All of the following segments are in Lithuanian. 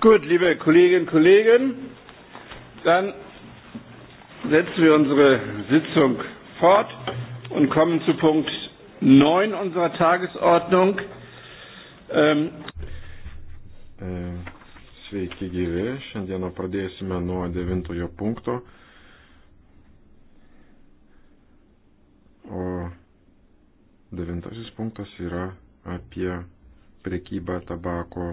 Gut, liebe Kolleginnen und Kollegen, dann setzen wir unsere Sitzung fort und kommen zu Punkt 9 unserer Tagesordnung. Ähm, ähm, Sveiki gyvi, šiandieną pradėsime nuo devintojo punkto. O devintasis punktas yra apie prekybą tabako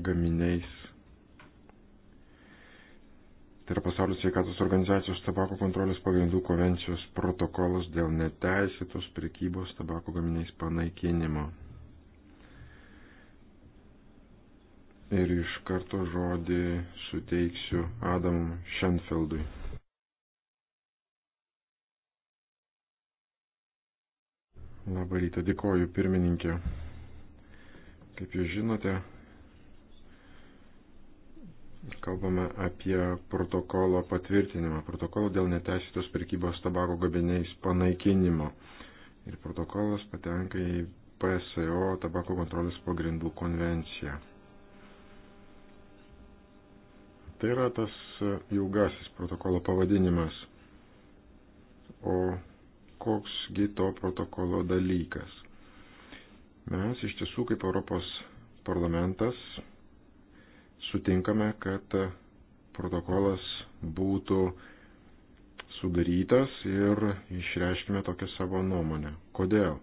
gaminiais. Tai yra pasaulio sveikatos organizacijos tabako kontrolės pagrindų konvencijos protokolas dėl neteisėtos prekybos tabako gaminiais panaikinimo. ir iš karto žodį suteiksiu Adam Schenfeldui. Labą rytą, dėkoju pirmininkė. Kaip jūs žinote, kalbame apie protokolo patvirtinimą, protokolo dėl neteisėtos prekybos tabako gabiniais panaikinimo. Ir protokolas patenka į PSO tabako kontrolės pagrindų konvenciją. Tai yra tas ilgasis protokolo pavadinimas. O koksgi to protokolo dalykas? Mes iš tiesų kaip Europos parlamentas sutinkame, kad protokolas būtų sudarytas ir išreiškime tokią savo nuomonę. Kodėl?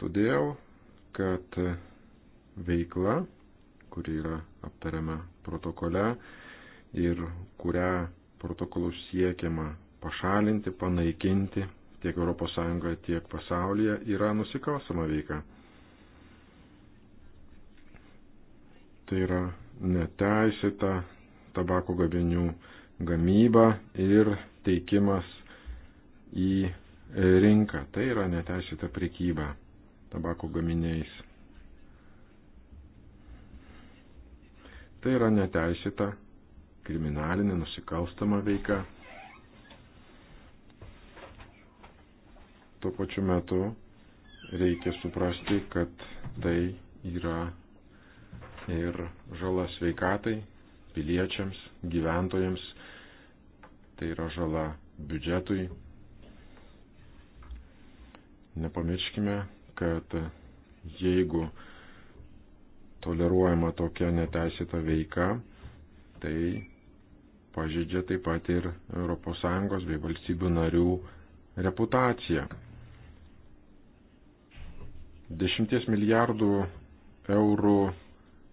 Todėl, kad veikla, kuri yra aptariama protokole ir kurią protokolus siekiama pašalinti, panaikinti tiek ES, tiek pasaulyje, yra nusikalstama veika. Tai yra neteisėta tabako gaminių gamyba ir teikimas į rinką. Tai yra neteisėta prekyba tabako gaminiais. Tai yra neteisėta kriminalinė nusikalstama veika. Tuo pačiu metu reikia suprasti, kad tai yra ir žala sveikatai, piliečiams, gyventojams, tai yra žala biudžetui. Nepamirškime, kad jeigu toleruojama tokia neteisėta veika, tai pažydžia taip pat ir ES bei valstybių narių reputaciją. Dešimties milijardų eurų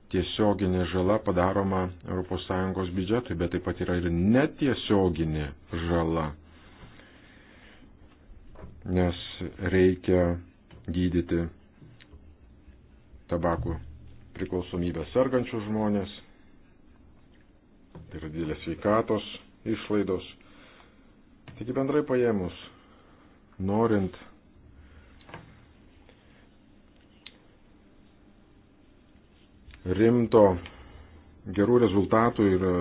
tiesioginė žala padaroma ES biudžetui, bet taip pat yra ir netiesioginė žala, nes reikia gydyti tabakų priklausomybę sergančius žmonės, tai yra didelės sveikatos išlaidos. Taigi bendrai paėmus, norint rimto gerų rezultatų ir e,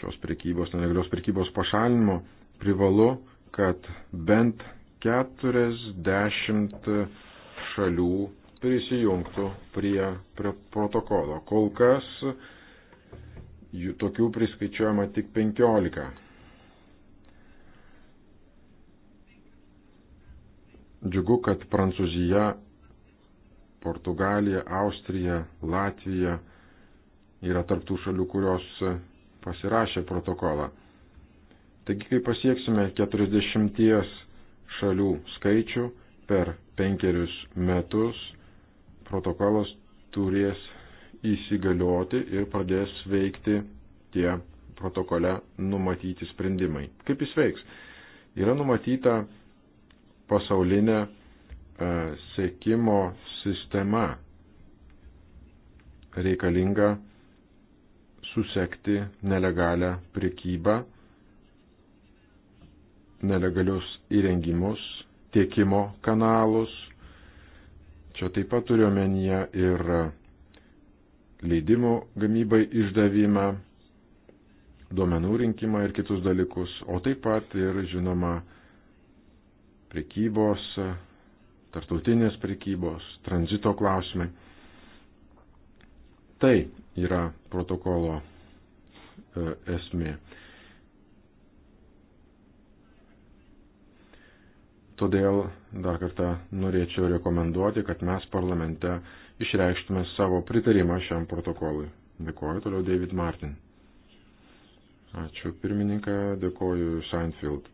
šios prekybos, nelegalios prekybos pašalinimo, privalu, kad bent 40 šalių prisijungtų prie, prie protokolo. Kol kas jų tokių priskaičiuojama tik 15. Džiugu, kad Prancūzija Portugalija, Austrija, Latvija yra tarptų šalių, kurios pasirašė protokolą. Taigi, kai pasieksime 40 šalių skaičių per penkerius metus, protokolas turės įsigalioti ir pradės veikti tie protokole numatyti sprendimai. Kaip jis veiks? Yra numatyta pasaulinė E, sekimo sistema reikalinga susekti nelegalią prekybą, nelegalius įrengimus, tiekimo kanalus. Čia taip pat turiuomenyje ir leidimų gamybai išdavimą, duomenų rinkimą ir kitus dalykus, o taip pat ir, žinoma, prekybos tartautinės prekybos, tranzito klausimai. Tai yra protokolo e, esmė. Todėl dar kartą norėčiau rekomenduoti, kad mes parlamente išreikštume savo pritarimą šiam protokolui. Dėkuoju toliau David Martin. Ačiū pirmininką, dėkuoju Seinfeld.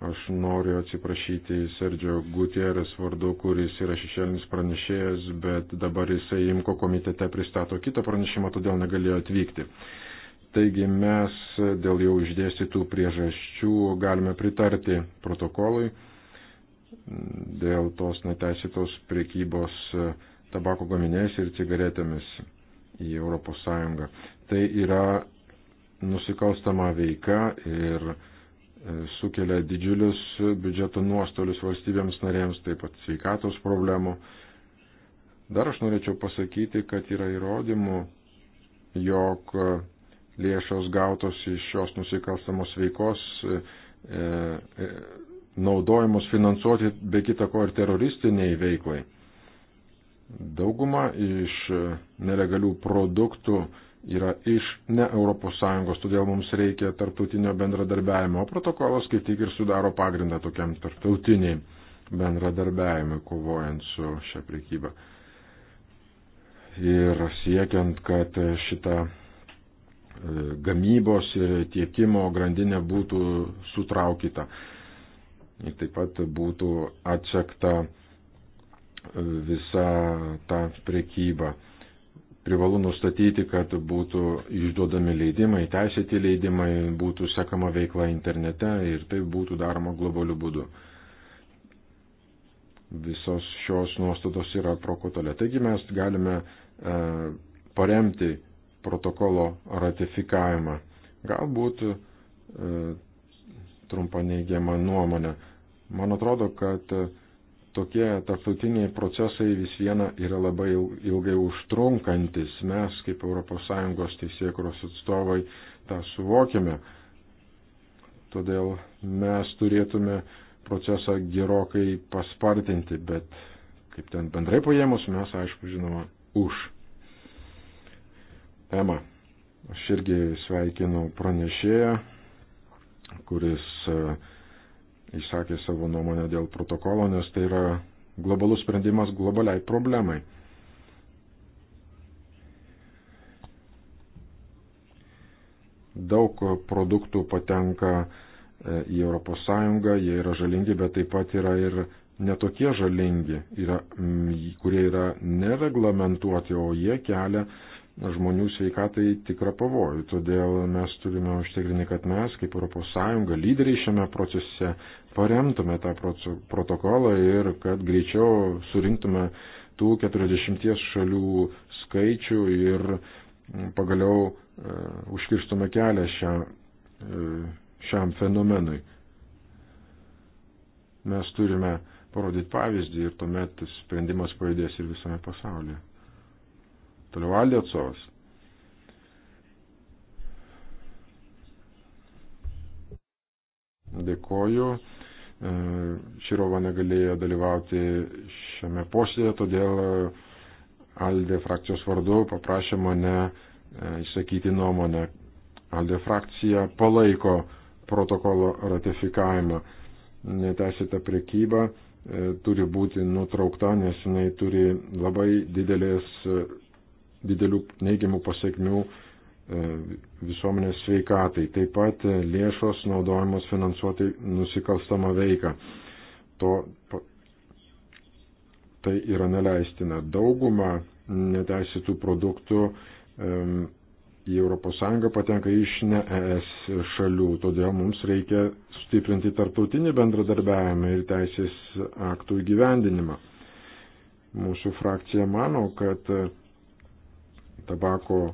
Aš noriu atsiprašyti Sergio Gutierrez vardu, kuris yra šešėlinis pranešėjas, bet dabar jisai Imko komitete pristato kitą pranešimą, todėl negalėjo atvykti. Taigi mes dėl jau išdėstytų priežasčių galime pritarti protokolui dėl tos neteisėtos priekybos tabako gaminiais ir cigaretėmis į ES. Tai yra nusikalstama veika ir sukelia didžiulius biudžeto nuostolius valstybėms narėms, taip pat sveikatos problemų. Dar aš norėčiau pasakyti, kad yra įrodymų, jog lėšos gautos iš šios nusikalstamos veikos e, e, naudojamos finansuoti be kita ko ir teroristiniai veiklai. Dauguma iš nelegalių produktų yra iš ne ES, todėl mums reikia tarptautinio bendradarbiavimo, o protokolas kaip tik ir sudaro pagrindą tokiam tarptautiniai bendradarbiavimui kovojant su šią prekybą. Ir siekiant, kad šita e, gamybos ir e, tiekimo grandinė būtų sutraukyta. Ir taip pat būtų atsekta e, visa ta prekyba privalu nustatyti, kad būtų išduodami leidimai, teisėti leidimai, būtų sekama veikla internete ir tai būtų daroma globaliu būdu. Visos šios nuostatos yra protokole. Taigi mes galime e, paremti protokolo ratifikavimą. Galbūt e, trumpa neigiama nuomonė. Man atrodo, kad e, tokie tarptautiniai procesai vis viena yra labai ilgai užtrunkantis. Mes kaip ES teisėkuros atstovai tą suvokime. Todėl mes turėtume procesą gerokai paspartinti, bet kaip ten bendrai paėmus, mes aišku žinoma už. Ema, aš irgi sveikinu pranešėją, kuris uh, išsakė savo nuomonę dėl protokolo, nes tai yra globalus sprendimas globaliai problemai. Daug produktų patenka e, į ES, jie yra žalingi, bet taip pat yra ir netokie žalingi, yra, kurie yra nereglamentuoti, o jie kelia uh, žmonių sveikatai tikrą pavojų. Todėl mes turime užtikrinti, kad mes, kaip ES lyderiai šiame procese, paremtume tą protokolą ir kad greičiau surinktume tų 40 šalių skaičių ir mm, pagaliau e, užkirstume kelią šią, e, šiam fenomenui. Mes turime parodyti pavyzdį ir tuomet sprendimas pajudės ir visame pasaulyje. Toliau Aldė atsovas. Dėkoju. E, Širova negalėjo dalyvauti šiame posėdėje, todėl e, Aldė frakcijos vardu paprašė mane e, išsakyti nuomonę. Aldė frakcija palaiko protokolo ratifikavimą. Neteisėta priekyba turi būti nutraukta, nes jinai turi labai didelės didelių neigiamų pasiekmių e, visuomenės sveikatai. Taip pat e, lėšos naudojamos finansuoti nusikalstamą veiką. To, tai yra neleistina. Dauguma neteisėtų produktų į ES patenka iš ne ES šalių, todėl mums reikia stiprinti tarptautinį bendradarbiavimą ir teisės aktų įgyvendinimą. Mūsų frakcija mano, kad tabako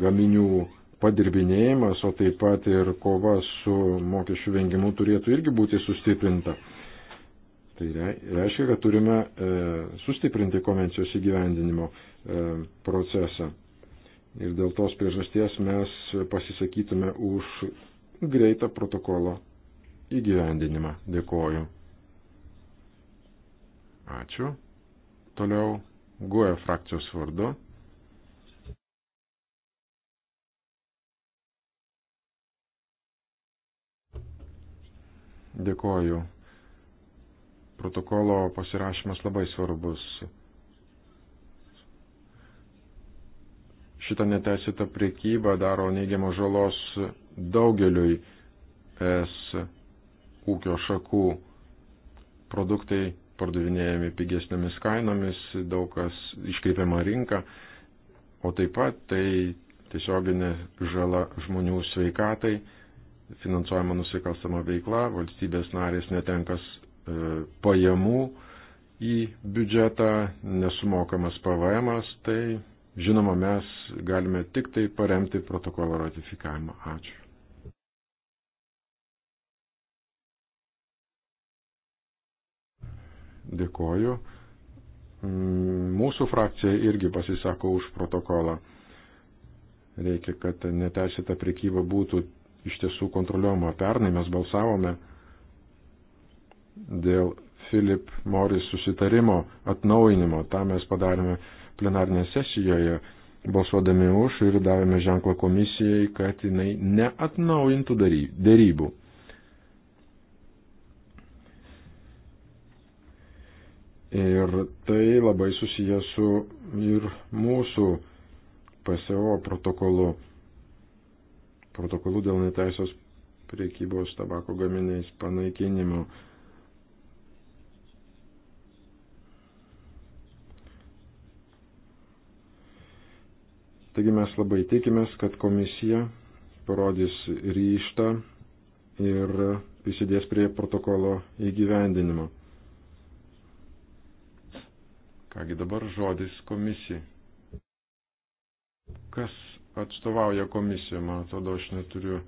gaminių padirbinėjimas, o taip pat ir kova su mokesčių vengimu turėtų irgi būti sustiprinta. Tai reiškia, kad turime e, sustiprinti konvencijos įgyvendinimo e, procesą. Ir dėl tos priežasties mes pasisakytume už greitą protokolo įgyvendinimą. Dėkoju. Ačiū. Toliau GUE frakcijos vardu Dėkoju. Protokolo pasirašymas labai svarbus. Šitą neteisėtą priekybą daro neigiamos žalos daugeliui es ūkio šakų. Produktai pardavinėjami pigesnėmis kainomis, daug kas iškreipiama rinka, o taip pat tai tiesioginė žala žmonių sveikatai finansuojama nusikalstama veikla, valstybės narės netenkas e, pajamų į biudžetą, nesumokamas PVM, tai žinoma, mes galime tik tai paremti protokolo ratifikavimą. Ačiū. Dėkoju. Mm, mūsų frakcija irgi pasisako už protokolą. Reikia, kad neteisėta priekyba būtų iš tiesų kontroliuojama. Pernai mes balsavome dėl Philip Morris susitarimo atnaujinimo. Ta mes padarėme plenarnėje sesijoje, balsuodami už ir davėme ženklą komisijai, kad jinai neatnaujintų darybų. Ir tai labai susijęs su ir mūsų PSO protokolu protokolų dėl neteisės priekybos tabako gaminiais panaikinimu. Taigi mes labai tikimės, kad komisija parodys ryštą ir prisidės prie protokolo įgyvendinimo. Kągi dabar žodis komisijai. Kas atstovauja komisija, man atrodo, aš neturiu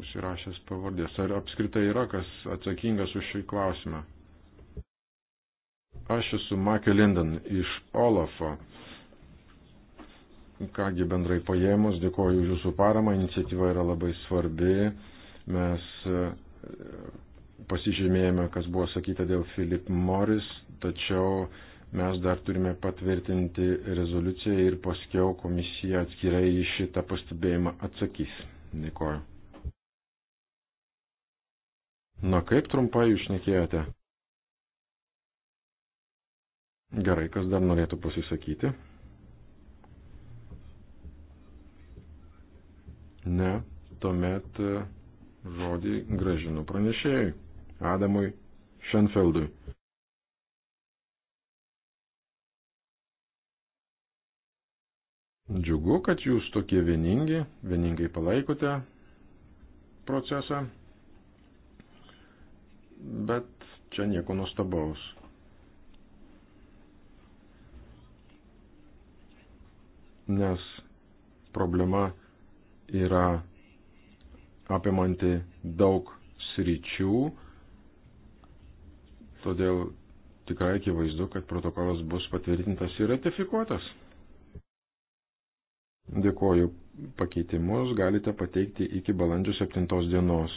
užsirašęs pavardės. Ar apskritai yra kas atsakingas už šį klausimą? Aš esu Makė Linden iš Olafo. Kągi bendrai paėmus, dėkoju už jūsų paramą, iniciatyva yra labai svarbi. Mes e, pasižymėjome, kas buvo sakyta dėl Philip Morris, tačiau Mes dar turime patvirtinti rezoliuciją ir paskiau komisija atskirai į šitą pastebėjimą atsakys. Dėkoju. Na kaip trumpai jūs šnekėjote? Gerai, kas dar norėtų pasisakyti? Ne, tuomet e, žodį gražinu pranešėjui, Adamui Šenfeldui. Džiugu, kad jūs tokie vieningi, vieningai palaikote procesą, bet čia nieko nuostabaus. Nes problema yra apimanti daug sričių, todėl tikrai akivaizdu, kad protokolas bus patvirtintas ir ratifikuotas. Dėkuoju. Pakeitimus galite pateikti iki balandžio 7 dienos.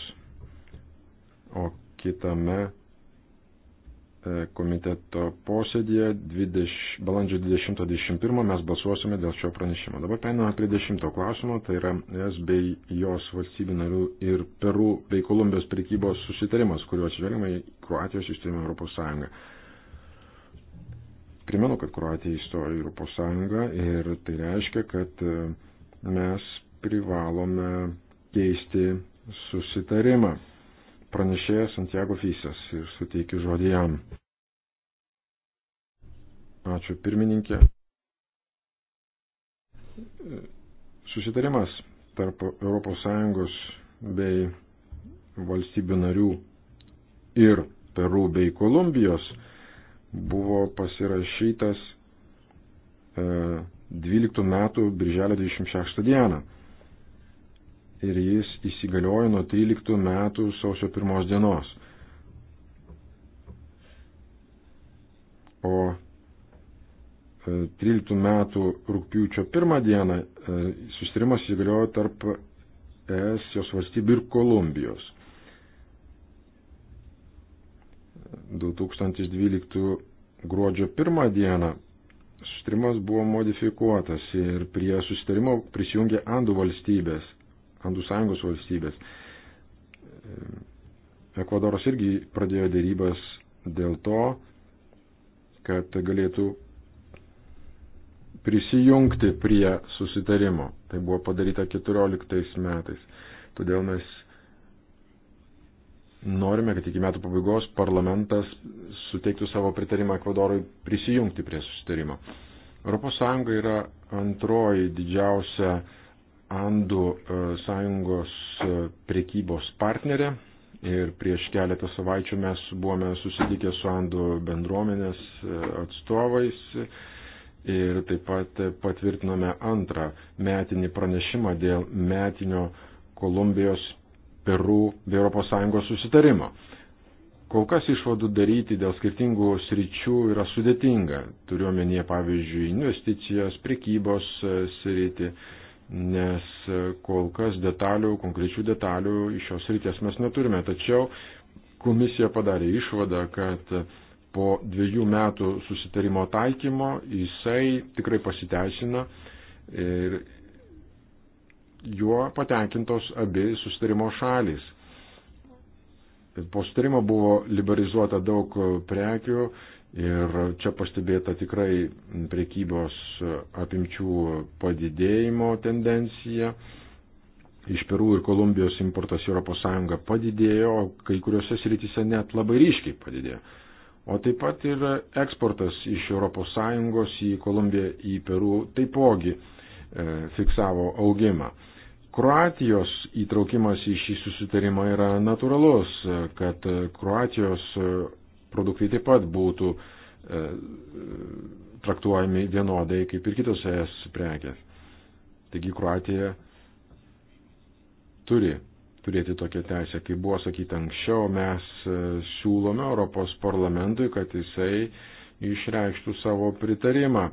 O kitame e, komiteto posėdėje 20, balandžio 20-21 mes balsuosime dėl šio pranešimo. Dabar peiname prie 10 klausimo, tai yra es bei jos valstybių narių ir Peru bei Kolumbijos prekybos susitarimas, kuriuo atsižvelgiama į Kroatijos įstojimą Europos Sąjungą. Primenu, kad Kroatija įstojo į Europos Sąjungą ir tai reiškia, kad e, mes privalome keisti susitarimą. Pranešėjas Santiago Fisas ir suteikiu žodį jam. Ačiū pirmininkė. Susitarimas tarp ES bei valstybių narių ir Peru bei Kolumbijos buvo pasirašytas 12 e, metų birželio 26 dieną. Ir jis įsigaliojo nuo 13 metų sausio 1 dienos. O 13 e, metų rūpiučio 1 dieną e, susitarimas įsigaliojo tarp ES, jos valstybių ir Kolumbijos. 2012 gruodžio 1 dieną sustarimas buvo modifikuotas ir prie sustarimo prisijungė Andų valstybės, Andų sąjungos valstybės. Ekvadoras irgi pradėjo dėrybas dėl to, kad galėtų prisijungti prie susitarimo. Tai buvo padaryta 14 metais. Todėl mes norime, kad iki metų pabaigos parlamentas suteiktų savo pritarimą Ekvadorui prisijungti prie susitarimo. ES yra antroji didžiausia Andų e, sąjungos e, priekybos partnerė ir prieš keletą savaičių mes buvome susitikę su Andų bendruomenės e, atstovais ir taip pat patvirtinome antrą metinį pranešimą dėl metinio Kolumbijos Peru bei ES susitarimo. Kol kas išvadų daryti dėl skirtingų sričių yra sudėtinga. Turiuomenėje, pavyzdžiui, investicijos, prekybos e, sritį, nes e, kol kas detalių, konkrečių detalių iš šios srities mes neturime. Tačiau komisija padarė išvadą, kad po dviejų metų susitarimo taikymo jisai tikrai pasiteisina ir juo patenkintos abi sustarimo šalis. Po sustarimo buvo liberalizuota daug prekių ir čia pastebėta tikrai prekybos apimčių padidėjimo tendencija. Iš Perų ir Kolumbijos importas ES padidėjo, kai kuriuose srityse net labai ryškiai padidėjo. O taip pat ir eksportas iš ES į Kolumbiją, į Perų taipogi e, fiksavo augimą. Kroatijos įtraukimas į šį susitarimą yra natūralus, kad Kroatijos produktai taip pat būtų e, traktuojami vienodai kaip ir kitos ES prekės. Taigi Kroatija turi turėti tokią teisę. Kaip buvo sakyta anksčiau, mes e, siūlome Europos parlamentui, kad jisai išreikštų savo pritarimą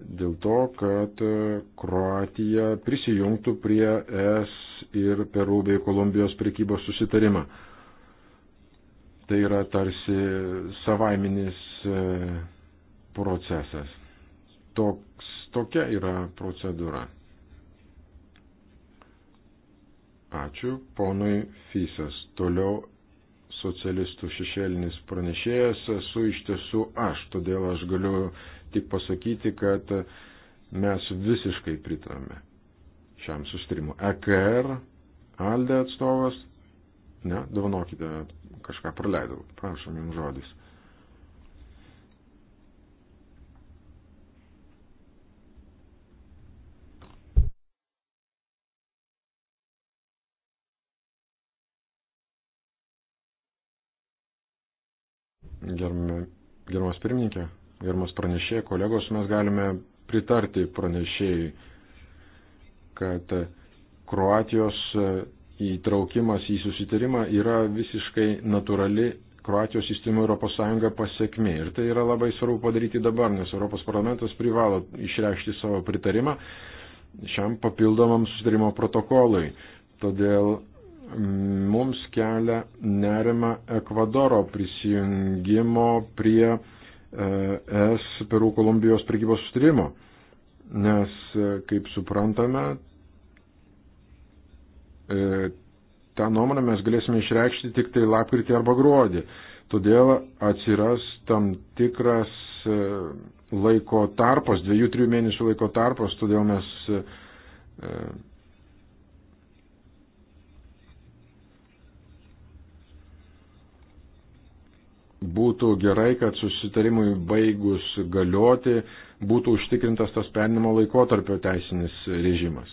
dėl to, kad e, Kroatija prisijungtų prie ES ir Peru bei Kolumbijos prekybos susitarimą. Tai yra tarsi savaiminis e, procesas. Toks, tokia yra procedūra. Ačiū ponui Fisas. Toliau socialistų šešėlinis pranešėjas esu iš tiesų aš, todėl aš galiu tik pasakyti, kad mes visiškai pritarame šiam sustrimu. EKR, ALDE atstovas, ne, davonokite, kažką praleidau, prašom jums žodis. Gerbiamas pirmininkė, gerbiamas pranešė, kolegos, mes galime pritarti pranešėjai, kad Kroatijos įtraukimas į susitarimą yra visiškai natūrali Kroatijos įstumimo Europos Sąjunga pasiekmė. Ir tai yra labai svarbu padaryti dabar, nes Europos parlamentas privalo išreikšti savo pritarimą šiam papildomam susitarimo protokolui. Todėl mm, mums kelia nerima Ekvadoro prisijungimo prie ES Peru Kolumbijos prekybos sustarimo, nes, e, kaip suprantame, e, tą nuomonę mes galėsime išreikšti tik tai lapkritį arba gruodį. Todėl atsiras tam tikras e, laiko tarpas, dviejų, trijų mėnesių laiko tarpas, todėl mes būtų gerai, kad susitarimui baigus galioti būtų užtikrintas tas perinimo laikotarpio teisinis režimas.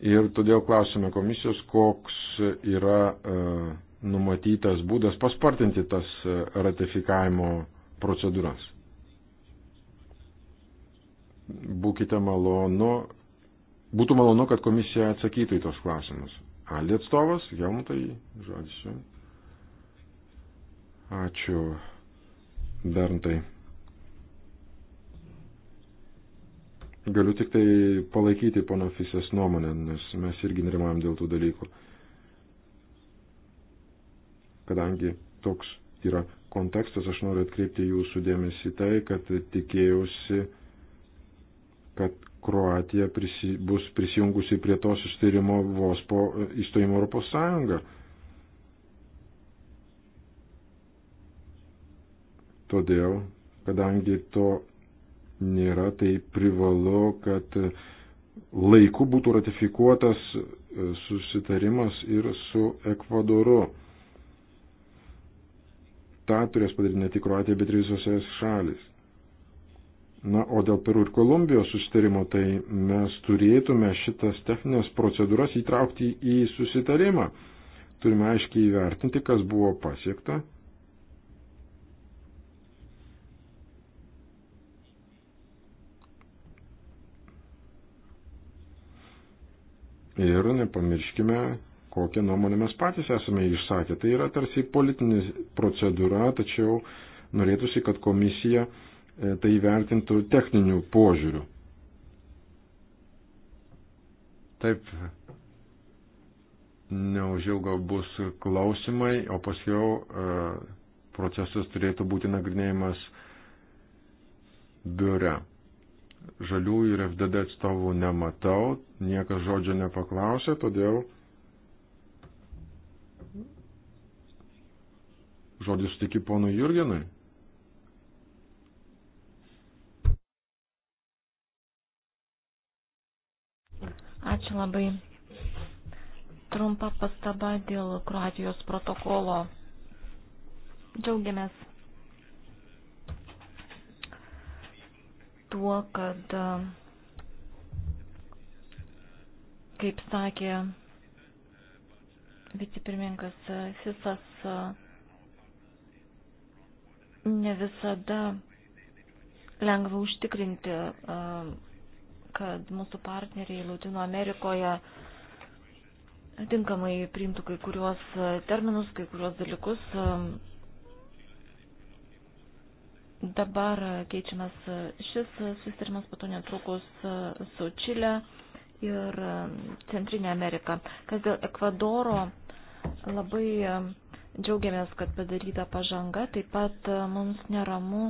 Ir todėl klausime komisijos, koks yra e, numatytas būdas paspartinti tas e, ratifikavimo procedūras. Būkite malonu, būtų malonu, kad komisija atsakytų į tos klausimus. Ali atstovas, Helmutai, žodis jums. Ačiū, Berntai. Galiu tik tai palaikyti pono Fisės nuomonę, nes mes irgi nerimavom dėl tų dalykų. Kadangi toks yra kontekstas, aš noriu atkreipti jūsų dėmesį tai, kad tikėjausi, kad Kroatija prisi, bus prisijungusi prie to sustarimo vos po įstojimo Europos Sąjungą. Todėl, kadangi to nėra, tai privalu, kad laiku būtų ratifikuotas e, susitarimas ir su Ekvadoru. Ta turės padaryti ne tik Kroatija, bet ir visos es šalis. Na, o dėl Peru ir Kolumbijos susitarimo, tai mes turėtume šitas techninės procedūras įtraukti į susitarimą. Turime aiškiai įvertinti, kas buvo pasiekta Ir nepamirškime, kokią nuomonę mes patys esame išsakę. Tai yra tarsi politinė procedūra, tačiau norėtųsi, kad komisija e, tai vertintų techninių požiūrių. Taip, neužilgo bus klausimai, o pasiau e, procesas turėtų būti nagrinėjimas biure žaliųjų ir FDD atstovų nematau, niekas žodžio nepaklausė, todėl žodis tiki ponui Jurgenui. Ačiū labai. Trumpa pastaba dėl Kroatijos protokolo. Džiaugiamės tuo, kad, e, kaip sakė vicepirmininkas Fisas, e, e, ne visada lengva užtikrinti, kad mūsų partneriai Latino Amerikoje tinkamai priimtų kai kuriuos terminus, kai kuriuos dalykus, Dabar keičiamas šis susitarimas, po to netrukus su Čilė ir Centrinė Amerika. Kas dėl Ekvadoro, labai džiaugiamės, kad padaryta pažanga, taip pat mums neramu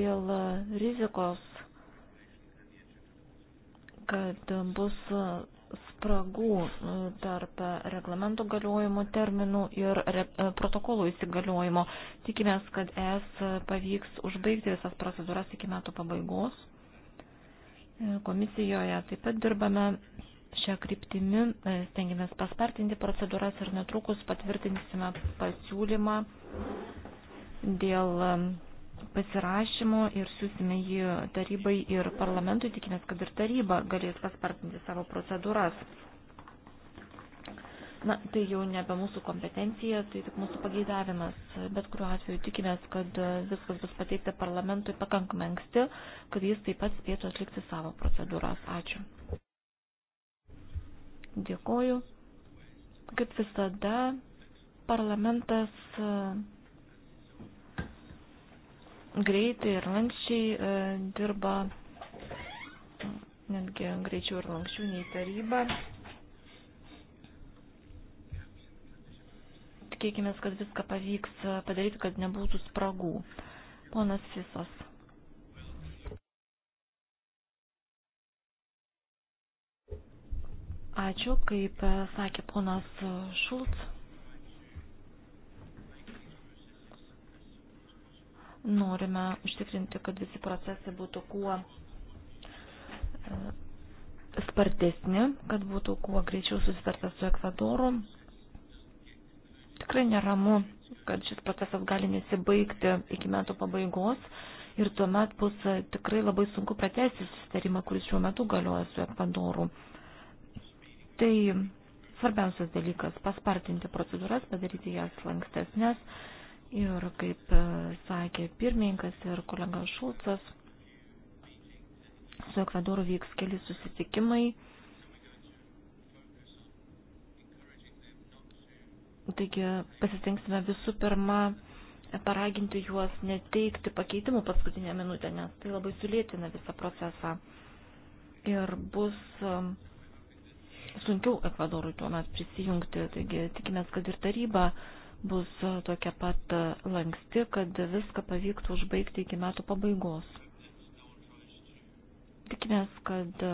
dėl rizikos, kad bus spragų e, tarp reglamento galiojimo terminų ir e, protokolų įsigaliojimo. Tikimės, kad ES pavyks užbaigti visas procedūras iki metų pabaigos. E, komisijoje taip pat dirbame šią kryptimį, stengiamės paspartinti procedūras ir netrukus patvirtinsime pasiūlymą dėl pasirašymo ir siūsime jį tarybai ir parlamentui, tikimės, kad ir taryba galės paspartinti savo procedūras. Na, tai jau nebe mūsų kompetencija, tai tik mūsų pageidavimas. Bet kuriuo atveju tikimės, kad viskas bus pateikta parlamentui pakankamai anksti, kad jis taip pat spėtų atlikti savo procedūras. Ačiū. Dėkoju. Kaip visada, parlamentas greitai ir lankščiai e, dirba, netgi greičiau ir lankščiau nei taryba. Tikėkime, kad viską pavyks e, padaryti, kad nebūtų spragų. Ponas Fisos. Ačiū, kaip e, sakė ponas Šulc. norime užtikrinti, kad visi procesai būtų kuo e, spartesni, kad būtų kuo greičiau susitarta su Ekvadoru. Tikrai neramu, kad šis procesas gali nesibaigti iki metų pabaigos ir tuomet bus e, tikrai labai sunku pratesti susitarimą, kuris šiuo metu galioja su Ekvadoru. Tai svarbiausias dalykas - paspartinti procedūras, padaryti jas lankstesnės Ir kaip e, sakė pirmininkas ir kolega Šulcas, su Ekvadoru vyks keli susitikimai. Taigi pasistengsime visų pirma paraginti juos neteikti pakeitimų paskutinę minutę, nes tai labai sulėtina visą procesą. Ir bus e, sunkiau Ekvadorui tuomet prisijungti, taigi tikimės, kad ir taryba uh, bus e, tokia pat e, lanksti, kad viską pavyktų užbaigti iki metų pabaigos. Tikimės, kad e,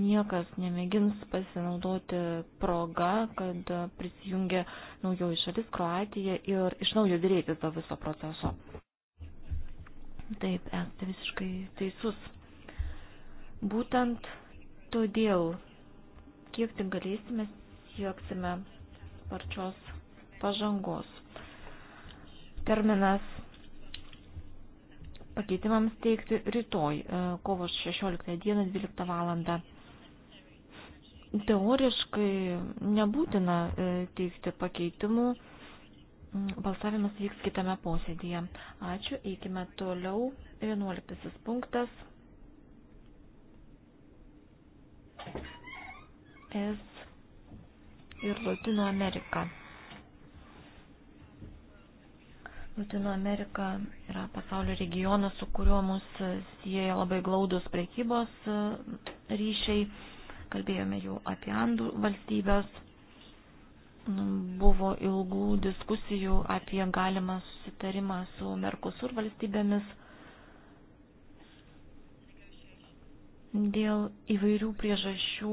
niekas nemėgins pasinaudoti proga, kad prisijungia naujoji šalis Kroatija ir iš naujo dėrėtis dėl viso proceso. Taip, esate visiškai teisus. Būtent todėl, kiek tik galėsime, sieksime sparčios pažangos. Terminas pakeitimams teikti rytoj, e, kovo 16 dieną 12 valandą. Teoriškai nebūtina e, teikti pakeitimų, mm, balsavimas vyks kitame posėdėje. Ačiū, eikime toliau. 11 punktas. Es ir Latino Amerika. Latino Amerika yra pasaulio regionas, su kuriuo mus e, sieja labai glaudus prekybos e, ryšiai. Kalbėjome jau apie Andų valstybės. Nu, buvo ilgų diskusijų apie galimą susitarimą su Merkusur valstybėmis. Dėl įvairių priežasčių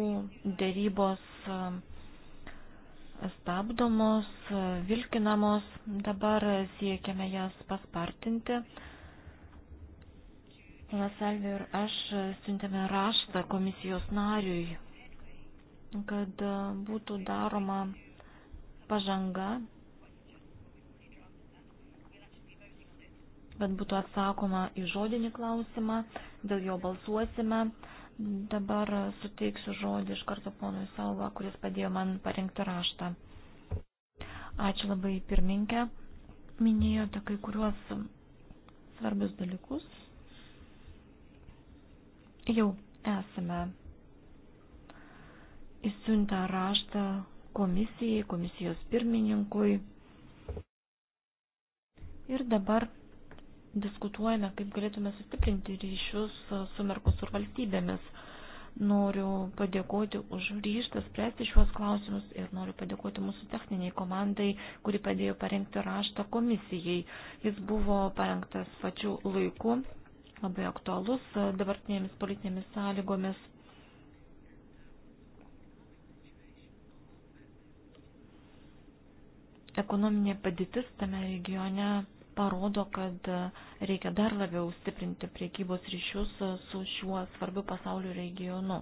dėrybos e, stabdomos, vilkinamos, dabar siekiame jas paspartinti. Panas Alvė ir aš siuntėme raštą komisijos nariui, kad būtų daroma pažanga, kad būtų atsakoma į žodinį klausimą, dėl jo balsuosime. Dabar suteiksiu žodį iš karto ponui Salva, kuris padėjo man parengti raštą. Ačiū labai pirminkę. Minėjote kai kuriuos svarbius dalykus. Jau esame įsiuntę raštą komisijai, komisijos pirmininkui. Ir dabar diskutuojame, kaip galėtume sustiprinti ryšius e, su Merkosur valstybėmis. Noriu padėkoti už ryštą spręsti šiuos klausimus ir noriu padėkoti mūsų techniniai komandai, kuri padėjo parengti raštą komisijai. Jis buvo parengtas pačiu laiku, labai aktualus e, dabartinėmis politinėmis sąlygomis. Ekonominė padėtis tame regione parodo, kad e, reikia dar labiau stiprinti priekybos ryšius e, su šiuo svarbiu pasaulio regionu.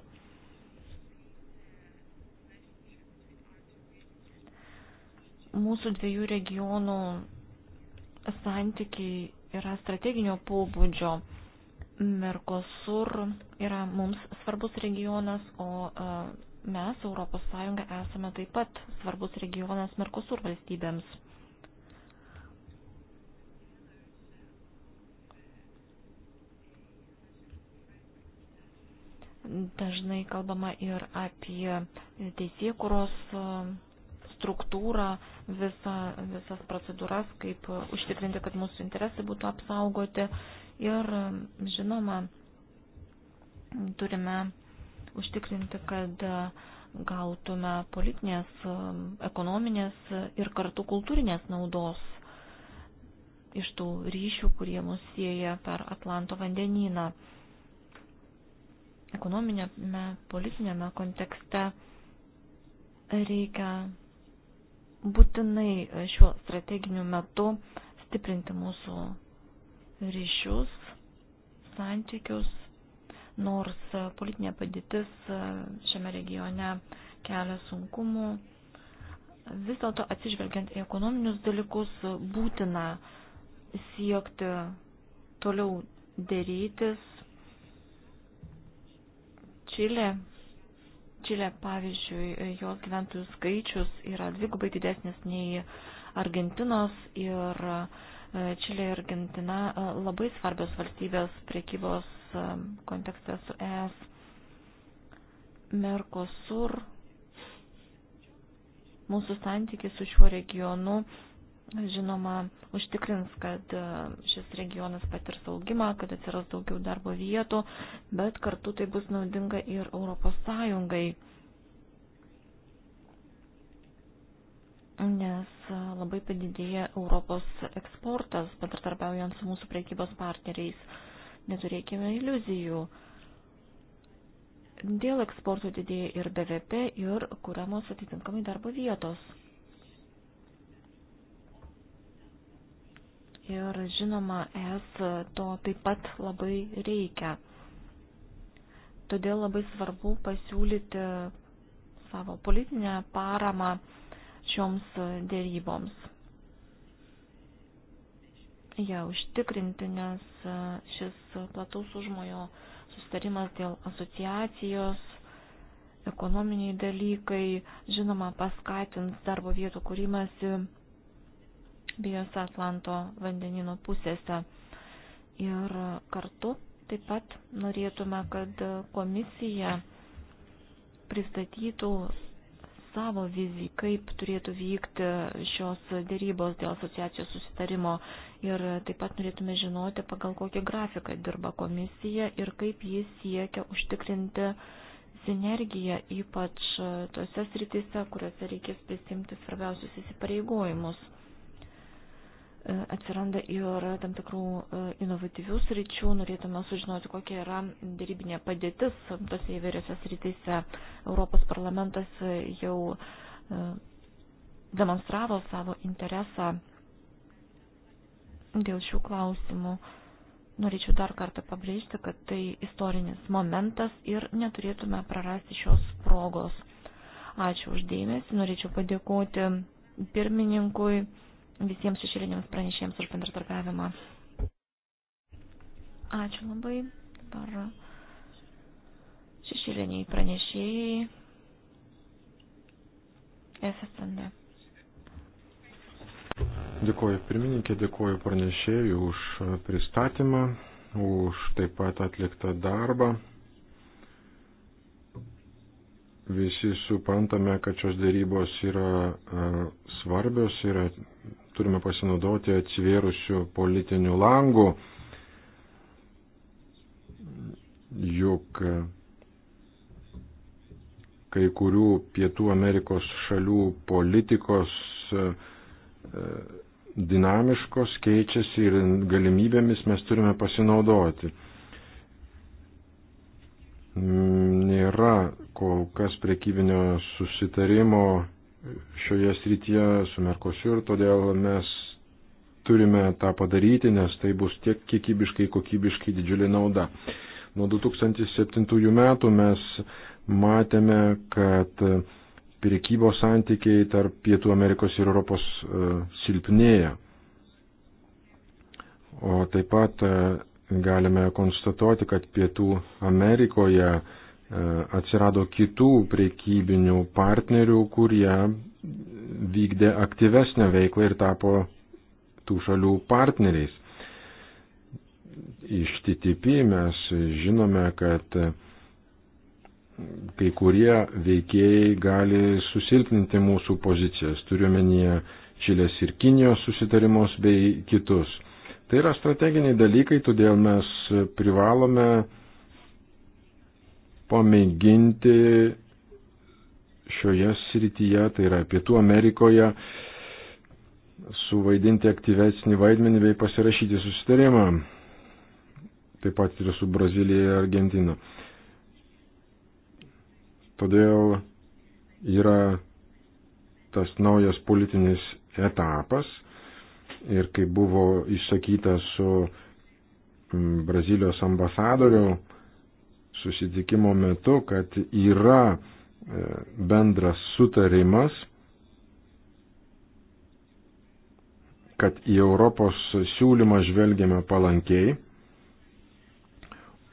Mūsų dviejų regionų santykiai yra strateginio pobūdžio. Mercosur yra mums svarbus regionas, o e, mes, ES, esame taip pat svarbus regionas Mercosur valstybėms. Dažnai kalbama ir apie teisėkuros e, struktūrą, visa, visas procedūras, kaip užtikrinti, kad mūsų interesai būtų apsaugoti. Ir, žinoma, turime užtikrinti, kad gautume politinės, e, ekonominės ir kartu kultūrinės naudos iš tų ryšių, kurie mus sieja per Atlanto vandenyną ekonominėme, politinėme kontekste reikia būtinai šiuo strateginiu metu stiprinti mūsų ryšius, santykius, nors politinė padėtis šiame regione kelia sunkumų. Vis dėlto atsižvelgiant į ekonominius dalykus būtina siekti toliau dėrytis Čilė, Čilė pavyzdžiui, jos gyventojų skaičius yra dvigubai didesnis nei Argentinos ir e, Čilė ir Argentina e, labai svarbios valstybės priekybos e, kontekste su ES. Mercosur, mūsų santykiai su šiuo regionu žinoma, užtikrins, kad e, šis regionas patirs augimą, kad atsiras daugiau darbo vietų, bet kartu tai bus naudinga ir Europos Sąjungai. Nes e, labai padidėja Europos eksportas, patartarpiaujant su mūsų priekybos partneriais. Neturėkime iliuzijų. Dėl eksporto didėja ir BVP ir kuriamos atitinkamai darbo vietos. ir žinoma, es to taip pat labai reikia. Todėl labai svarbu pasiūlyti savo politinę paramą šioms dėryboms. Ja užtikrinti, nes šis plataus užmojo sustarimas dėl asociacijos, ekonominiai dalykai, žinoma, paskatins darbo vietų kūrimasi bijose Atlanto vandenino pusėse. Ir kartu taip pat norėtume, kad komisija pristatytų savo viziją, kaip turėtų vykti šios dėrybos dėl asociacijos susitarimo ir taip pat norėtume žinoti, pagal kokį grafiką dirba komisija ir kaip jis siekia užtikrinti sinergiją, ypač tose sritise, kuriuose reikės prisimti svarbiausius įsipareigojimus. E, atsiranda ir tam tikrų e, inovatyvių sričių. Norėtume sužinoti, kokia yra dėrybinė padėtis tose įvairiose srityse. Europos parlamentas jau e, demonstravo savo interesą dėl šių klausimų. Norėčiau dar kartą pabrėžti, kad tai istorinis momentas ir neturėtume prarasti šios progos. Ačiū uždėmesi, norėčiau padėkoti pirmininkui visiems šešėliniams pranešėjams už bendradarbiavimą. Ačiū labai. Dabar šešėliniai pranešėjai. FSND. Dėkuoju pirmininkė, dėkuoju pranešėjai už pristatymą, už taip pat atliktą darbą. Visi suprantame, kad šios dėrybos yra e, svarbios, yra turime pasinaudoti atsivėrusių politinių langų, juk kai kurių Pietų Amerikos šalių politikos e, dinamiškos, keičiasi ir galimybėmis mes turime pasinaudoti. Nėra kol kas priekybinio susitarimo šioje srityje su Merkosiu ir todėl mes turime tą padaryti, nes tai bus tiek kiekybiškai, kokybiškai didžiulė nauda. Nuo 2007 metų mes matėme, kad priekybos santykiai tarp Pietų Amerikos ir Europos e, silpnėja. O taip pat e, galime konstatuoti, kad Pietų Amerikoje E, atsirado kitų priekybinių partnerių, kurie vykdė aktyvesnę veiklą ir tapo tų šalių partneriais. Iš TTP mes žinome, kad kai kurie veikėjai gali susilpninti mūsų pozicijas, turiuomenyje Čilės ir Kinijos susitarimus bei kitus. Tai yra strateginiai dalykai, todėl mes privalome pamėginti šioje srityje, tai yra Pietų Amerikoje, suvaidinti aktyvesnį vaidmenį bei pasirašyti susitarimą, taip pat ir su Brazilija ir Argentina. Todėl yra tas naujas politinis etapas ir kaip buvo išsakyta su mm, Brazilijos ambasadoriu, susitikimo metu, kad yra e, bendras sutarimas, kad į Europos siūlymą žvelgiame palankiai,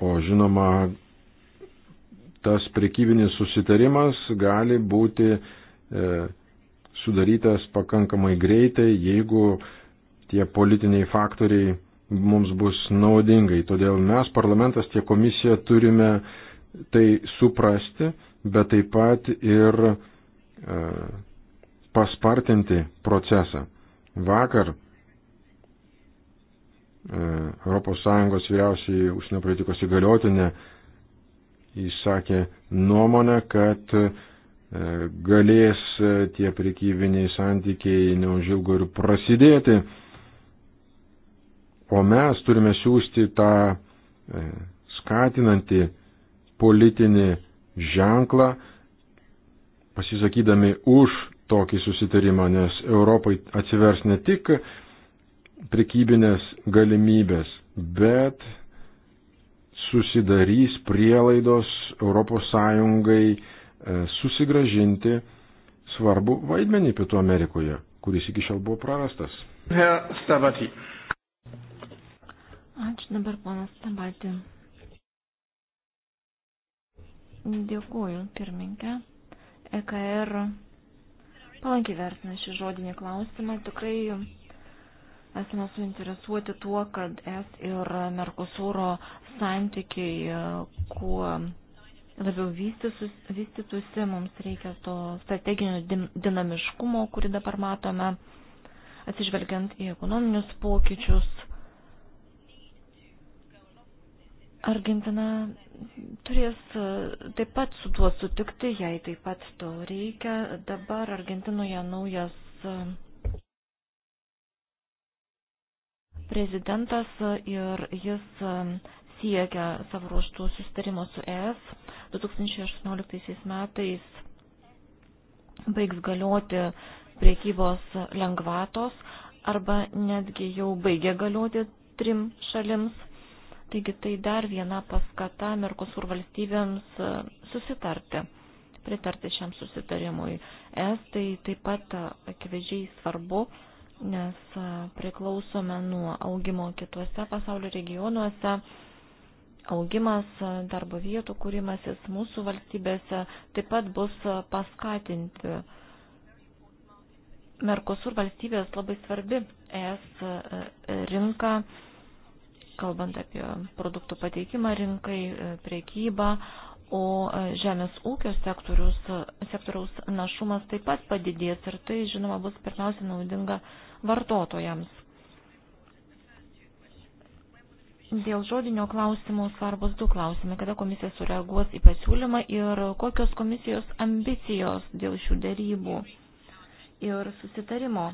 o žinoma, tas prekybinis susitarimas gali būti e, sudarytas pakankamai greitai, jeigu tie politiniai faktoriai mums bus naudingai. Todėl mes, parlamentas, tiek komisija turime tai suprasti, bet taip pat ir e, paspartinti procesą. Vakar ES vyriausiai užsienio politikos įgaliotinė įsakė nuomonę, kad e, galės e, tie prekybiniai santykiai neužilgo ir prasidėti O mes turime siūsti tą e, skatinantį politinį ženklą, pasisakydami už tokį susitarimą, nes Europai atsivers ne tik prekybinės galimybės, bet susidarys prielaidos ES e, susigražinti svarbu vaidmenį Pietų Amerikoje, kuris iki šiol buvo prarastas. Herr Stavati. Ačiū dabar, ponas Tabatė. Dėkuoju, pirmininkė. EKR er palankiai vertina šį žodinį klausimą. Tikrai esame suinteresuoti tuo, kad es ir Merkosūro santykiai kuo labiau vystytųsi, mums reikia to strateginio dinamiškumo, kurį dabar matome, atsižvelgiant į ekonominius pokyčius Argentina turės e, taip pat su tuo sutikti, jei taip pat to reikia. Dabar Argentinoje naujas e, prezidentas e, ir jis siekia savo ruoštų sustarimo su ES. 2018 metais baigs galioti priekybos lengvatos arba netgi jau baigė galioti trim šalims Taigi tai dar viena paskata Merkosur valstybėms e, susitarti, pritarti šiam susitarimui. Es tai taip pat akivaizdžiai svarbu, nes e, priklausome nuo augimo kituose pasaulio regionuose. Augimas, e, darbo vietų kūrimasis mūsų valstybėse taip pat bus paskatinti. Merkosur valstybės labai svarbi es rinka kalbant apie produktų pateikimą rinkai, e, priekybą, o e, žemės ūkio sektoriaus našumas taip pat padidės ir tai, žinoma, bus pirmiausia naudinga vartotojams. Dėl žodinio klausimų svarbus du klausimai, kada komisija sureaguos į pasiūlymą ir kokios komisijos ambicijos dėl šių dėrybų ir susitarimo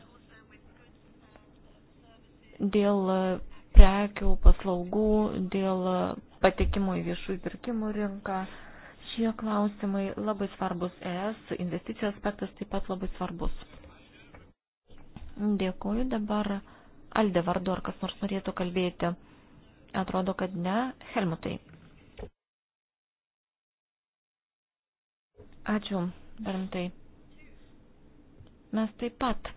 dėl prekių, paslaugų, dėl patekimo į viešųjų pirkimų rinką. Šie klausimai labai svarbus ES, investicijų aspektas taip pat labai svarbus. Dėkuoju dabar. Alde vardu, ar kas nors norėtų kalbėti? Atrodo, kad ne. Helmutai. Ačiū, Berntai. Mes taip pat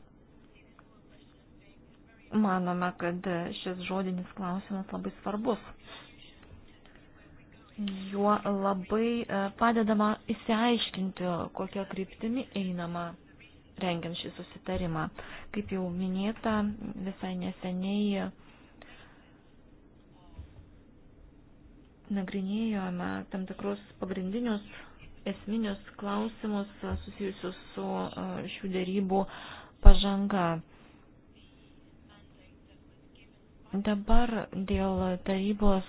Manome, kad šis žodinis klausimas labai svarbus. Juo labai e, padedama įsiaiškinti, kokią kryptimį einama rengiant šį susitarimą. Kaip jau minėta, visai neseniai nagrinėjome tam tikrus pagrindinius esminius klausimus e, susijusius su e, šių dėrybų pažanga. Dabar dėl tarybos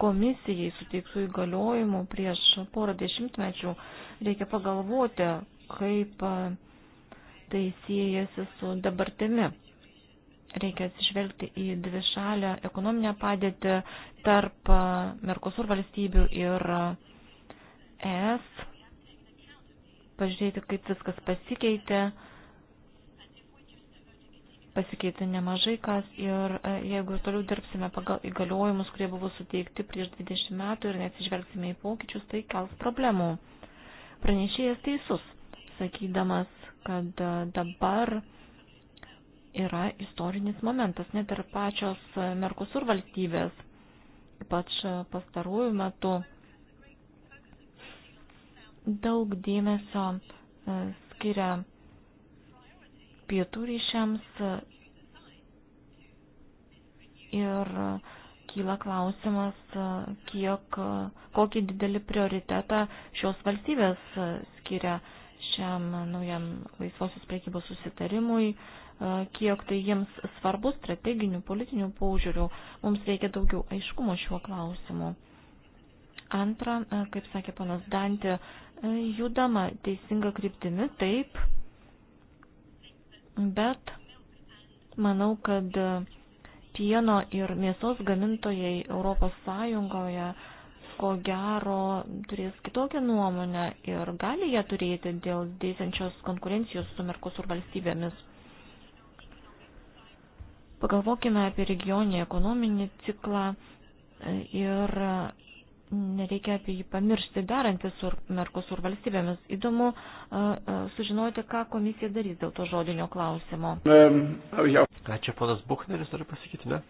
komisijai suteiktų įgaliojimų prieš porą dešimtmečių reikia pagalvoti, kaip tai siejasi su dabartimi. Reikia atsižvelgti į dvi šalę ekonominę padėtį tarp Merkosur valstybių ir ES, pažiūrėti, kaip viskas pasikeitė pasikeitė nemažai kas ir e, jeigu ir toliau dirbsime pagal įgaliojimus, kurie buvo suteikti prieš 20 metų ir neatsižvelgsime į pokyčius, tai kels problemų. Pranešėjas teisus, sakydamas, kad e, dabar yra istorinis momentas, net ir pačios Merkusur valstybės, ypač pastarųjų metų, daug dėmesio e, skiria pietų ryšiams ir kyla klausimas, kiek, kokį didelį prioritetą šios valstybės skiria šiam naujam laisvosios priekybos susitarimui, kiek tai jiems svarbu strateginių, politinių paužiūrių. Mums reikia daugiau aiškumo šiuo klausimu. Antra, kaip sakė panas Dantė, judama teisinga kryptimi, taip, bet manau, kad pieno ir mėsos gamintojai Europos Sąjungoje ko gero turės kitokią nuomonę ir gali ją turėti dėl dėsiančios konkurencijos su Merkosur valstybėmis. Pagalvokime apie regioninį ekonominį ciklą ir nereikia apie jį pamiršti darantis su Merkosur valstybėmis. Įdomu sužinoti, ką komisija darys dėl to žodinio klausimo. Ką čia ponas Buchneris nori pasakyti, ne?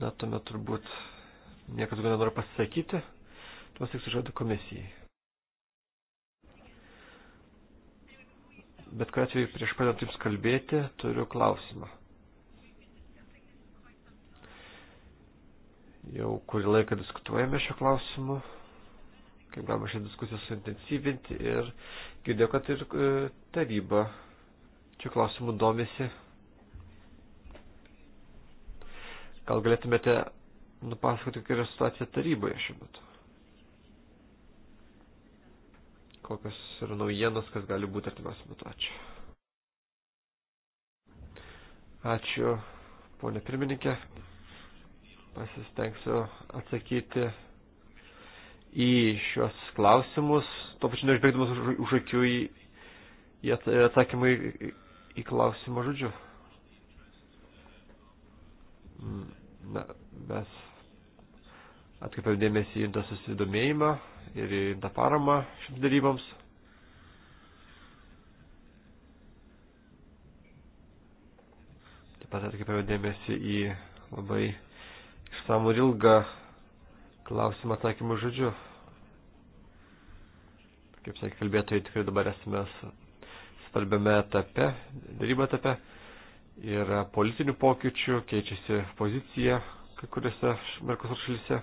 Na, tuomet turbūt niekas gal nenori pasisakyti. Tuos tik sužadu komisijai. Bet kuriuo atveju prieš padant jums kalbėti, turiu klausimą. Jau kurį laiką diskutuojame šio klausimu, kaip galima šią diskusiją suintensyvinti ir girdėjau, kad ir e, taryba šiuo klausimu domisi. Gal galėtumėte nupasakoti, kokia yra situacija taryboje šiuo metu? Kokios yra naujienos, kas gali būti artimiausiu metu? Ačiū. Ačiū, ponė pirmininkė pasistengsiu atsakyti į šios klausimus, to pačiu neužbėgdamas už, už akių į, į atsakymą į, į klausimą žodžiu. Mm, na, mes atkreipiam dėmesį į tą susidomėjimą ir į tą paramą šiems daryboms. Taip pat atkreipiam dėmesį į labai išsamų ir ilgą klausimą atsakymą žodžiu. Kaip sakė kalbėtojai, tikrai dabar esame svarbiame etape, daryba etape. Yra politinių pokyčių, keičiasi pozicija kai kuriuose Merkosur šalyse.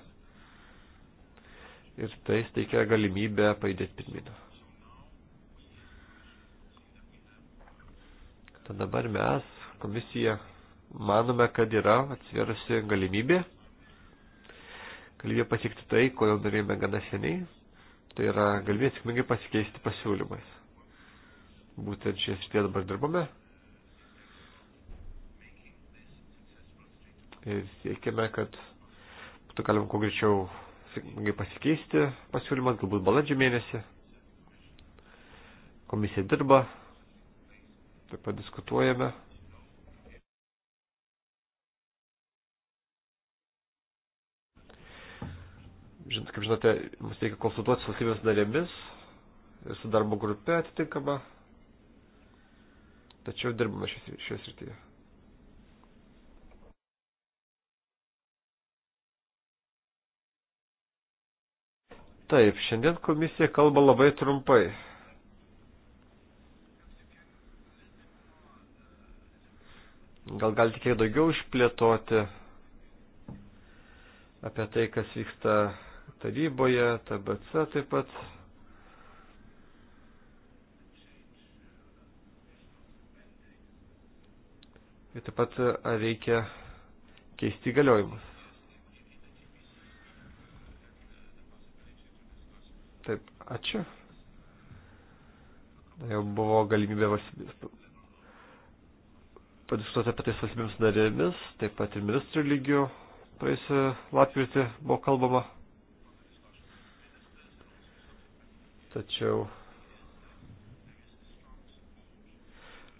Ir tai steikia galimybę paėdėti pirminą. Tad dabar mes, komisija, manome, kad yra atsvėrusi galimybė galimybę pasiekti tai, ko jau norėjome gana seniai, tai yra galimybė sėkmingai pasikeisti pasiūlymais. Būtent šie srityje dabar dirbame ir siekime, kad būtų galima kuo greičiau sėkmingai pasikeisti pasiūlymas, galbūt balandžio mėnesį. Komisija dirba, taip pat diskutuojame. žinot, kaip žinote, mums reikia konsultuoti su valstybės narėmis ir su darbo grupe atitinkama. Tačiau dirbame šioje srityje. Taip, šiandien komisija kalba labai trumpai. Gal galite kiek daugiau išplėtoti apie tai, kas vyksta taryboje, TBC taip pat. Ir taip pat ar reikia keisti galiojimus. Taip, ačiū. Jau buvo galimybė padiskutuoti apie tai valstybėms narėmis, taip pat ir ministrų lygių praėjusią lapkritį buvo kalbama. Tačiau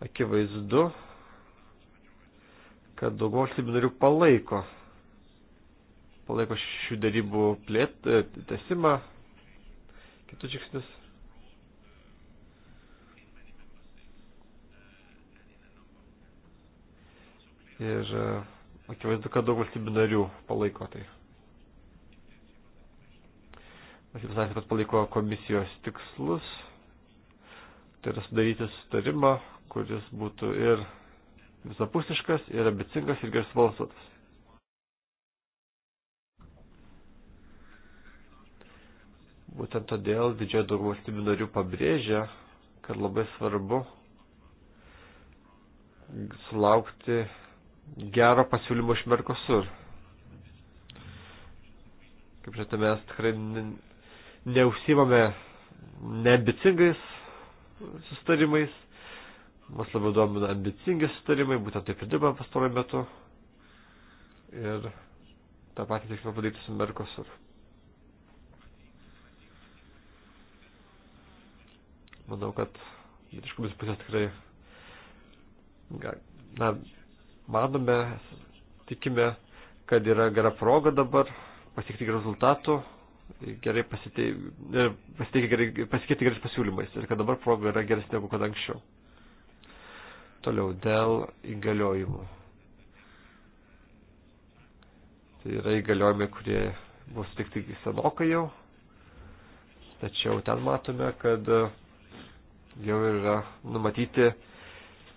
akivaizdu, kad daugiau valstybių narių palaiko, palaiko šių darybų plėt, e, tesimą, kitus žingsnius. Ir e, akivaizdu, kad daug valstybių narių palaiko tai. Valstybės narės taip pat palaiko komisijos tikslus, tai yra sudaryti sutarimą, kuris būtų ir visapusiškas, ir ambicingas, ir geras valstotas. Būtent todėl didžioji dauguma valstybių narių pabrėžia, kad labai svarbu sulaukti gero pasiūlymo iš Merkosur. Kaip žinote, mes tikrai neužsimame neambicingais sustarimais, mus labiau domina ambicingi sustarimai, būtent taip ir dirbame pastaruoju metu. Ir tą patį tikime padaryti su Merkosur. Manau, kad iš kubis pusės tikrai na, manome, tikime, kad yra gera proga dabar pasiekti rezultatų gerai pasiteikė e, gerai, pasikeitė gerais pasiūlymais ir kad dabar proga yra geresnė negu kad anksčiau. Toliau, dėl įgaliojimų. Tai yra įgaliojimai, kurie buvo sutikti senokai jau, tačiau ten matome, kad jau yra numatyti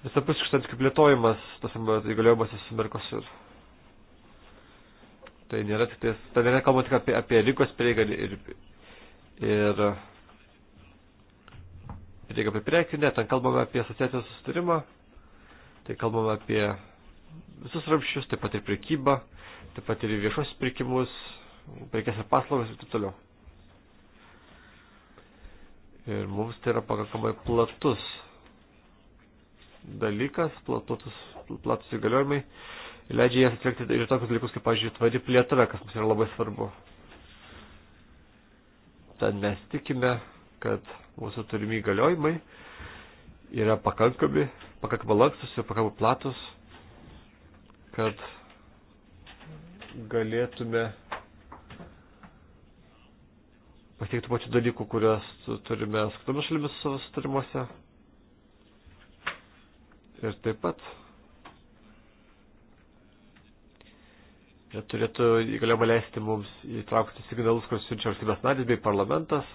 visapusiškas santykių plėtojimas tos įgaliojimas su Merkosur tai nėra tik tais, tai nėra kalba tik apie, apie rinkos prieigą ir, ir prieigą apie prekinę, ten kalbame apie asociacijos sustarimą, tai kalbame apie visus ramščius, taip pat ir priekybą, taip pat ir viešosius pirkimus, prekes ir paslaugas ir taip toliau. Ir mums tai yra pakankamai platus dalykas, platus, platus įgaliojimai leidžia jas atvekti ir tokius dalykus, kaip, pavyzdžiui, tvari plėtra, kas mums yra labai svarbu. Tad mes tikime, kad mūsų turimi įgaliojimai yra pakankami, pakankamai lankstus ir pakankamai platus, kad galėtume pasiekti pačių dalykų, kurias turime su kitomis šalimis savo sutarimuose. Ir taip pat Jie turėtų įgaliamą leisti mums įtraukti signalus, kuriuos siunčia valstybės narys bei parlamentas,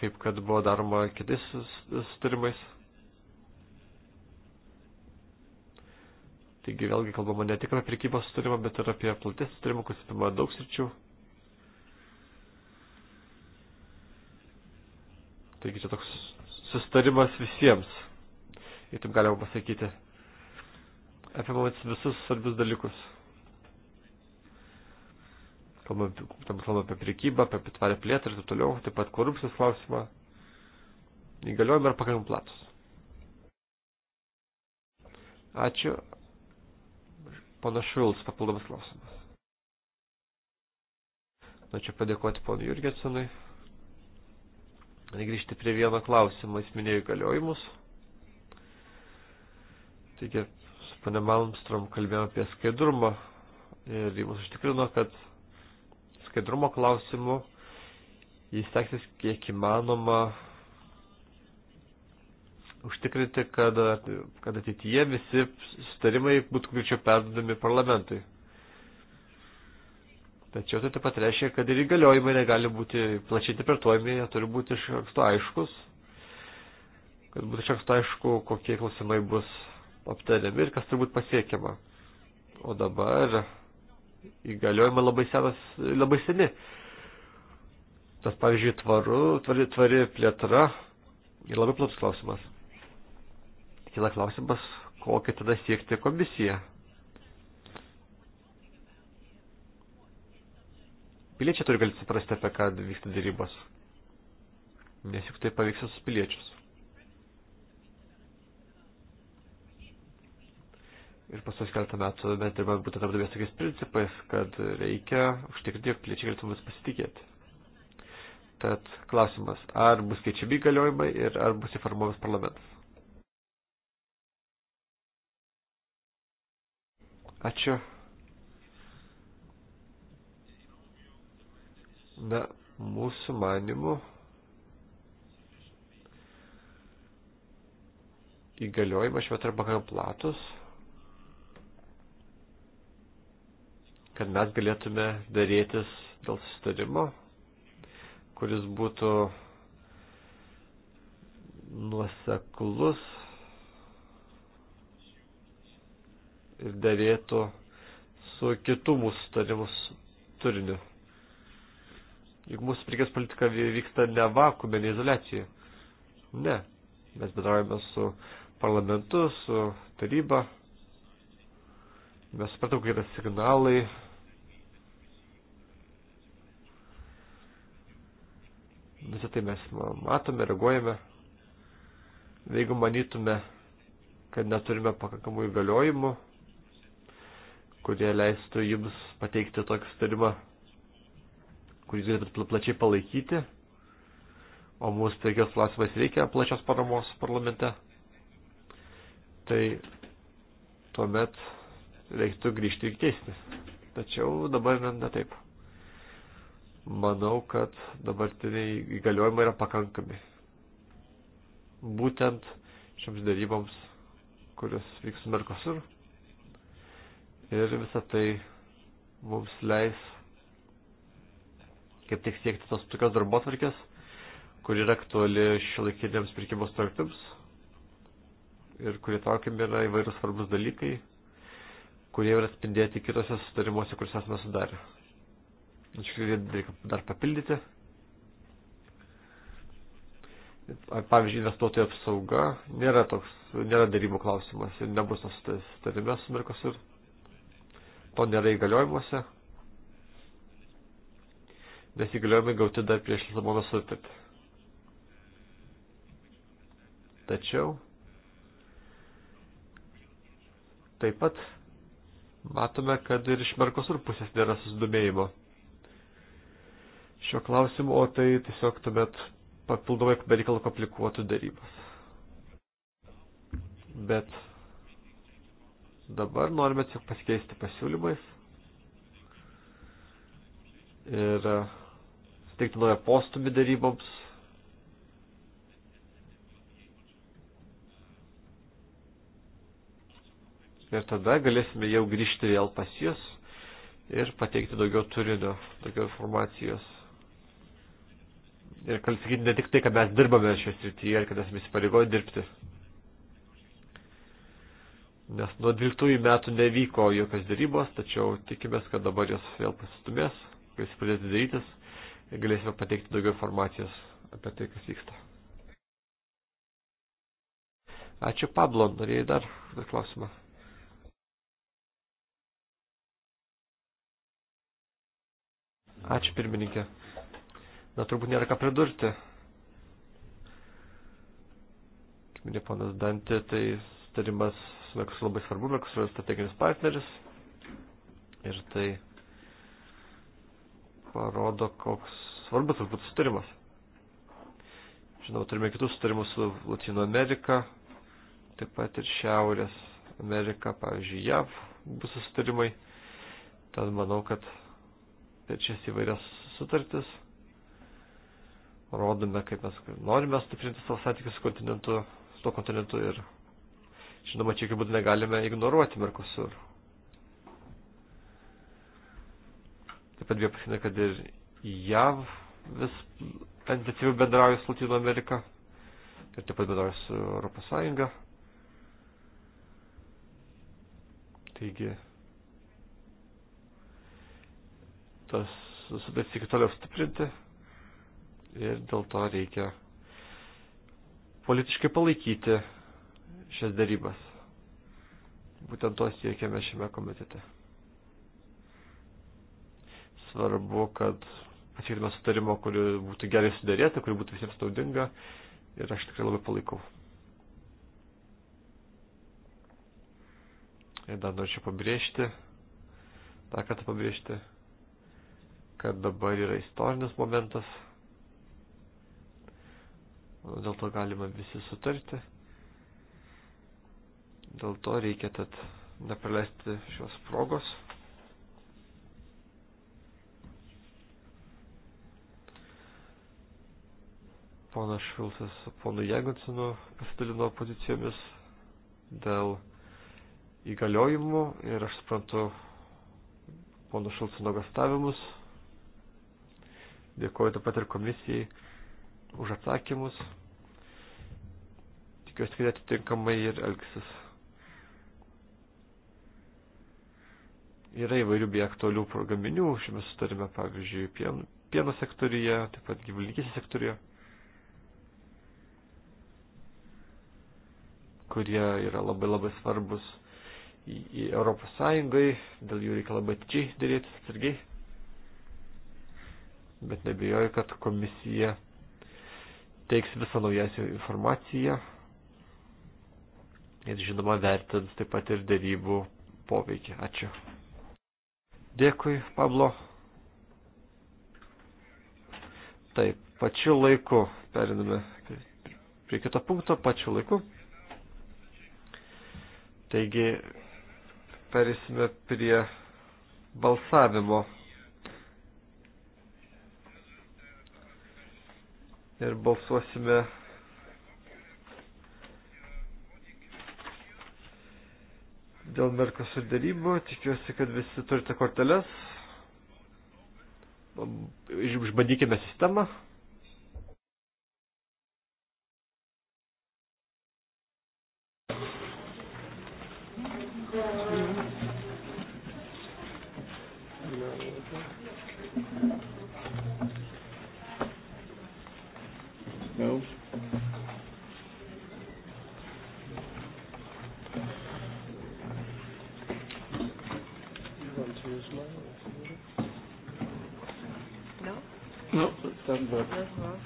kaip kad buvo daroma kitais sutarimais. Taigi vėlgi kalbama ne tik apie prekybos sutarimą, bet ir apie platės sutarimą, kuris apima daug sričių. Taigi čia toks sustarimas visiems, jei taip galima pasakyti apimamas visus svarbius dalykus. Kalbam, kalbam apie prekybą, apie tvarę plėtrą ir taip toliau, taip pat korupcijos klausimą. Įgaliojimai yra pakankamai platus. Ačiū. Pana Šuls, papildomas klausimas. Norėčiau nu, padėkoti ponui Jurgensonui. Grįžti prie vieno klausimo, jis minėjo įgaliojimus. Taigi, pane Malmstrom kalbėjome apie skaidrumą ir jį mus užtikrino, kad skaidrumo klausimų jis teksis kiek įmanoma užtikrinti, kad, kad ateityje visi sutarimai būtų greičiau perdodami parlamentui. Tačiau tai taip pat reiškia, kad ir įgaliojimai negali būti plačiai interpretuojami, jie turi būti iš anksto aiškus, kad būtų iš anksto aišku, kokie klausimai bus aptariami ir kas turbūt pasiekiama. O dabar įgaliojimai labai, senas, labai seni. Tas, pavyzdžiui, tvaru, tvari, tvari plėtra ir labai platus klausimas. Kila klausimas, kokį tada siekti komisiją. Piliečiai turi galėti suprasti, apie ką vyksta dėrybos. Nes juk tai paveiks visus piliečius. ir pasos keltą metų mes dirbame būtent darbdavės tokiais principais, kad reikia užtikrinti, jog piliečiai galėtų mus pasitikėti. Tad klausimas, ar bus keičiami įgaliojimai ir ar bus informuomas parlamentas. Ačiū. Na, mūsų manimu įgaliojimai šiuo tarp pakankamai platus. kad mes galėtume darytis dėl sustarimo, kuris būtų nuoseklus ir dėrėtų su kitų mūsų sutarimus turiniu. Juk mūsų prikės politika vyksta ne vakume, ne izolacijoje. Ne. Mes bendraujame su parlamentu, su taryba. Mes supratau, kai yra signalai, Visą tai mes matome, reaguojame. Jeigu manytume, kad neturime pakankamų įgaliojimų, kurie leistų jums pateikti tokį sutarimą, kurį galėtumėt plačiai palaikyti, o mūsų taikios klausimais reikia plačios paramos parlamente, tai tuomet reiktų grįžti į teismį. Tačiau dabar ne taip manau, kad dabartiniai įgaliojimai yra pakankami. Būtent šioms daryboms, kurios vyks su Merkosur. Ir visą tai mums leis kaip tik siekti tos tokios darbotvarkės, kur yra aktuali šiuolaikiniams pirkimos projektams ir kurie traukiami yra įvairūs svarbus dalykai, kurie yra spindėti kitose sutarimuose, kuriuos esame sudarę. Reikia dar papildyti. Pavyzdžiui, investuotojų apsauga nėra toks, nėra darybų klausimas ir nebus sutarime su Merkosur. To nėra įgaliojimuose, nes įgaliojimai gauti dar prieš Lisabono sutartį. Tačiau taip pat matome, kad ir iš Merkosur pusės nėra susidomėjimo šio klausimu, o tai tiesiog tuomet papildomai bereikalų komplikuotų darybas. Bet dabar norime tiesiog pasikeisti pasiūlymais ir steigti naują postumį daryboms. Ir tada galėsime jau grįžti vėl pas jūs ir pateikti daugiau turinio, daugiau informacijos ir kad sakyti ne tik tai, kad mes dirbame šioje srityje ir kad esame įsipareigoję dirbti. Nes nuo 12 metų nevyko jokios dėrybos, tačiau tikimės, kad dabar jos vėl pasistumės, kai jis pradės darytis ir galėsime pateikti daugiau informacijos apie tai, kas vyksta. Ačiū Pablo, norėjai dar, dar klausimą. Ačiū pirmininkė. Na, turbūt nėra ką pridurti. Kaip minė ponas Dantė, tai tarimas su Merkosur labai svarbu, Merkosur yra strateginis partneris. Ir tai parodo, koks svarbus turbūt sutarimas. Žinau, turime kitus sutarimus su Latino Amerika, taip pat ir Šiaurės Amerika, pavyzdžiui, JAV bus susitarimai. Tad manau, kad per šias įvairias sutartis rodome, kaip mes norime stiprinti savo santykius su kontinentu, su to kontinentu ir žinoma, čia jokių būdų negalime ignoruoti Merkosur. Taip pat pasina, kad ir JAV vis intensyviau bendrauja su Latino Amerika ir taip pat bendrauja su Europos Sąjunga. Taigi, tas sudėtis iki toliau stiprinti ir dėl to reikia politiškai palaikyti šias darybas. Būtent to siekiame šiame komitete. Svarbu, kad pasiektume sutarimo, kuri būtų gerai sudarėta, kuri būtų visiems naudinga ir aš tikrai labai palaikau. Ir dar norėčiau pabrėžti, dar kartą pabrėžti, kad dabar yra istorinis momentas. Dėl to galima visi sutarti. Dėl to reikia tad nepraleisti šios progos. Ponas Švilsas su ponu Jegocinu pasidalino pozicijomis dėl įgaliojimų ir aš suprantu pono Šilco nuogastavimus. Dėkuoju taip pat ir komisijai už atsakymus. Tikiuosi, kad atitinkamai ir elgsis. Yra įvairių bei aktualių gaminių, šiame sutarime, pavyzdžiui, pieno, pieno sektorija, taip pat gyvulininkės sektorija, kurie yra labai labai svarbus į, į Europos Sąjungai, dėl jų reikia labai atidžiai dėrėtis atsargiai, bet nebijoju, kad komisija teiks visą naujausią informaciją ir žinoma vertins taip pat ir dėrybų poveikį. Ačiū. Dėkui, Pablo. Taip, pačiu laiku periname prie kito punkto, pačiu laiku. Taigi, perėsime prie balsavimo. ir balsuosime dėl Merkosur darybų. Tikiuosi, kad visi turite korteles. Išbandykime sistemą. doesn't work. Doesn't work.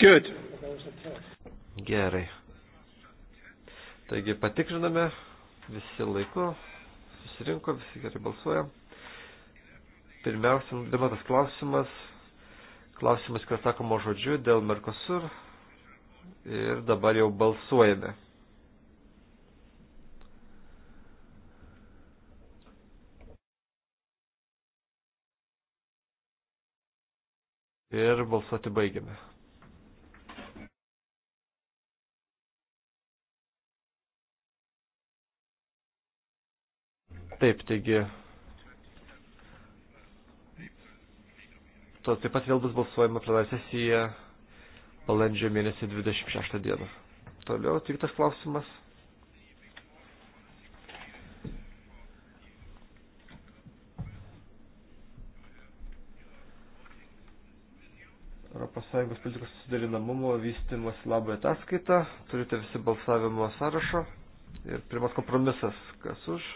Good. Gerai. Taigi patikriname, visi laiko, susirinko, visi gerai balsuoja. Pirmiausia, pirmasis klausimas, klausimas, kas sakoma žodžiu dėl Mercosur ir dabar jau balsuojame. Ir balsuoti baigiame. Taip, taigi. To taip pat vėl bus balsuojama plenarinė sesija balandžio mėnesį 26 dieną. Toliau, tik tas klausimas. ES politikos susidarinamumo vystimas labai ataskaita. Turite visi balsavimo sąrašo. Ir pirmas kompromisas, kas už,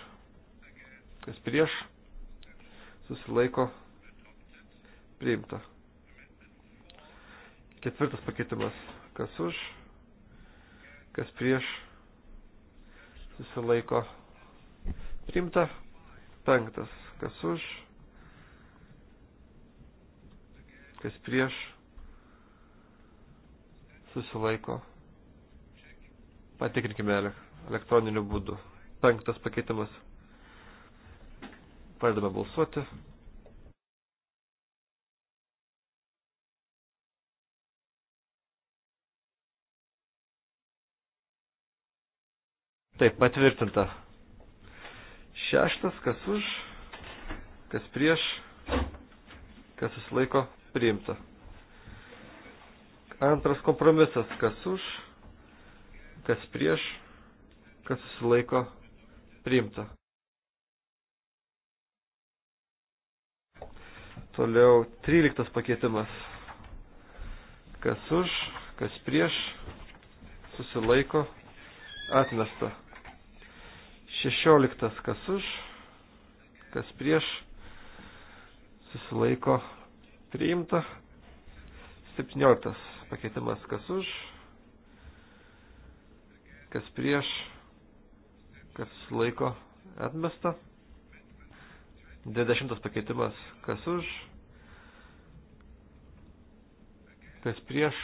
kas prieš, susilaiko, priimta. Ketvirtas pakeitimas, kas už, kas prieš, susilaiko, priimta. Penktas, kas už, kas prieš, susilaiko. Patikrinkime elektroniniu būdu. Penktas pakeitimas. Pradedame balsuoti. Taip, patvirtinta. Šeštas, kas už, kas prieš, kas susilaiko, priimta. Antras kompromisas, kas už, kas prieš, kas susilaiko, priimta. Toliau 13 pakeitimas. Kas už, kas prieš, susilaiko, atmesta. 16 kas už, kas prieš, susilaiko, priimta. 17 pakeitimas kas už, kas prieš, kas susilaiko, atmesta. 20 pakeitimas, kas už, kas prieš,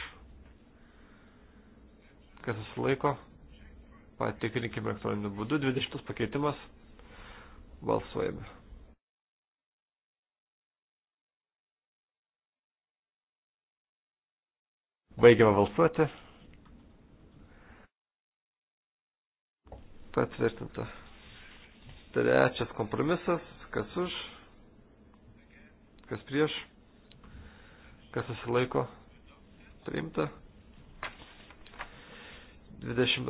kas susilaiko. Patikrinkime elektroniniu būdu. 20 pakeitimas. Balsuojame. Baigiame balsuoti. Patvirtinta. Trečias kompromisas kas už, kas prieš, kas susilaiko, priimta. 28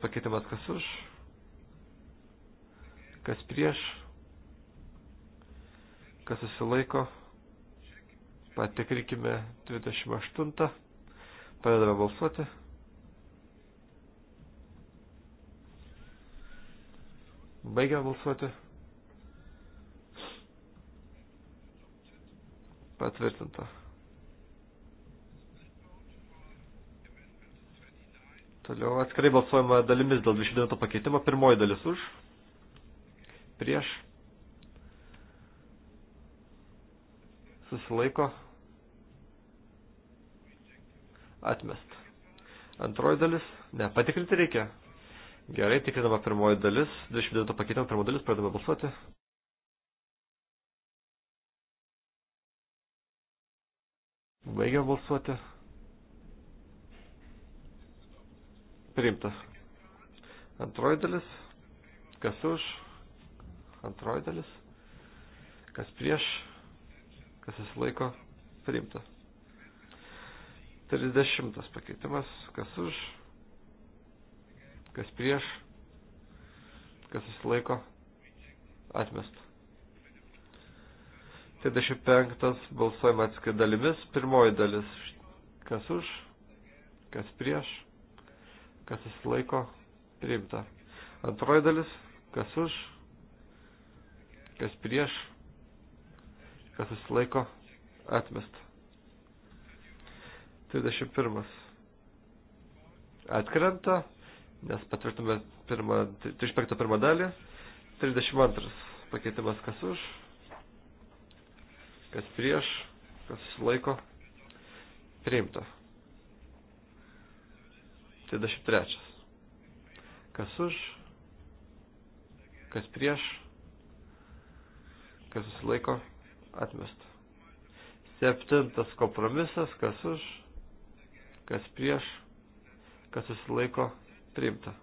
pakeitimas kas už, kas prieš, kas susilaiko. Patikrinkime 28. Pradedame balsuoti. Baigiame balsuoti. Patvirtinta. Toliau atskirai balsuojama dalimis dėl 29 pakeitimo. Pirmoji dalis už. Prieš. Susilaiko. Atmest. Antroji dalis. Ne, patikrinti reikia. Gerai, tikrinama pirmoji dalis. 29 pakeitimo pirmoji dalis. Pradame balsuoti. Baigia balsuoti. Priimtas. Antroji dalis. Kas už? Antroji dalis. Kas prieš? Kas susilaiko? Priimtas. 30 pakeitimas. Kas už? Kas prieš? Kas susilaiko? Atmestas. 75 balsuojama atskir dalimis. Pirmoji dalis, kas už, kas prieš, kas susilaiko, priimta. Antroji dalis, kas už, kas prieš, kas susilaiko, atmesta. 21. Atkrenta, nes patvirtume 35 pirmą dalį. 32. Pakeitimas kas už, kas prieš, kas susilaiko, priimta. 33. Kas už, kas prieš, kas susilaiko, atmesta. Septintas kompromisas, kas už, kas prieš, kas susilaiko, priimta.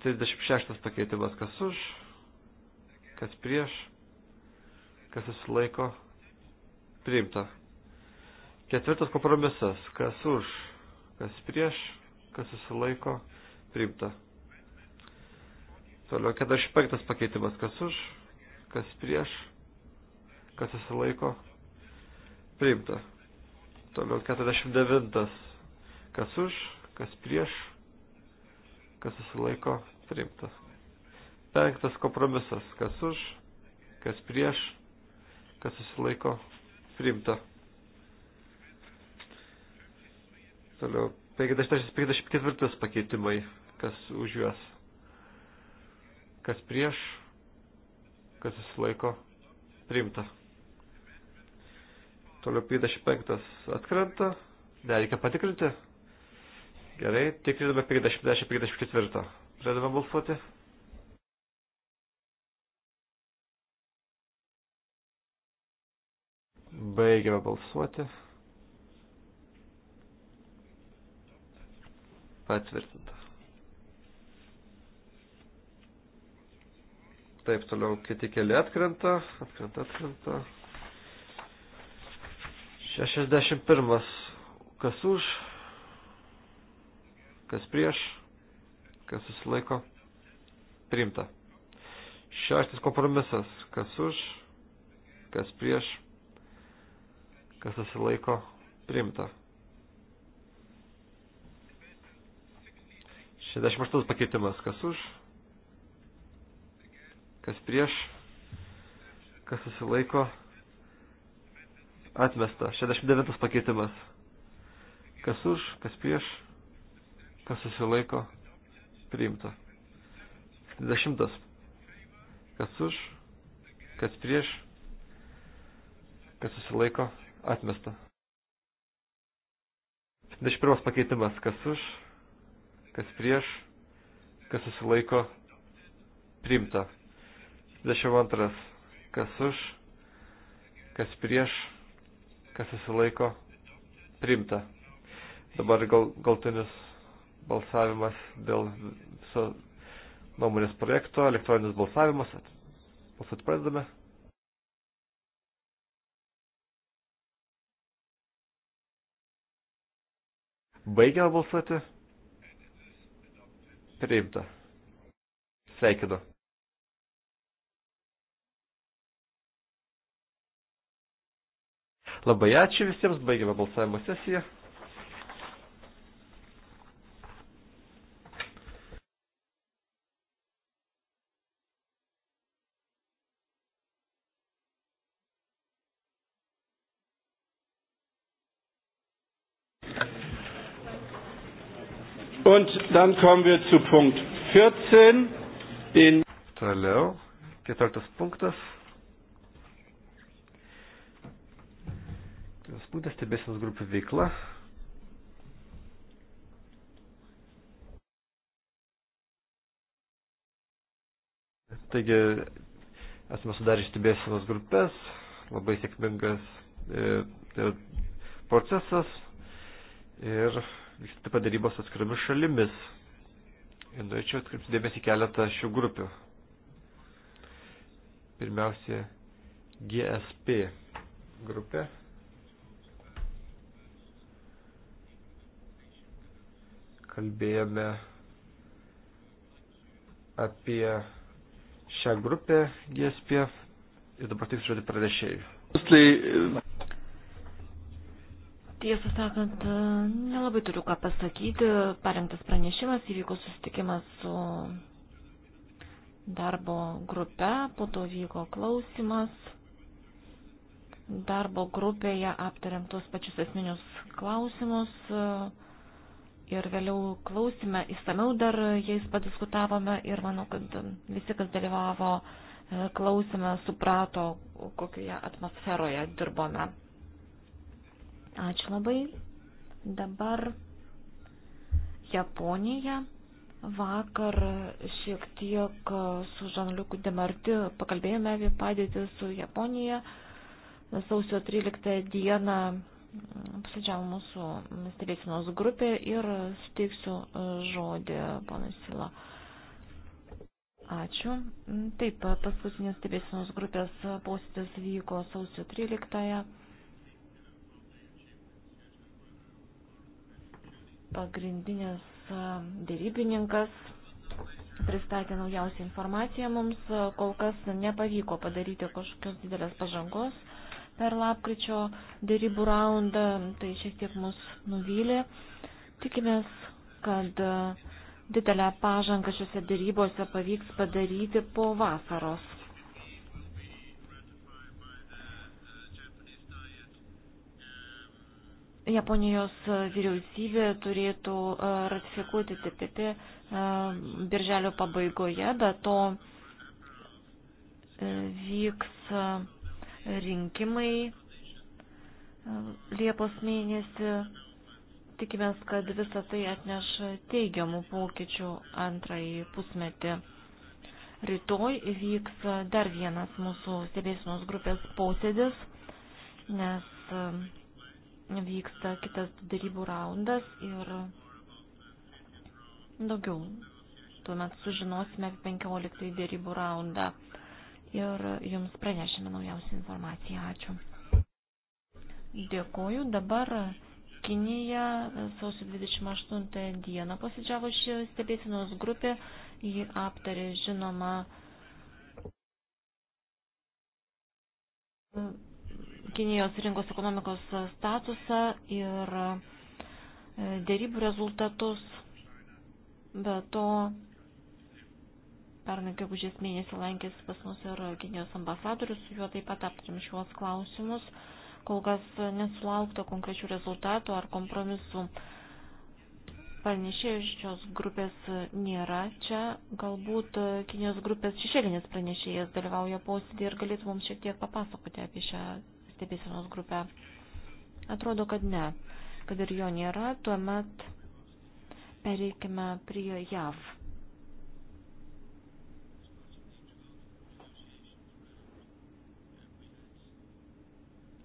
36 pakeitimas, kas už, kas prieš, kas susilaiko, priimta. Ketvirtas kompromisas, kas už, kas prieš, kas susilaiko, priimta. Toliau 45 pakeitimas, kas už, kas prieš, kas susilaiko, priimta. Toliau 49, kas už, kas prieš, kas susilaiko, priimta. Penktas kompromisas, kas už, kas prieš, kas susilaiko priimta. Toliau 54 pakeitimai, kas už juos, kas prieš, kas susilaiko priimta. Toliau 55 atkrenta, nereikia patikrinti. Gerai, tikriname 50-54. Pradedame balsuoti. Baigiame balsuoti. Patvirtinta. Taip, toliau kiti keli atkrenta, atkrenta, atkrenta. 61. Kas už, kas prieš, kas susilaiko, priimta. Šeštas kompromisas. Kas už, kas prieš, kas susilaiko priimta. 68 pakeitimas, kas už, kas prieš, kas susilaiko atmesta. 69 pakeitimas, kas už, kas prieš, kas susilaiko priimta. 70 kas už, kas prieš, kas susilaiko atmesta Atmesta. 21 pakeitimas. Kas už, kas prieš, kas susilaiko, priimta. 22. Kas už, kas prieš, kas susilaiko, priimta. Dabar gal, galtinis balsavimas dėl viso nuomonės projekto, elektroninis balsavimas. Balsuot pradedame. Baigiame balsuoti. Priimta. Sveikinu. Labai ačiū visiems, baigėme balsavimo sesiją. Und dann kommen wir zu Punkt 14. Den Toliau, 14 punktas. Tas punktas stebėsinos grupių veikla. Taigi, esame sudarę stebėsinos grupės, labai sėkmingas e, e procesas ir vyksta taip pat darybos atskiromis šalimis. Ir norėčiau atkreipti dėmesį keletą šių grupių. Pirmiausia, GSP grupė. Kalbėjome apie šią grupę GSP ir dabar tik žodį pranešėjų. Tiesą sakant, nelabai turiu ką pasakyti. Parengtas pranešimas įvyko susitikimas su darbo grupe, po to vyko klausimas. Darbo grupėje aptariam tuos pačius esminius klausimus ir vėliau klausime, įsameu dar jais padiskutavome ir manau, kad visi, kas dalyvavo e, klausime, suprato, kokioje atmosferoje dirbome. Ačiū labai. Dabar Japonija. Vakar šiek tiek su Žanliuku Demarti pakalbėjome apie padėtį su Japonija. Sausio 13 dieną apsidžiavo mūsų stebėsinos grupė ir suteiksiu žodį ponui Sila. Ačiū. Taip, paskutinės stebėsinos grupės posėdis vyko sausio 13. -ąją. pagrindinis dėrybininkas pristatė naujausią informaciją mums, kol kas nepavyko padaryti kažkokios didelės pažangos per lapkričio dėrybų raundą, tai šiek tiek mus nuvylė. Tikimės, kad didelę pažangą šiuose dėrybose pavyks padaryti po vasaros. Japonijos vyriausybė turėtų e, ratifikuoti TPP e, birželio pabaigoje, bet to e, vyks rinkimai Liepos mėnesį. Tikimės, kad visą tai atneš teigiamų pokyčių antrąjį pusmetį. Rytoj vyks dar vienas mūsų stebėsimos grupės posėdis, nes vyksta kitas darybų raundas ir daugiau. Tuomet sužinosime apie 15 darybų raundą ir jums pranešime naujausią informaciją. Ačiū. Dėkoju. Dabar Kinija sausio 28 dieną posėdžiavo šį stebėsinos grupę. Ji aptarė, žinoma, Kinijos rinkos ekonomikos statusą ir e, dėrybų rezultatus. Be to, pernai gegužės mėnesį lankės pas mus ir Kinijos ambasadorius, su juo taip pat aptarėm šiuos klausimus. Kol kas nesulaukta konkrečių rezultatų ar kompromisų. Pranešėjų šios grupės nėra čia. Galbūt e, Kinijos grupės šešėlinis pranešėjas dalyvauja posėdį ir galėtų mums šiek tiek papasakoti apie šią stebėsenos grupę? Atrodo, kad ne. Kad ir jo nėra, tuomet pereikime prie JAV.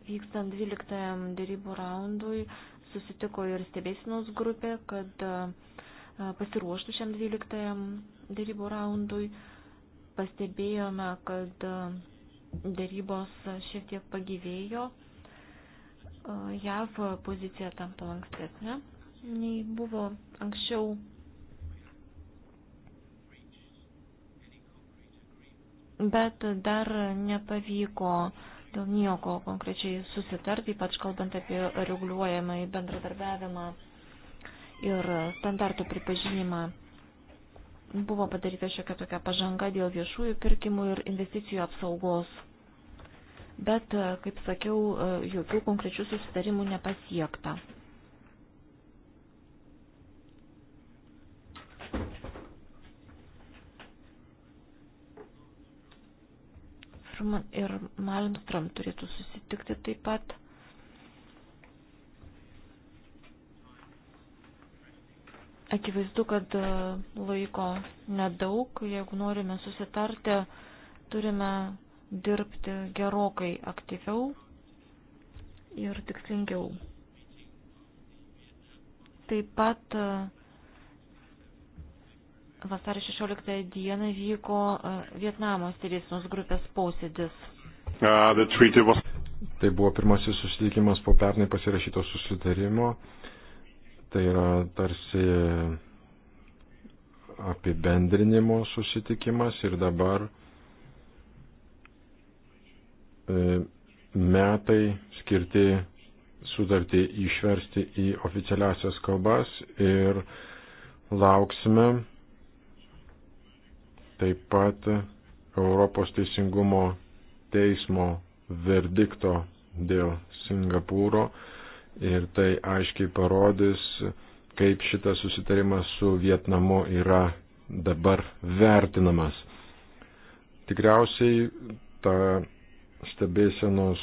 Vykstant 12 dėrybų raundui susitiko ir stebėsinos grupė, kad pasiruoštų šiam 12 dėrybų raundui. Pastebėjome, kad dėrybos šiek tiek pagyvėjo, JAV pozicija tampa lankstesnė nei buvo anksčiau. Bet dar nepavyko dėl nieko konkrečiai susitarti, ypač kalbant apie reguliuojamą bendradarbiavimą ir standartų pripažinimą buvo padaryta šiokia tokia pažanga dėl viešųjų pirkimų ir investicijų apsaugos. Bet, e, kaip sakiau, e, jokių konkrečių susitarimų nepasiekta. ir Malmstrom turėtų susitikti taip pat. Akivaizdu, kad e, laiko nedaug, jeigu norime susitarti, turime dirbti gerokai aktyviau ir tikslingiau. Taip pat e, vasario 16 dieną vyko e, Vietnamo stebėsinos grupės posėdis. Uh, was... Tai buvo pirmasis susitikimas po pernai pasirašyto susitarimo Tai yra tarsi apibendrinimo susitikimas ir dabar e, metai skirti sutartį išversti į oficialiasias kalbas ir lauksime taip pat Europos teisingumo teismo verdikto dėl Singapūro ir tai aiškiai parodys, kaip šitas susitarimas su Vietnamu yra dabar vertinamas. Tikriausiai ta stebėsenos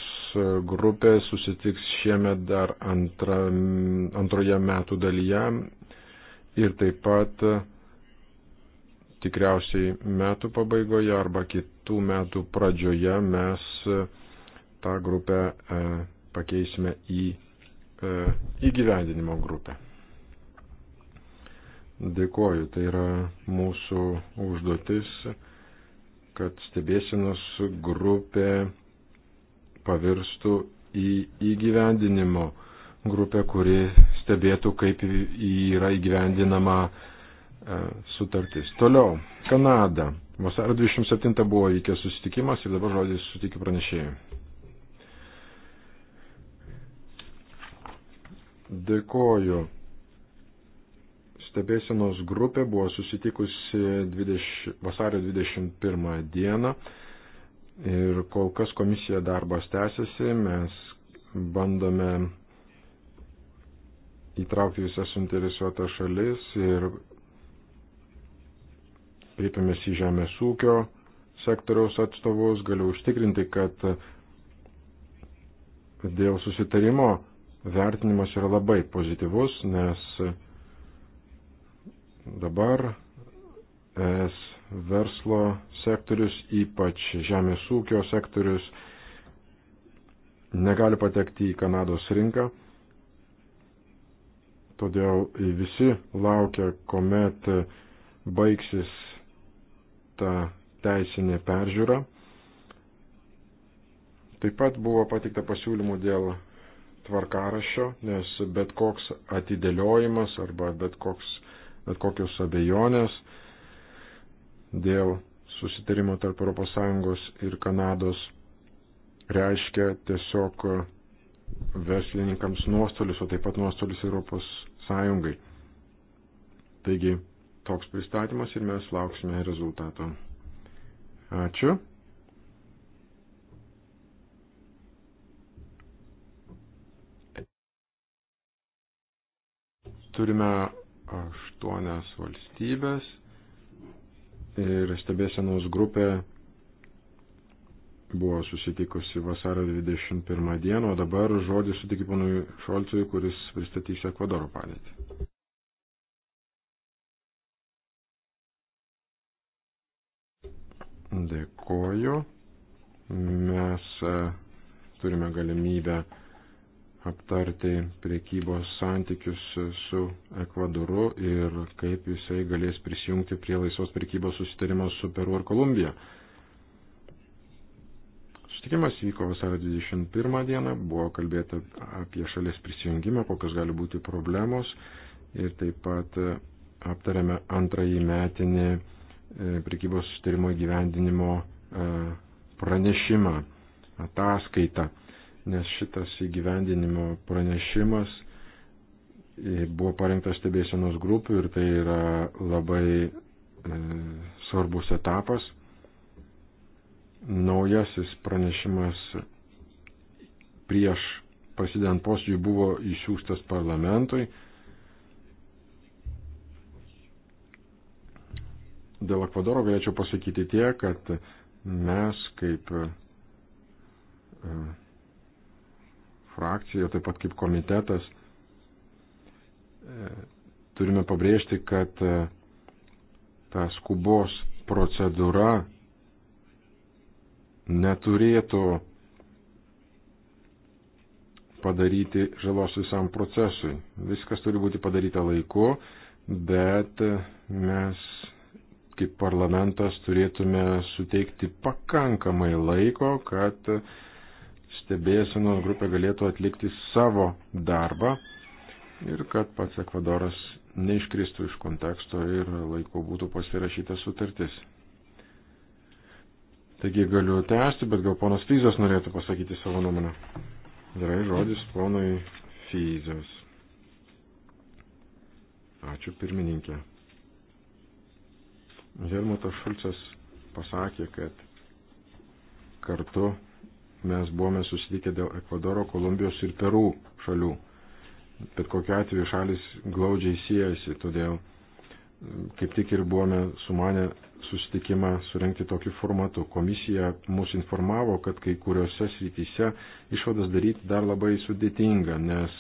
grupė susitiks šiemet dar antra, antroje metų dalyje ir taip pat tikriausiai metų pabaigoje arba kitų metų pradžioje mes tą grupę e, pakeisime į E, įgyvendinimo grupę. Dėkoju, tai yra mūsų užduotis, kad stebėsinos grupė pavirstų į įgyvendinimo grupę, kuri stebėtų, kaip yra įgyvendinama e, sutartis. Toliau, Kanada. Vasario 27 buvo įkės susitikimas ir dabar žodis sutikiu pranešėjai. Dėkoju. Stebėsenos grupė buvo susitikusi 20, vasario 21 dieną ir kol kas komisija darbas tęsiasi, mes bandome įtraukti visas suinteresuotas šalis ir kreipiamės į žemės ūkio sektoriaus atstovus, galiu užtikrinti, kad dėl susitarimo vertinimas yra labai pozityvus, nes dabar es verslo sektorius, ypač žemės ūkio sektorius, negali patekti į Kanados rinką. Todėl visi laukia, kuomet baigsis ta teisinė peržiūra. Taip pat buvo patikta pasiūlymų dėl tvarkarašio, nes bet koks atidėliojimas arba bet, koks, bet kokios abejonės dėl susitarimo tarp ES ir Kanados reiškia tiesiog verslininkams nuostolius, o taip pat nuostolius ES. Taigi toks pristatymas ir mes lauksime rezultato. Ačiū. Turime aštuonias valstybės ir stebėsenos grupė buvo susitikusi vasario 21 dieną, o dabar žodį sutikė panui Šolcui, kuris pristatys Ekvadoro padėtį. Dėkoju. Mes e, turime galimybę aptarti priekybos santykius su Ekvadoru ir kaip jisai galės prisijungti prie laisvos priekybos susitarimo su Peru ar Kolumbija. Sutikimas vyko vasario 21 dieną, buvo kalbėta apie šalies prisijungimą, kokios gali būti problemos ir taip pat aptarėme antrąjį metinį e, prekybos sutarimo įgyvendinimo e, pranešimą, ataskaitą nes šitas įgyvendinimo pranešimas e, buvo parengtas stebėsenos grupių ir tai yra labai e, svarbus etapas. Naujasis pranešimas prieš prasidedant posėdžiui buvo išsiųstas parlamentui. Dėl Ekvadoro galėčiau pasakyti tie, kad mes kaip e, frakcija, taip pat kaip komitetas, e, turime pabrėžti, kad e, ta skubos procedūra neturėtų padaryti žalos visam procesui. Viskas turi būti padaryta laiku, bet mes kaip parlamentas turėtume suteikti pakankamai laiko, kad stebėsenos grupė galėtų atlikti savo darbą ir kad pats Ekvadoras neiškristų iš konteksto ir laiku būtų pasirašyta sutartis. Taigi galiu tęsti, bet gal ponas Fizas norėtų pasakyti savo nuomonę. Gerai, žodis ponui Fizas. Ačiū pirmininkė. Helmutas Šulcas pasakė, kad kartu mes buvome susitikę dėl Ekvadoro, Kolumbijos ir Perų šalių. Bet kokiu atveju šalis glaudžiai siejasi, todėl kaip tik ir buvome sumanę susitikimą surenkti tokiu formatu. Komisija mus informavo, kad kai kuriuose srityse išvadas daryti dar labai sudėtinga, nes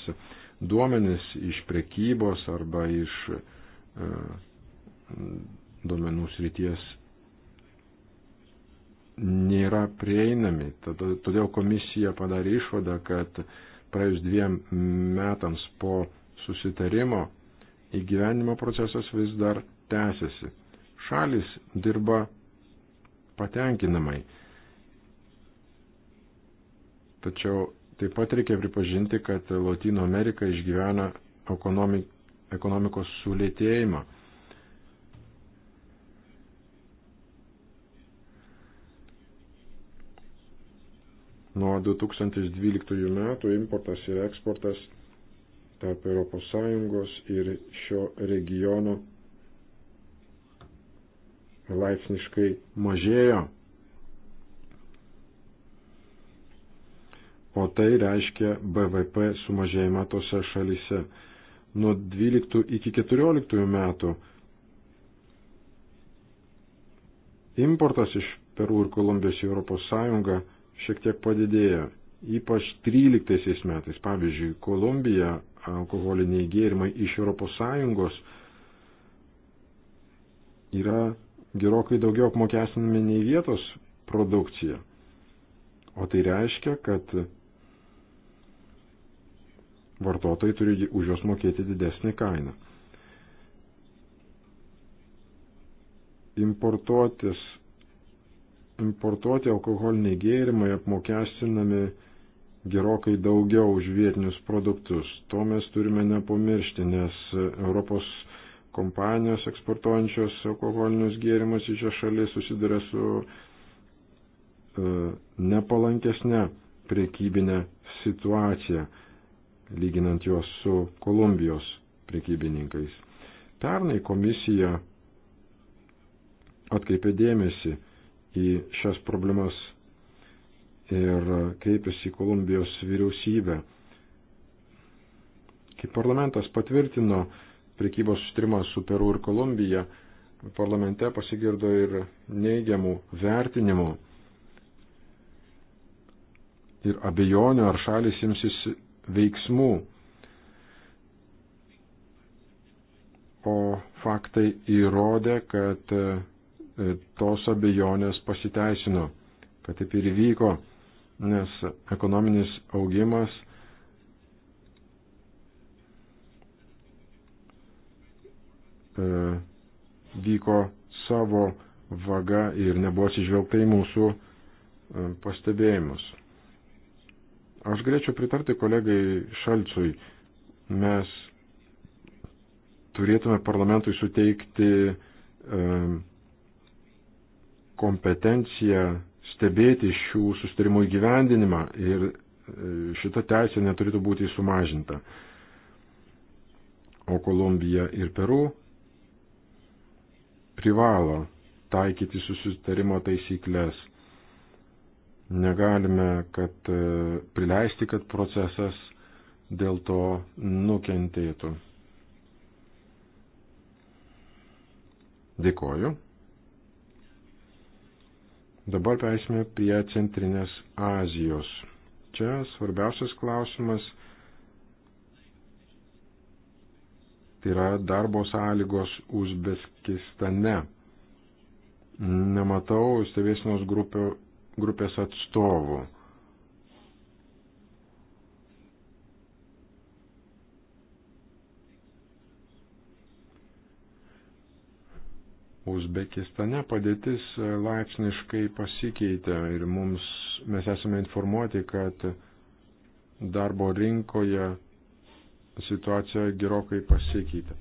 duomenis iš prekybos arba iš e, duomenų srities nėra prieinami. Todėl komisija padarė išvadą, kad praėjus dviem metams po susitarimo įgyvenimo procesas vis dar tęsiasi. Šalis dirba patenkinamai. Tačiau taip pat reikia pripažinti, kad Latino Amerika išgyvena ekonomikos sulėtėjimą. Nuo 2012 metų importas ir eksportas tarp ES ir šio regiono laipsniškai mažėjo. O tai reiškia BVP sumažėjimą tose šalise. Nuo 12 iki 14 metų importas iš Peru ir Kolumbijos į ES šiek tiek padidėjo. Ypač 13 metais, pavyzdžiui, Kolumbija alkoholiniai gėrimai iš ES yra gerokai daugiau apmokestinami nei vietos produkcija. O tai reiškia, kad vartotojai turi už juos mokėti didesnį kainą. Importuotis Importuoti alkoholiniai gėrimai apmokestinami gerokai daugiau už vietinius produktus. To mes turime nepamiršti, nes Europos kompanijos eksportuojančios alkoholinius gėrimus į šią šalį susiduria su e, nepalankesnė priekybinė situacija, lyginant juos su Kolumbijos priekybininkais. Pernai komisija atkaipė dėmesį, į šias problemas ir kreipėsi į Kolumbijos vyriausybę. Kai parlamentas patvirtino prekybos sustrimą su Peru ir Kolumbija, parlamente pasigirdo ir neigiamų vertinimų ir abejonių, ar šalis imsis veiksmų. O faktai įrodė, kad E, tos abejonės pasiteisino, kad taip ir vyko, nes ekonominis augimas e, vyko savo vaga ir nebuvo atsižvelgta į mūsų e, pastebėjimus. Aš galėčiau pritarti kolegai Šalcui. Mes turėtume parlamentui suteikti um, kompetencija stebėti šių sustarimų įgyvendinimą ir e, šita teisė neturėtų būti sumažinta. O Kolumbija ir Peru privalo taikyti susitarimo taisyklės. Negalime, kad e, prileisti, kad procesas dėl to nukentėtų. Dėkoju. Dabar pereisime prie Centrinės Azijos. Čia svarbiausias klausimas tai yra darbo sąlygos Uzbekistane. Nematau stebėsinos grupės atstovų. Uzbekistane padėtis laipsniškai pasikeitė ir mums, mes esame informuoti, kad darbo rinkoje situacija gerokai pasikeitė.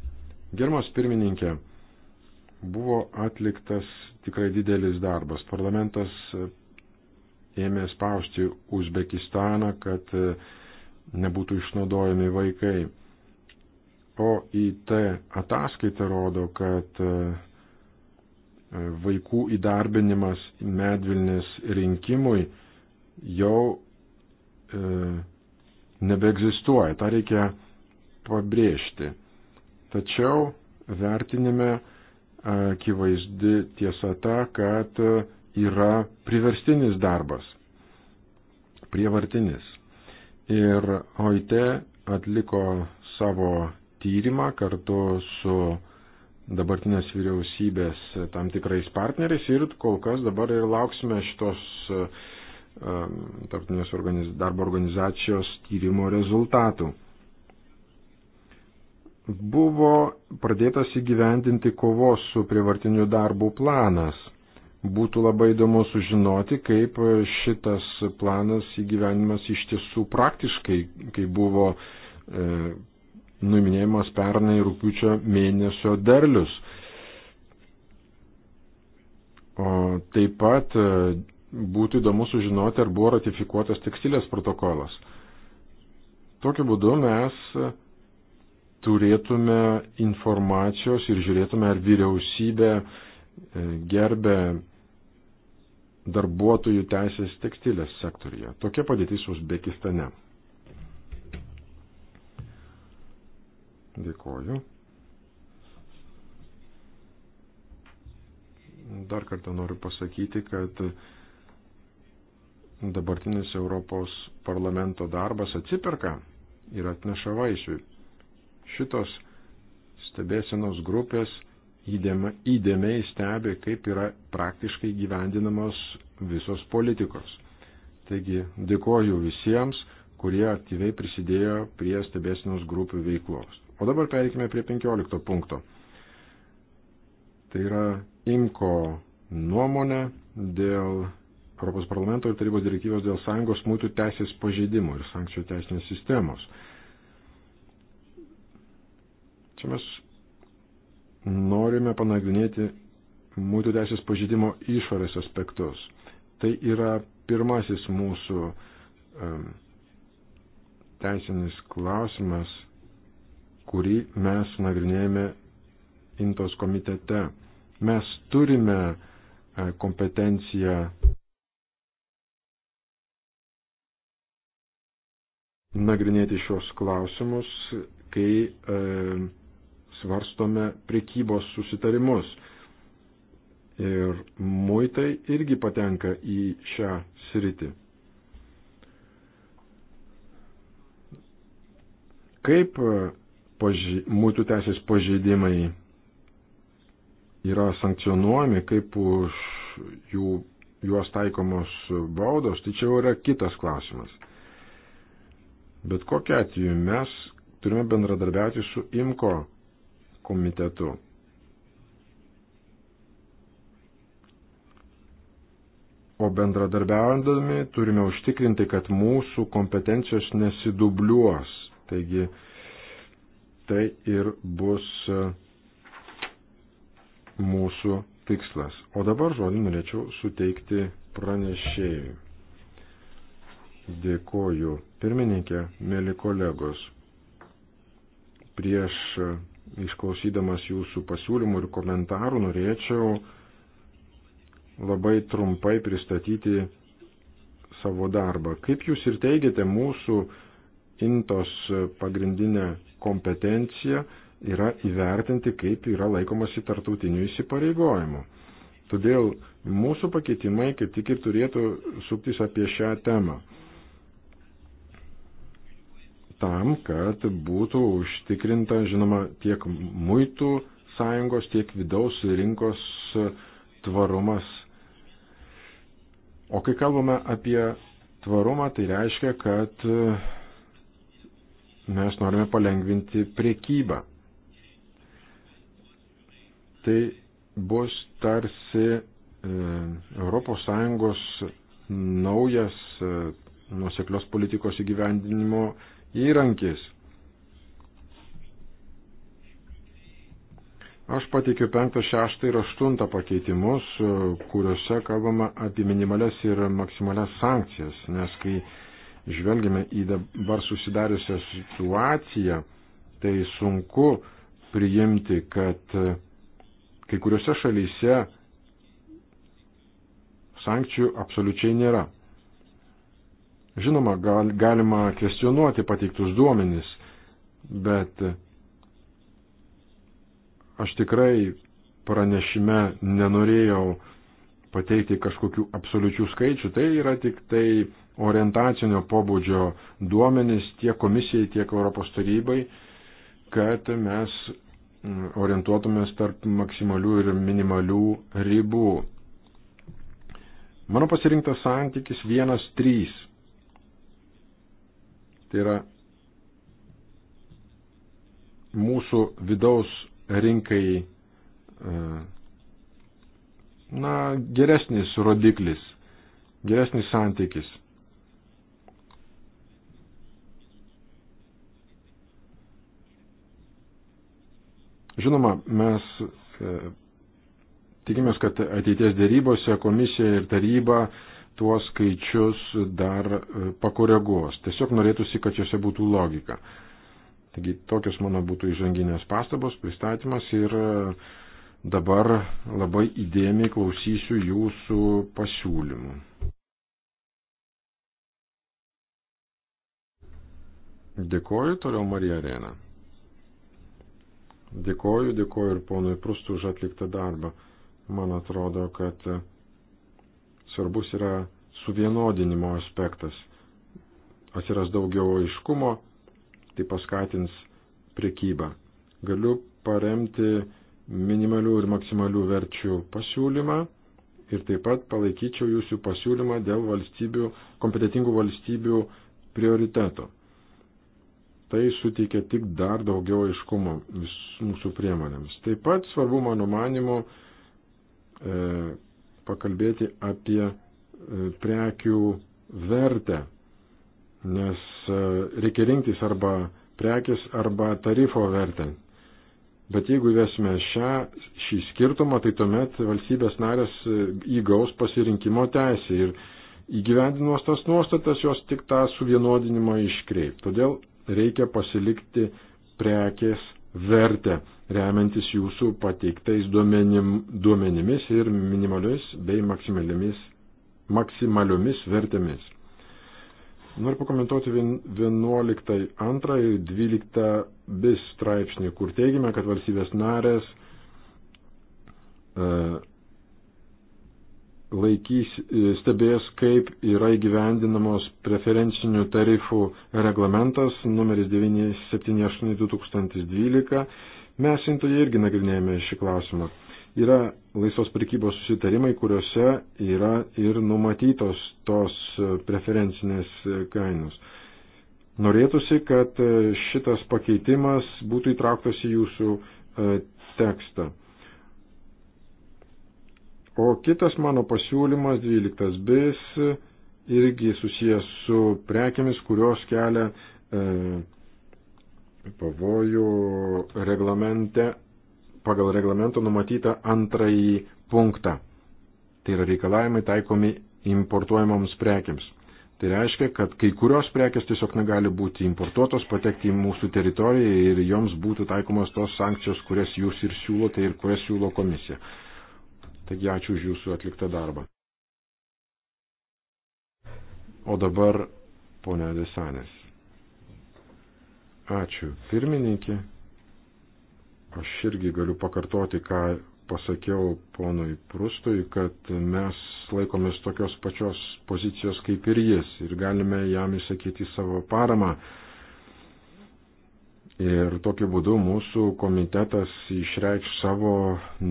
Germas pirmininkė, buvo atliktas tikrai didelis darbas. Parlamentas ėmė spausti Uzbekistaną, kad nebūtų išnaudojami vaikai. OIT ataskaita rodo, kad vaikų įdarbinimas medvilnės rinkimui jau e, nebeegzistuoja. Ta reikia pabrėžti. Tačiau vertinime e, akivaizdi tiesa ta, kad e, yra priverstinis darbas, prievartinis. Ir OIT atliko savo tyrimą kartu su dabartinės vyriausybės tam tikrais partneriais ir kol kas dabar ir lauksime šitos e, e, tarptautinės organiz, darbo organizacijos tyrimo rezultatų. Buvo pradėtas įgyvendinti kovos su prievartiniu darbu planas. Būtų labai įdomu sužinoti, kaip šitas planas įgyvenimas iš tiesų praktiškai, kai buvo e, nuiminėjimas pernai rūpiučio mėnesio derlius. O taip pat e, būtų įdomu sužinoti, ar buvo ratifikuotas tekstilės protokolas. Tokiu būdu mes e, turėtume informacijos ir žiūrėtume, ar vyriausybė e, gerbė darbuotojų teisės tekstilės sektorija. Tokia padėtis Uzbekistane. Dėkoju. Dar kartą noriu pasakyti, kad dabartinis Europos parlamento darbas atsiperka ir atneša vaisių. Šitos stebėsenos grupės įdėmiai stebi, kaip yra praktiškai gyvendinamos visos politikos. Taigi dėkoju visiems, kurie aktyviai prisidėjo prie stebėsenos grupių veiklos. O dabar pereikime prie 15 punkto. Tai yra IMKO nuomonė dėl Europos parlamento ir tarybos direktyvos dėl sąjungos mūtų teisės pažeidimų ir sankcijų teisinės sistemos. Čia mes norime panagrinėti mūtų teisės pažeidimo išorės aspektus. Tai yra pirmasis mūsų um, teisinis klausimas kurį mes nagrinėjame Intos komitete. Mes turime e, kompetenciją nagrinėti šios klausimus, kai e, svarstome prekybos susitarimus. Ir muitai irgi patenka į šią sritį. Kaip e, paži, mūtų teisės pažeidimai yra sankcionuojami, kaip už jų, juos taikomos baudos, tai čia jau yra kitas klausimas. Bet kokia atveju mes turime bendradarbiauti su IMKO komitetu. O bendradarbiaujandami turime užtikrinti, kad mūsų kompetencijos nesidubliuos. Taigi, tai ir bus e, mūsų tikslas. O dabar žodį norėčiau suteikti pranešėjui. Dėkoju. Pirmininkė, mėly kolegos, prieš e, išklausydamas jūsų pasiūlymų ir komentarų norėčiau labai trumpai pristatyti savo darbą. Kaip jūs ir teigiate, mūsų intos pagrindinė kompetencija yra įvertinti, kaip yra laikomasi tartutinių įsipareigojimų. Todėl mūsų pakeitimai kaip tik ir turėtų suktis apie šią temą. Tam, kad būtų užtikrinta, žinoma, tiek muitų sąjungos, tiek vidaus rinkos tvarumas. O kai kalbame apie tvarumą, tai reiškia, kad mes norime palengvinti priekybą. Tai bus tarsi ES naujas e, nuseklios politikos įgyvendinimo įrankis. Aš pateikiu 5, 6 ir 8 pakeitimus, e, kuriuose kalbama apie minimales ir maksimales sankcijas, nes kai žvelgime į dabar susidariusią situaciją, tai sunku priimti, kad e, kai kuriuose šalyse sankcijų absoliučiai nėra. Žinoma, gal, galima kvestionuoti pateiktus duomenis, bet e, aš tikrai pranešime nenorėjau pateikti kažkokių absoliučių skaičių, tai yra tik tai orientacinio pobūdžio duomenys tiek komisijai, tiek Europos tarybai, kad mes mm, orientuotumės tarp maksimalių ir minimalių ribų. Mano pasirinktas santykis 1-3. Tai yra mūsų vidaus rinkai e, na, geresnis rodiklis, geresnis santykis. Žinoma, mes e, tikimės, kad ateities dėrybose komisija ir taryba tuos skaičius dar e, pakoreguos. Tiesiog norėtųsi, kad juose būtų logika. Taigi tokios mano būtų įžanginės pastabos, pristatymas ir uh, Dabar labai įdėmiai klausysiu jūsų pasiūlymų. Dėkoju toliau Marija Arena. Dėkoju, dėkoju ir ponui Prustų už atliktą darbą. Man atrodo, kad svarbus yra suvienodinimo aspektas. Atsiras daugiau aiškumo, tai paskatins prekybą. Galiu paremti minimalių ir maksimalių verčių pasiūlymą ir taip pat palaikyčiau jūsų pasiūlymą dėl valstybių, kompetitingų valstybių prioriteto. Tai suteikia tik dar daugiau aiškumo mūsų priemonėms. Taip pat svarbu, mano manimu, e, pakalbėti apie e, prekių vertę, nes e, reikia rinktis arba prekis arba tarifo vertę. Bet jeigu įvesime šią, šį skirtumą, tai tuomet valstybės narės e, įgaus pasirinkimo teisę ir įgyvendinos tas nuostatas jos tik tą suvienodinimą iškreip. Todėl reikia pasilikti prekės vertę, remiantis jūsų pateiktais duomenim, duomenimis ir minimaliomis bei maksimaliomis, maksimaliomis vertėmis. Noriu pakomentuoti 11.2 ir 12 bis straipsnį, kur teigiame, kad valstybės narės e, laikys, e, stebės, kaip yra įgyvendinamos preferencinių tarifų reglamentas numeris 978-2012. Mes intoje irgi nagrinėjame šį klausimą. Yra laisvos prekybos susitarimai, kuriuose yra ir numatytos tos preferencinės kainos. Norėtųsi, kad šitas pakeitimas būtų įtrauktas į jūsų e, tekstą. O kitas mano pasiūlymas, 12 bis, irgi susijęs su prekiamis, kurios kelia e, pavojų reglamente pagal reglamento numatytą antrąjį punktą. Tai yra reikalavimai taikomi importuojamoms prekiams. Tai reiškia, kad kai kurios prekes tiesiog negali būti importuotos, patekti į mūsų teritoriją ir joms būtų taikomos tos sankcijos, kurias jūs ir siūlote ir kurias siūlo komisija. Taigi ačiū už jūsų atliktą darbą. O dabar ponia Desanės. Ačiū pirmininkė. Aš irgi galiu pakartoti, ką pasakiau ponui Prustui, kad mes laikomės tokios pačios pozicijos kaip ir jis ir galime jam įsakyti savo paramą. Ir tokiu būdu mūsų komitetas išreikš savo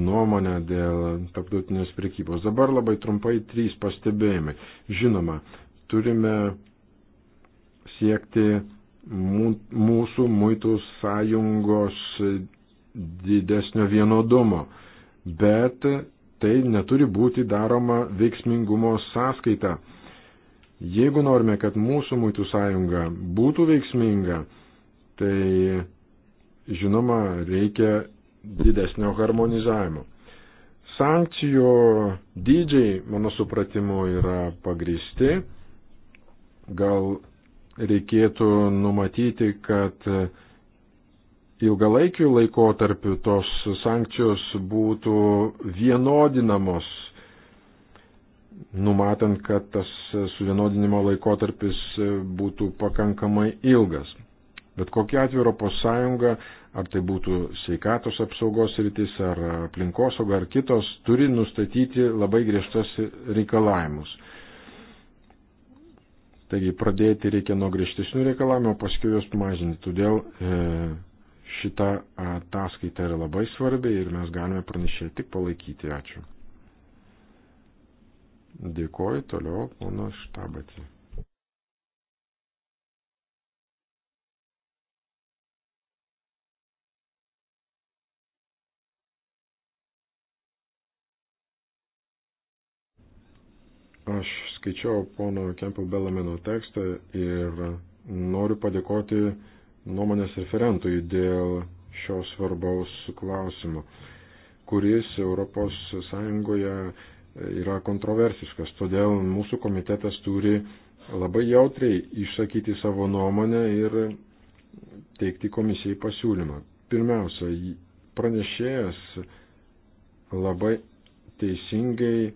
nuomonę dėl tarptautinės prekybos. Dabar labai trumpai trys pastebėjimai. Žinoma, turime siekti mūsų muitų sąjungos didesnio vienodumo, bet tai neturi būti daroma veiksmingumo sąskaita. Jeigu norime, kad mūsų muitų sąjunga būtų veiksminga, tai žinoma reikia didesnio harmonizavimo. Sankcijų dydžiai, mano supratimu, yra pagristi. Gal reikėtų numatyti, kad ilgalaikiu laikotarpiu tos sankcijos būtų vienodinamos, numatant, kad tas suvienodinimo laikotarpis būtų pakankamai ilgas. Bet kokia atveju Europos Sąjunga, ar tai būtų sveikatos apsaugos rytis, ar aplinkosauga, ar kitos, turi nustatyti labai griežtas reikalavimus. Taigi pradėti reikia nuo griežtesnių reikalavimų, o paskui juos mažinti. Todėl e, šita ataskaita yra labai svarbi ir mes galime pranešėjai tik palaikyti. Ačiū. Dėkoju toliau, pono Štabatė. Aš skaičiau pono Kempo Belamino tekstą ir noriu padėkoti nuomonės referentui dėl šio svarbaus klausimo, kuris ES yra kontroversiškas. Todėl mūsų komitetas turi labai jautriai išsakyti savo nuomonę ir teikti komisijai pasiūlymą. Pirmiausia, pranešėjas labai teisingai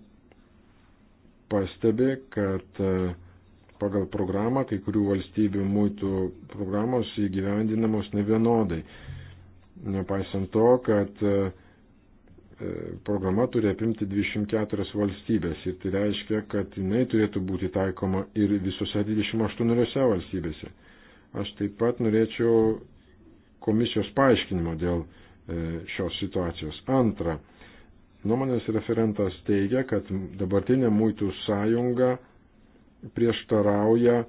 pastebi, kad pagal programą, kai kurių valstybių muitų programos įgyvendinamos nevienodai. Nepaisant to, kad e, e, programa turi apimti 24 valstybės ir tai reiškia, kad jinai turėtų būti taikoma ir visose 28 valstybėse. Aš taip pat norėčiau komisijos paaiškinimo dėl e, šios situacijos. Antra, nuomonės referentas teigia, kad dabartinė muitų sąjunga prieštarauja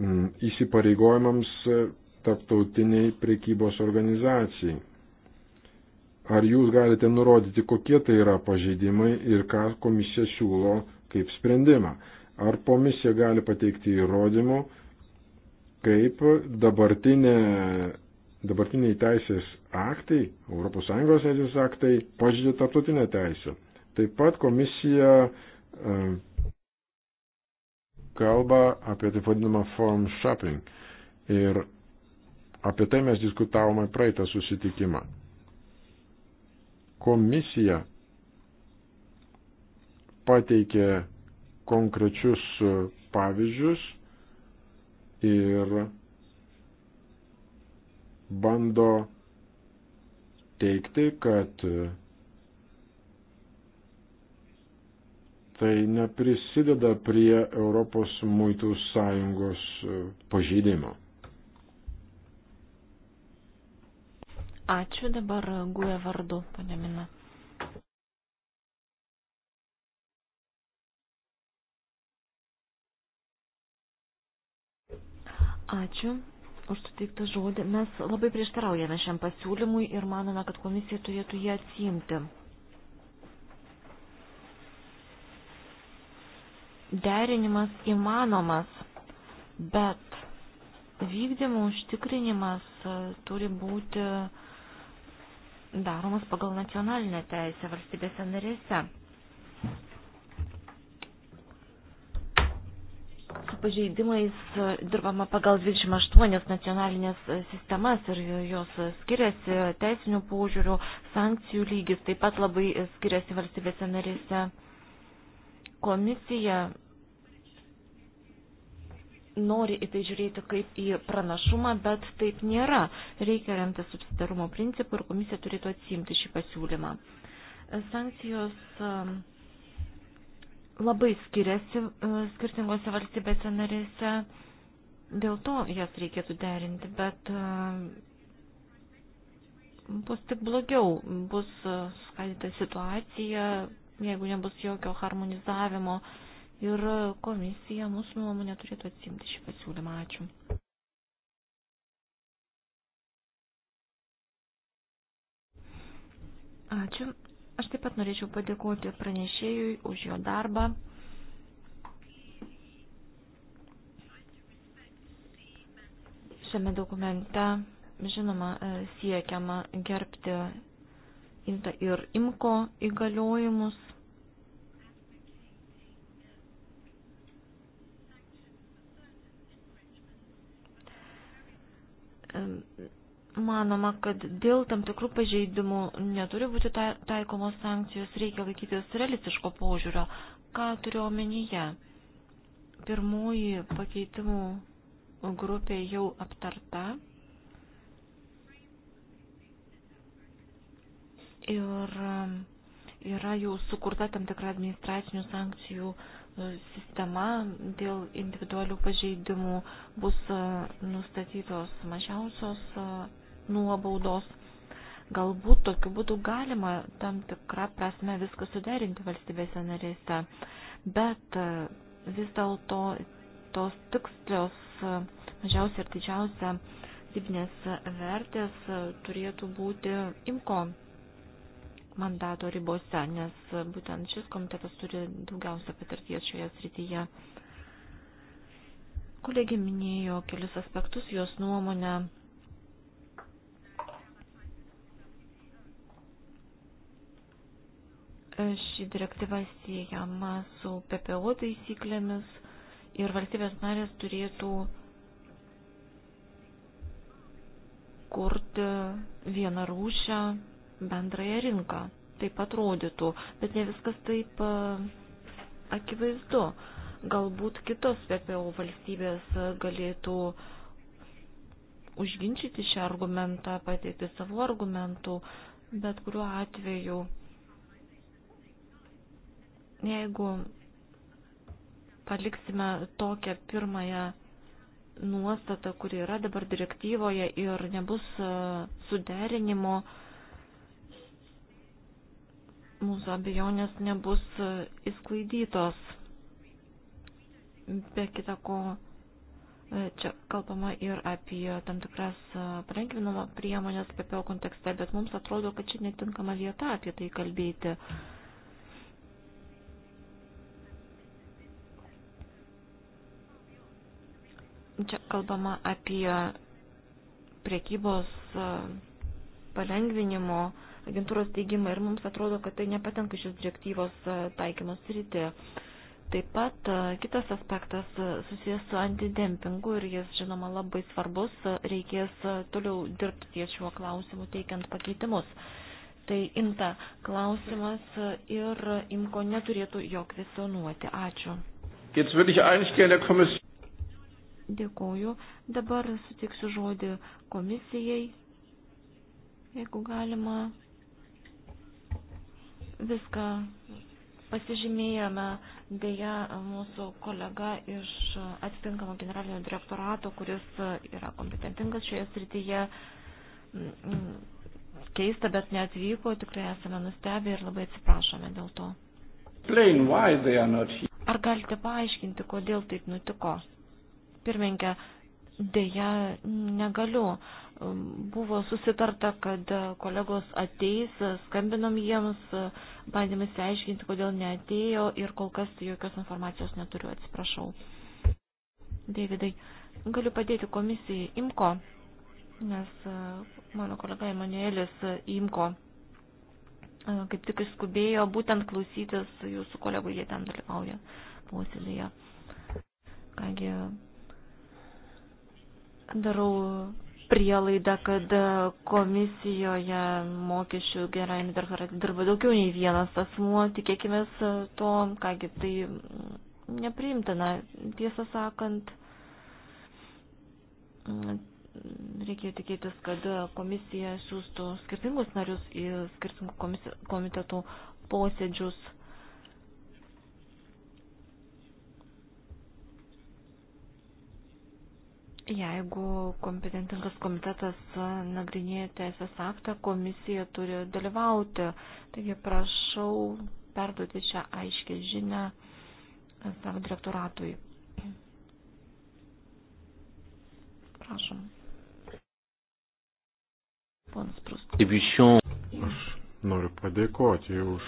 mm, įsipareigojimams e, taptautiniai prekybos organizacijai. Ar jūs galite nurodyti, kokie tai yra pažeidimai ir ką komisija siūlo kaip sprendimą? Ar komisija gali pateikti įrodymų, kaip dabartinė, dabartiniai teisės aktai, ES teisės aktai pažydė tarptautinę teisę? Taip pat komisija e, kalba apie taip vadinamą form shopping ir apie tai mes diskutavome praeitą susitikimą. Komisija pateikė konkrečius pavyzdžius ir bando teikti, kad tai neprisideda prie Europos muitų sąjungos e, pažydimo. Ačiū dabar Guė vardu, ponė Mina. Ačiū už suteiktą žodį. Mes labai prieštaraujame šiam pasiūlymui ir manome, kad komisija turėtų jį atsiimti. derinimas įmanomas, bet vykdymo užtikrinimas e, turi būti daromas pagal nacionalinę teisę valstybėse narėse. Su pažeidimais e, dirbama pagal 28 nacionalinės e, sistemas ir jos skiriasi teisinių požiūrių, sankcijų lygis taip pat labai skiriasi valstybėse narėse. Komisija nori į tai žiūrėti kaip į pranašumą, bet taip nėra. Reikia remti subsidarumo principų ir komisija turėtų atsimti šį pasiūlymą. Sankcijos um, labai skiriasi uh, skirtingose valstybėse narėse, dėl to jas reikėtų derinti, bet um, bus tik blogiau, bus uh, skaldyta situacija, jeigu nebus jokio harmonizavimo. Ir komisija mūsų nuomonė turėtų atsimti šį pasiūlymą. Ačiū. Ačiū. Aš taip pat norėčiau padėkoti pranešėjui už jo darbą. Šiame dokumente, žinoma, e, siekiama gerbti ir imko įgaliojimus Manoma, kad dėl tam tikrų pažeidimų neturi būti taikomos sankcijos, reikia laikytis realistiško požiūrio. Ką turiu omenyje? Pirmoji pakeitimų grupė jau aptarta. Ir yra jau sukurta tam tikra administracinių sankcijų sistema dėl individualių pažeidimų bus e, nustatytos mažiausios e, nuobaudos. Galbūt tokiu būdu galima tam tikrą prasme viską suderinti valstybėse narėse, bet e, vis dėlto tos tikslios mažiausia ir didžiausia ribinės vertės turėtų būti imko mandato ribose, nes būtent šis komitetas turi daugiausia patirties šioje srityje. Kolegė minėjo kelis aspektus, jos nuomonę. Ši direktyva siejama su PPO taisyklėmis ir valstybės narės turėtų kurti vieną rūšę bendrąją rinką. Taip atrodytų, bet ne viskas taip e, akivaizdu. Galbūt kitos PPO valstybės galėtų užginčyti šią argumentą, pateikti savo argumentų, bet kuriuo atveju, jeigu paliksime tokią pirmąją nuostatą, kuri yra dabar direktyvoje ir nebus e, suderinimo, mūsų abejonės nebus įsklaidytos. E, Be kita ko, e, čia kalbama ir apie tam tikras e, palengvinamo priemonės PPO kontekste, bet mums atrodo, kad čia netinkama vieta apie tai kalbėti. Čia kalbama apie priekybos palengvinimo uh, agentūros teigimą ir mums atrodo, kad tai nepatenka šios direktyvos e, taikymos rytį. Taip pat e, kitas aspektas e, susijęs su antidempingu ir jis, žinoma, labai svarbus, reikės toliau dirbti ties šiuo klausimu, teikiant pakeitimus. Tai imta klausimas ir imko neturėtų jo kvesionuoti. Ačiū. Dėkuoju. Dabar sutiksiu žodį komisijai, jeigu galima. Viską pasižymėjome, dėja mūsų kolega iš atitinkamo generalinio direktorato, kuris yra kompetentingas šioje srityje, keista, bet neatvyko, tikrai esame nustebę ir labai atsiprašome dėl to. Ar galite paaiškinti, kodėl taip nutiko? Pirminkė, dėja negaliu. Uh, Buvo susitarta, kad kolegos ateis, skambinom jiems, bandėme įsiaiškinti, kodėl neatėjo ir kol kas jokios informacijos neturiu, atsiprašau. Davidai, galiu padėti komisijai IMKO, nes e, mano kolega Emanuelis IMKO e, kaip tik skubėjo būtent klausytis jūsų kolegų, jie ten dalyvauja posėdėje. Kągi, darau prielaidą, kad komisijoje mokesčių gerajame deklaratė dirba daugiau nei vienas asmuo, tikėkime to, kągi tai nepriimtina. Tiesą sakant, reikėjo tikėtis, kad komisija siūstų skirtingus narius į skirtingų komitetų posėdžius. Jeigu kompetentingas komitetas nagrinėja teisės aktą, komisija turi dalyvauti. Taigi prašau perduoti šią aiškę žinę savo direktoratui. Prašom. Ponas Prust. Aš noriu padėkoti už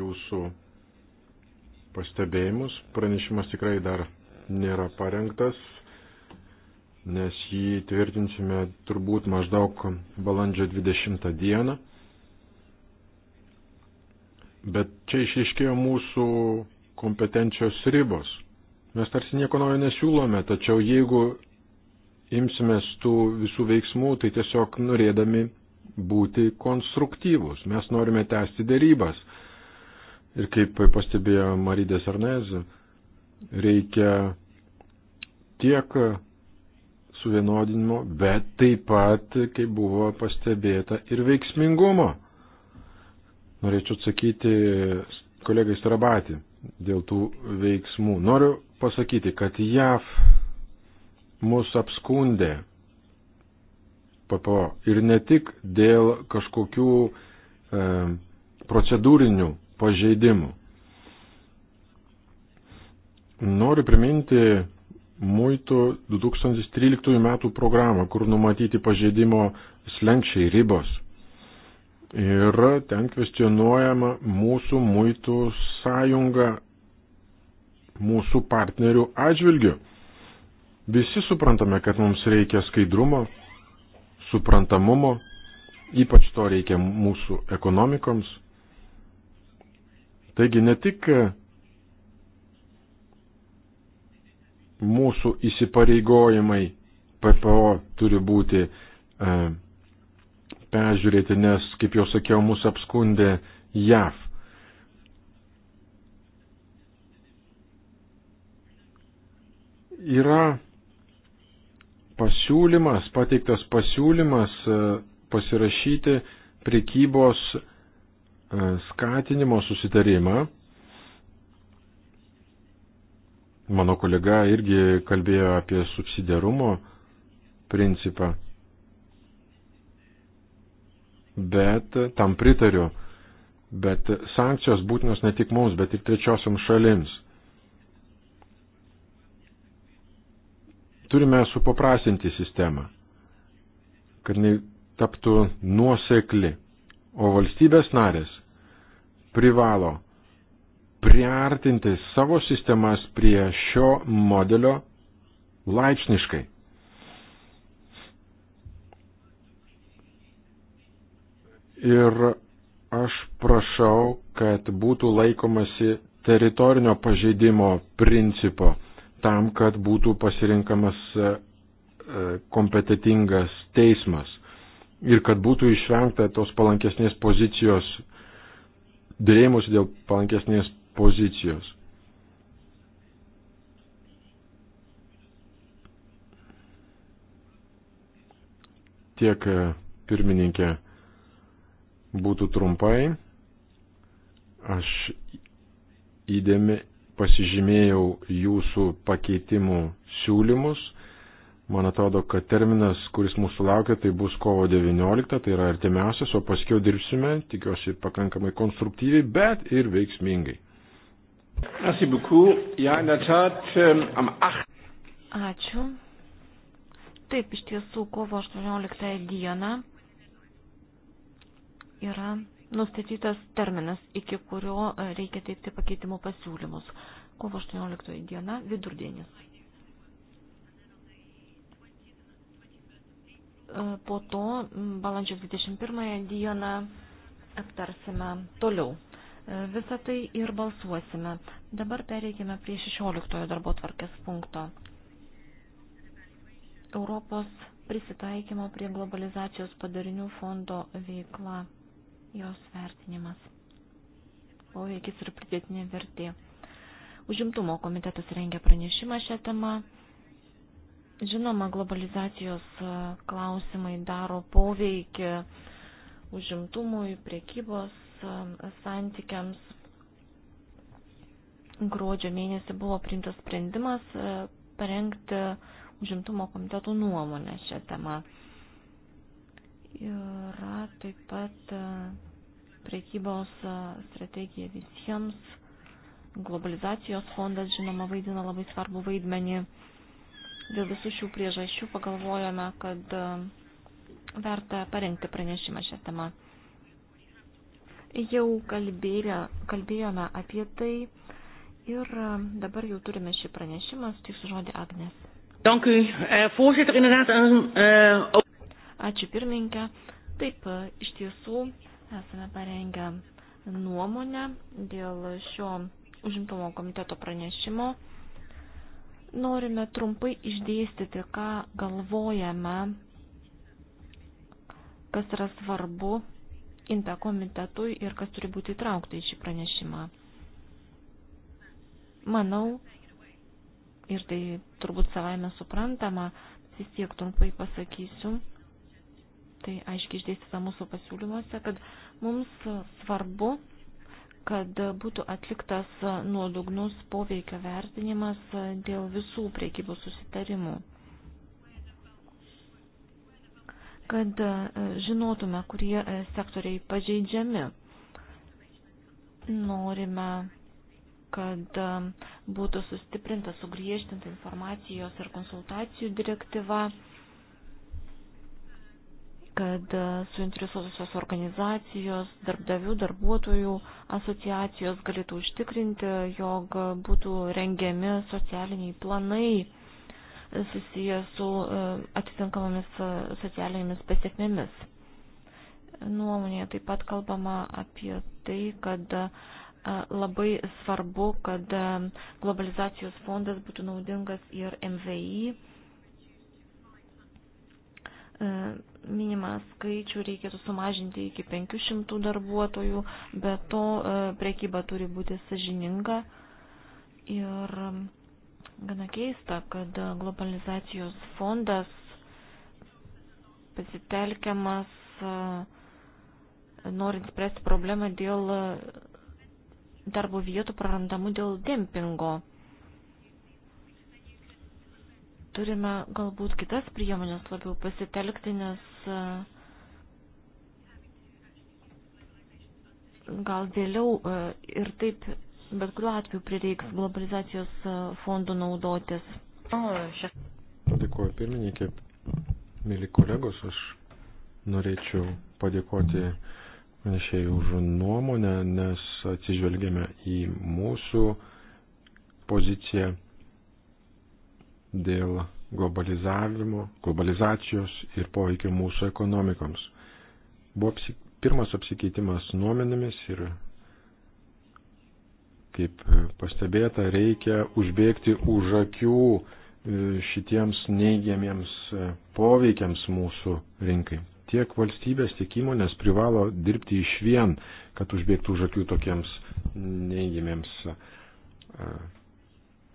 jūsų pastebėjimus. Pranešimas tikrai dar nėra parengtas nes jį tvirtinsime turbūt maždaug balandžio 20 dieną. Bet čia išaiškėjo mūsų kompetencijos ribos. Mes tarsi nieko naujo nesiūlome, tačiau jeigu imsimės tų visų veiksmų, tai tiesiog norėdami būti konstruktyvus. Mes norime tęsti dėrybas. Ir kaip pastebėjo Marydės Arnez, reikia tiek suvienodinimo, bet taip pat, kaip buvo pastebėta, ir veiksmingumo. Norėčiau atsakyti kolegai Strabatį dėl tų veiksmų. Noriu pasakyti, kad JAV mus apskundė PPO ir ne tik dėl kažkokių e, procedūrinių pažeidimų. Noriu priminti muitų 2013 metų programą, kur numatyti pažeidimo slengščiai ribos. Ir ten kvestionuojama mūsų muitų sąjunga mūsų partnerių atžvilgių. Visi suprantame, kad mums reikia skaidrumo, suprantamumo, ypač to reikia mūsų ekonomikoms. Taigi ne tik mūsų įsipareigojimai PPO turi būti e, peržiūrėti, nes, kaip jau sakiau, mūsų apskundė JAV. Yra pasiūlymas, pateiktas pasiūlymas e, pasirašyti prekybos e, skatinimo susitarimą Mano kolega irgi kalbėjo apie subsidiarumo principą. Bet tam pritariu. Bet sankcijos būtinos ne tik mums, bet ir trečiosiam šalims. Turime supaprastinti sistemą, kad jinai taptų nuosekli, o valstybės narės privalo priartinti savo sistemas prie šio modelio laipsniškai. Ir aš prašau, kad būtų laikomasi teritorinio pažeidimo principo tam, kad būtų pasirinkamas e, e, kompetitingas teismas ir kad būtų išvengta tos palankesnės pozicijos, dėrėjimus dėl palankesnės pozicijos. Tiek e, pirmininkė būtų trumpai. Aš įdėmi pasižymėjau jūsų pakeitimų siūlymus. Man atrodo, kad terminas, kuris mūsų laukia, tai bus kovo 19, tai yra artimiausias, o paskui dirbsime, tikiuosi, pakankamai konstruktyviai, bet ir veiksmingai. Ähm, Ačiū. Taip, iš tiesų, kovo 18 dieną yra nustatytas terminas, iki kurio e, reikia teikti pakeitimo pasiūlymus. Kovo 18 diena, vidurdienis. E, po to, balandžio 21 dieną, aptarsime toliau visą tai ir balsuosime. Dabar pereikime prie 16 darbo tvarkės punkto. Europos prisitaikymo prie globalizacijos padarinių fondo veikla, jos vertinimas, poveikis ir pridėtinė vertė. Užimtumo komitetas rengia pranešimą šią temą. Žinoma, globalizacijos e, klausimai daro poveikį užimtumui, priekybos santykiams. Gruodžio mėnesį buvo priimtas sprendimas parengti užimtumo komitetų nuomonę šią temą. Yra taip pat priekybos strategija visiems. Globalizacijos fondas, žinoma, vaidina labai svarbu vaidmenį. Dėl visų šių priežasčių pagalvojame, kad verta parengti pranešimą šią temą. Jau kalbėjo, kalbėjome apie tai ir e, dabar jau turime šį pranešimą, sutiksiu žodį Agnes. Dank u, eh, voorzitter, inderdaad. Eh, Ačiū pirmininkė. Taip, e, iš tiesų esame parengę nuomonę dėl šio užimtumo komiteto pranešimo. Norime trumpai išdėstyti, ką galvojame, kas yra svarbu inta komitetui ir kas turi būti įtraukta į šį pranešimą. Manau, ir tai turbūt savaime suprantama, vis tiek trumpai pasakysiu, tai aiškiai išdėstyta mūsų pasiūlymuose, kad mums svarbu, kad būtų atliktas nuodugnus poveikio vertinimas dėl visų priekybos susitarimų. kad e, žinotume, kurie e, sektoriai pažeidžiami. Norime, kad e, būtų sustiprinta, sugriežtinta informacijos ir konsultacijų direktyva, kad suinteresuotusios organizacijos, darbdavių, darbuotojų asociacijos galėtų užtikrinti, jog būtų rengiami socialiniai planai susijęs su e, atitinkamomis e, socialinėmis pasiekmėmis. Nuomonėje taip pat kalbama apie tai, kad e, labai svarbu, kad globalizacijos fondas būtų naudingas ir MVI. Minimą skaičių reikėtų sumažinti iki 500 darbuotojų, bet to prekyba turi būti sažininga ir gana keista, kad globalizacijos fondas pasitelkiamas e, norint spręsti problemą dėl e, darbo vietų prarandamų dėl dempingo. Turime galbūt kitas priemonės labiau pasitelkti, nes e, gal vėliau ir taip bet kuriuo atveju prireiks globalizacijos e, fondų naudotis. Dėkuoju pirmininkė, mėly kolegos, aš norėčiau padėkoti pranešėjų už nuomonę, nes atsižvelgėme į mūsų poziciją dėl globalizavimo, globalizacijos ir poveikio mūsų ekonomikoms. Buvo apsi, pirmas apsikeitimas nuomenėmis ir Kaip pastebėta, reikia užbėgti už akių e, šitiems neigiamiems e, poveikiams mūsų rinkai. Tiek valstybės, tiek įmonės privalo dirbti iš vien, kad užbėgtų už akių tokiems neigiamiems e,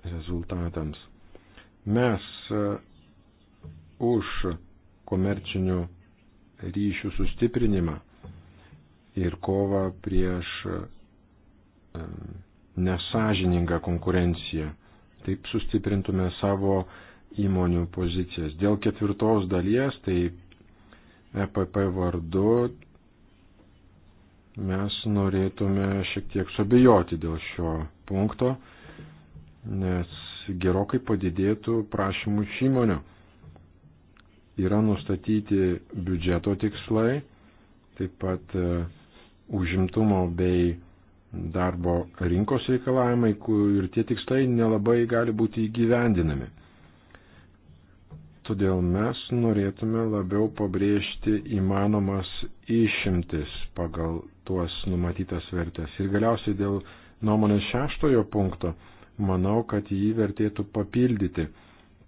rezultatams. Mes už komercinių ryšių sustiprinimą ir kovą prieš nesažiningą konkurenciją. Taip sustiprintume savo įmonių pozicijas. Dėl ketvirtos dalies, tai EPP vardu mes norėtume šiek tiek sobijoti dėl šio punkto, nes gerokai padidėtų prašymų iš įmonių. Yra nustatyti biudžeto tikslai, taip pat e, užimtumo bei darbo rinkos reikalavimai ir tie tikslai nelabai gali būti įgyvendinami. Todėl mes norėtume labiau pabrėžti įmanomas išimtis pagal tuos numatytas vertės. Ir galiausiai dėl nuomonės šeštojo punkto manau, kad jį vertėtų papildyti,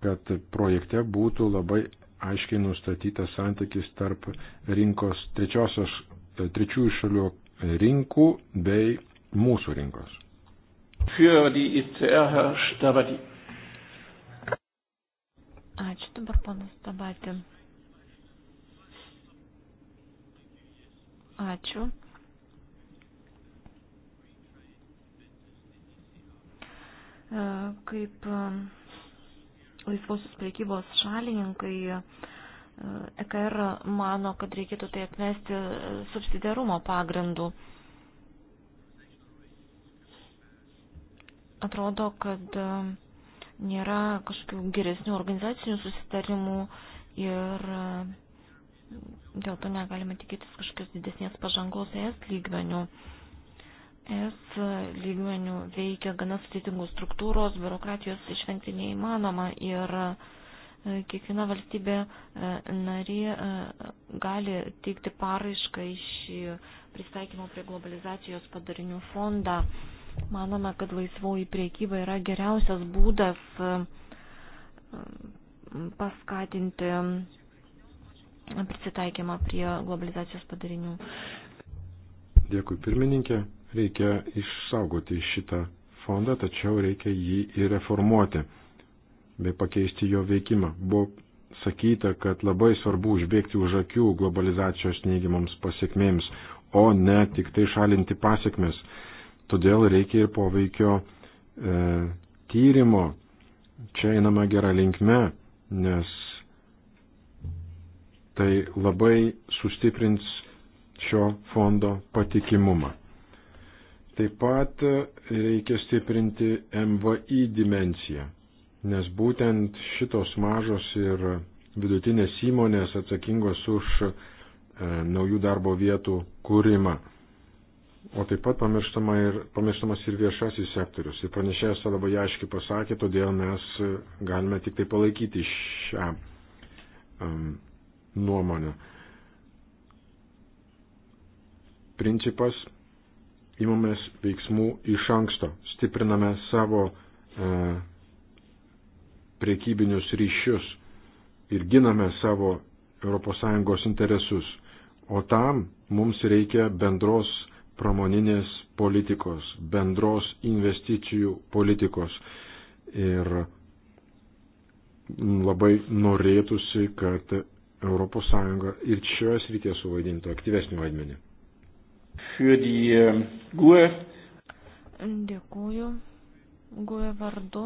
kad projekte būtų labai aiškiai nustatytas santykis tarp rinkos trečiosios, trečiųjų šalių rinkų bei mūsų rinkos. E Ačiū dabar, panas Tabatė. Ačiū. E, kaip e, laisvosios priekybos šalininkai, EKR mano, kad reikėtų tai atmesti subsidiarumo pagrindų. Atrodo, kad e, nėra kažkokių geresnių organizacinių susitarimų ir e, dėl to negalime tikėtis kažkokios didesnės pažangos ES lygmenių. ES e, lygmenių veikia gana sudėtingos struktūros, biurokratijos išvengti neįmanoma ir kiekviena valstybė nari gali teikti paraišką iš pristaikymo prie globalizacijos padarinių fondą. Manome, kad laisvoji priekyba yra geriausias būdas um, paskatinti um, prisitaikymą prie globalizacijos padarinių. Dėkui pirmininkė. Reikia išsaugoti šitą fondą, tačiau reikia jį ir reformuoti bei pakeisti jo veikimą. Buvo sakyta, kad labai svarbu užbėgti už akių globalizacijos neigiamams pasiekmėms, o ne tik tai šalinti pasiekmes. Todėl reikia ir poveikio e, tyrimo. Čia einama gera linkme, nes tai labai sustiprins šio fondo patikimumą. Taip pat e, reikia stiprinti MVI dimenciją, nes būtent šitos mažos ir vidutinės įmonės atsakingos už e, naujų darbo vietų kūrimą. O taip pat pamirštama ir, pamirštamas ir viešasis sektorius. Ir pranešėjas tą labai aiškiai pasakė, todėl mes galime tik tai palaikyti šią um, nuomonę. Principas - imamės veiksmų iš anksto, stipriname savo uh, priekybinius ryšius ir giname savo ES interesus. O tam mums reikia bendros pramoninės politikos, bendros investicijų politikos. Ir labai norėtųsi, kad ES ir šioje srityje suvaidintų aktyvesnį vaidmenį. Ähm, Dėkuoju. GUE vardu.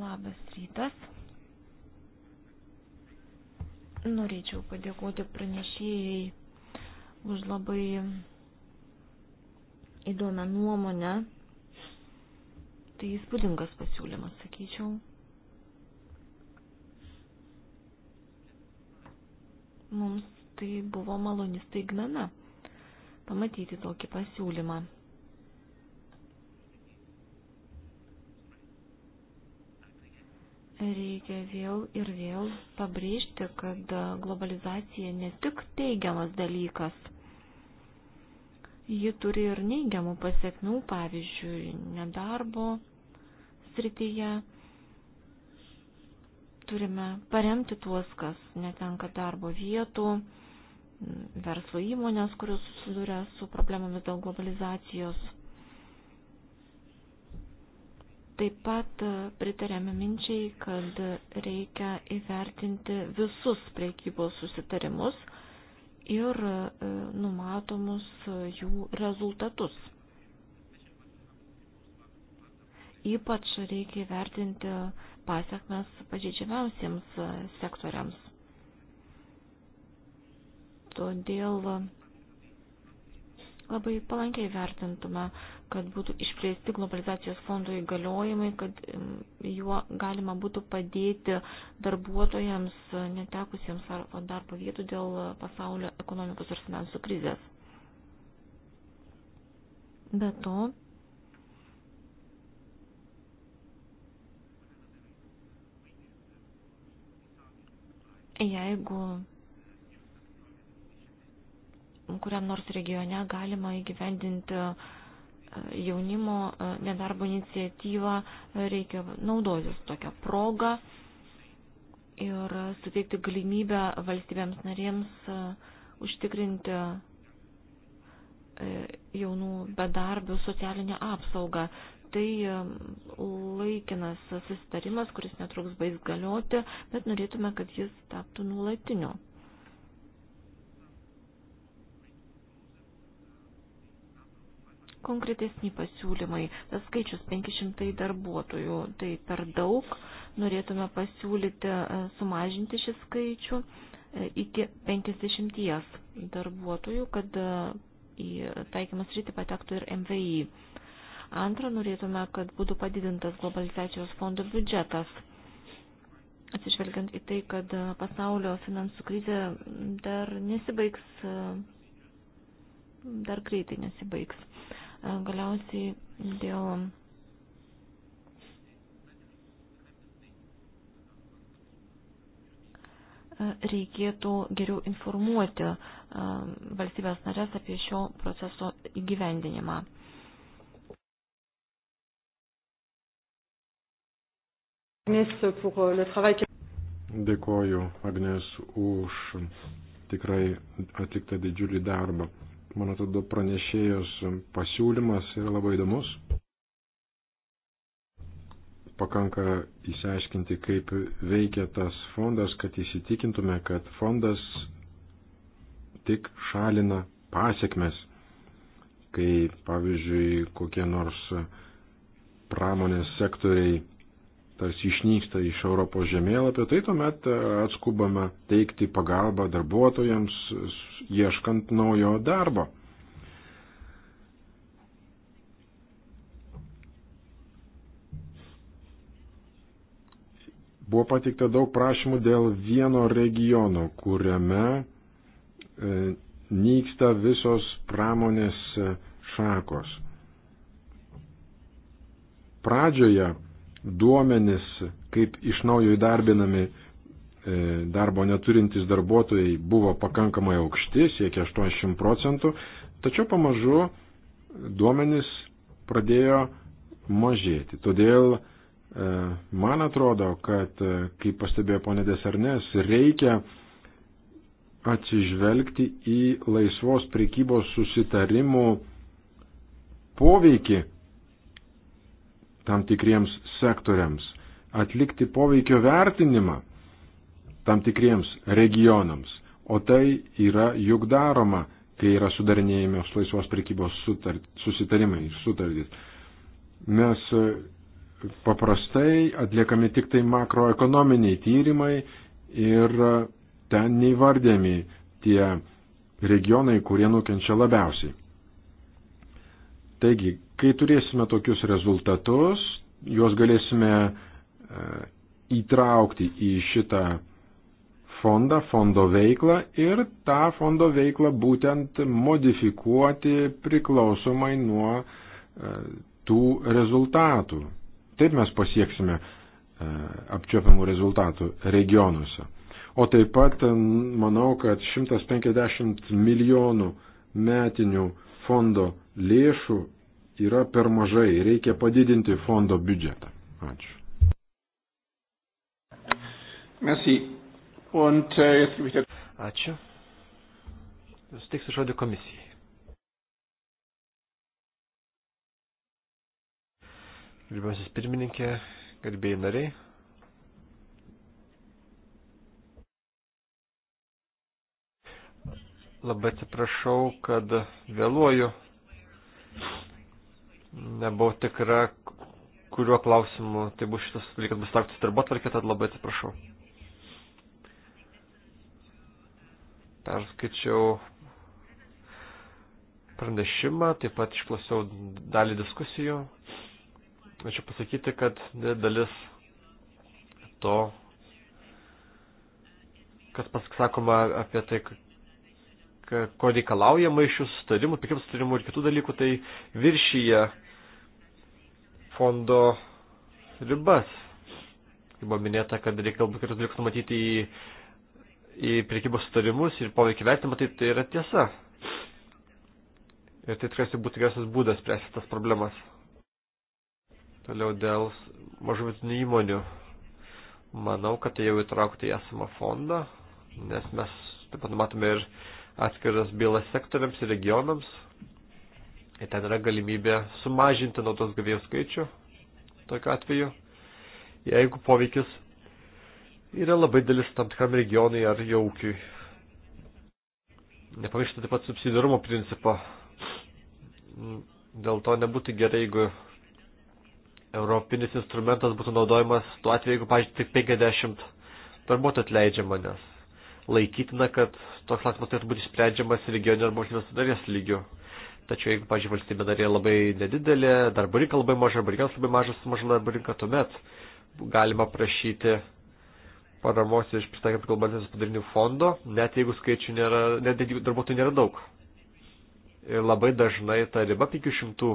Labas rytas. Norėčiau padėkoti pranešėjai už labai įdomią nuomonę. Tai įspūdingas pasiūlymas, sakyčiau. Mums tai buvo maloni staigmena pamatyti tokį pasiūlymą. reikia vėl ir vėl pabrėžti, kad globalizacija ne tik teigiamas dalykas. Ji turi ir neigiamų pasiekmių, pavyzdžiui, nedarbo srityje. Turime paremti tuos, kas netenka darbo vietų, verslo įmonės, kurios susiduria su problemomis dėl globalizacijos. Taip pat e, pritarėme minčiai, kad reikia įvertinti visus priekybos susitarimus ir e, numatomus e, jų rezultatus. Ypač reikia įvertinti pasiekmes pažeidžiamiausiems sektoriams. Todėl labai palankiai vertintume, kad būtų išplėsti globalizacijos fondo įgaliojimai, kad juo galima būtų padėti darbuotojams e, netekusiems darbo vietų dėl pasaulio ekonomikos ir finansų krizės. Be to, jeigu kuriam nors regione galima įgyvendinti e, jaunimo e, nedarbo iniciatyvą, reikia naudotis tokią progą ir suteikti galimybę valstybėms narėms e, užtikrinti jaunų bedarbių socialinę apsaugą. Tai laikinas susitarimas, kuris netruks baigs galioti, bet norėtume, kad jis taptų nuolatiniu. konkretesni pasiūlymai. Tas skaičius 500 darbuotojų, tai per daug. Norėtume pasiūlyti e, sumažinti šį skaičių e, iki 50 darbuotojų, kad e, į taikymas rytį patektų ir MVI. Antra, norėtume, kad būtų padidintas globalizacijos fondo biudžetas. Atsižvelgiant į tai, kad pasaulio finansų krizė dar nesibaigs, dar greitai nesibaigs. Galiausiai dėl reikėtų geriau informuoti valstybės narės apie šio proceso įgyvendinimą. Euh, Dėkoju Agnes už tikrai atliktą didžiulį darbą. Man atrodo, pranešėjos pasiūlymas yra labai įdomus. Pakanka įsiaiškinti, kaip veikia tas fondas, kad įsitikintume, kad fondas tik šalina pasiekmes, kai, pavyzdžiui, kokie nors pramonės sektoriai tarsi išnyksta iš Europos žemėlapio, tai tuomet e, atskubame teikti pagalbą darbuotojams, ieškant naujo darbo. Buvo pateikta daug prašymų dėl vieno regiono, kuriame e, nyksta visos pramonės e, šakos. Pradžioje duomenis, kaip iš naujo įdarbinami e, darbo neturintys darbuotojai buvo pakankamai aukšti, siekia 80 procentų, tačiau pamažu duomenis pradėjo mažėti. Todėl e, man atrodo, kad, e, kaip pastebėjo ponė Desarnės, reikia atsižvelgti į laisvos prekybos susitarimų poveikį tam tikriems sektoriams, atlikti poveikio vertinimą tam tikriems regionams. O tai yra juk daroma, kai yra sudarinėjimios laisvos prekybos sutart, susitarimai ir sutartys. Mes e, paprastai atliekami tik tai makroekonominiai tyrimai ir e, ten neįvardėmi tie regionai, kurie nukenčia labiausiai. Taigi, Kai turėsime tokius rezultatus, juos galėsime e, įtraukti į šitą fondą, fondo veiklą ir tą fondo veiklą būtent modifikuoti priklausomai nuo e, tų rezultatų. Taip mes pasieksime e, apčiopiamų rezultatų regionuose. O taip pat manau, kad 150 milijonų metinių fondo lėšų yra per mažai, reikia padidinti fondo biudžetą. Ačiū. Merci. Und, äh, Ačiū. Suteiksiu žodį komisijai. Gerbiamasis pirmininkė, garbėjai nariai. Labai atsiprašau, kad vėluoju. Nebuvau tikra, kuriuo klausimu tai bus šitas dalykas bus taktis darbo tvarkė, tad labai atsiprašau. Perskaičiau pranešimą, taip pat išklausiau dalį diskusijų. Ačiū pasakyti, kad dalis to, kas pasakoma apie tai, ko reikalaujama iš šių sutarimų, prekybos sutarimų ir kitų dalykų, tai viršyje fondo ribas. Kaip buvo minėta, kad reikia galbūt kitus dalykus numatyti į, į prekybos sutarimus ir poveikį vertimą, tai tai yra tiesa. Ir tai tikriausiai būtų geresnis būdas spręsti tas problemas. Toliau dėl mažų vidutinių įmonių. Manau, kad tai jau įtraukti į esamą fondą, nes mes taip pat matome ir atskiras bylas sektoriams ir regionams. Ir ten yra galimybė sumažinti naudos gavėjų skaičių tokiu atveju, jeigu poveikis yra labai dėlis tam tikram regionui ar jaukiui. Nepamiršti taip pat subsidiarumo principo. Dėl to nebūtų gerai, jeigu europinis instrumentas būtų naudojamas tuo atveju, jeigu, pažiūrėjau, tik 50 darbuotojų atleidžiama, nes laikytina, kad toks klausimas turėtų būti sprendžiamas regioninio arba valstybės narės lygių. Tačiau jeigu, pažiūrėjau, valstybė narė labai nedidelė, darbo rinka labai maža, arba rinkas labai mažas, maža darbo rinka, tuomet galima prašyti paramos iš pristaikant kalbantės padarinių fondo, net jeigu skaičių nėra, net jeigu darbuotojų nėra daug. Ir labai dažnai ta riba 500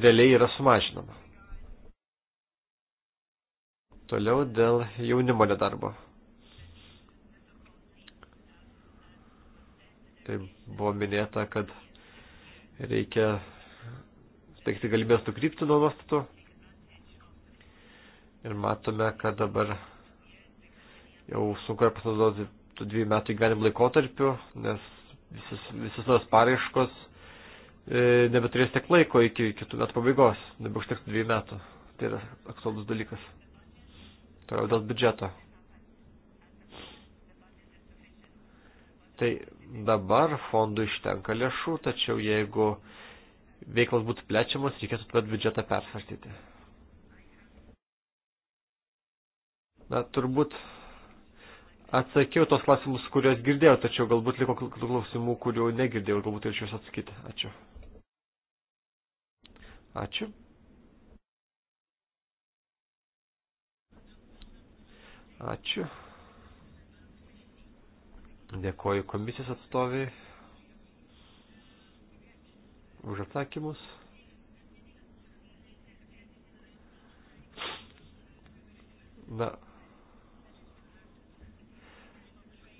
realiai yra sumažinama. Toliau dėl jaunimo nedarbo. tai buvo minėta, kad reikia teikti galimybės nukrypti nuo nuostatų. Ir matome, kad dabar jau sunku pasinaudoti tų dviejų metų įgalim laikotarpiu, nes visos, visos nors paraiškos e, nebeturės tiek laiko iki kitų metų pabaigos, nebeužteks dviejų metų. Tai yra aktualus dalykas. Toliau dėl biudžeto. Tai dabar fondų ištenka lėšų, tačiau jeigu veiklas būtų plečiamas, reikėtų tuomet biudžetą persvarstyti. Na, turbūt atsakiau tos klausimus, kuriuos girdėjau, tačiau galbūt liko klausimų, kurių negirdėjau, galbūt ir šios atsakyti. Ačiū. Ačiū. Ačiū. Dėkoju komisijos atstoviai už atsakymus. Na,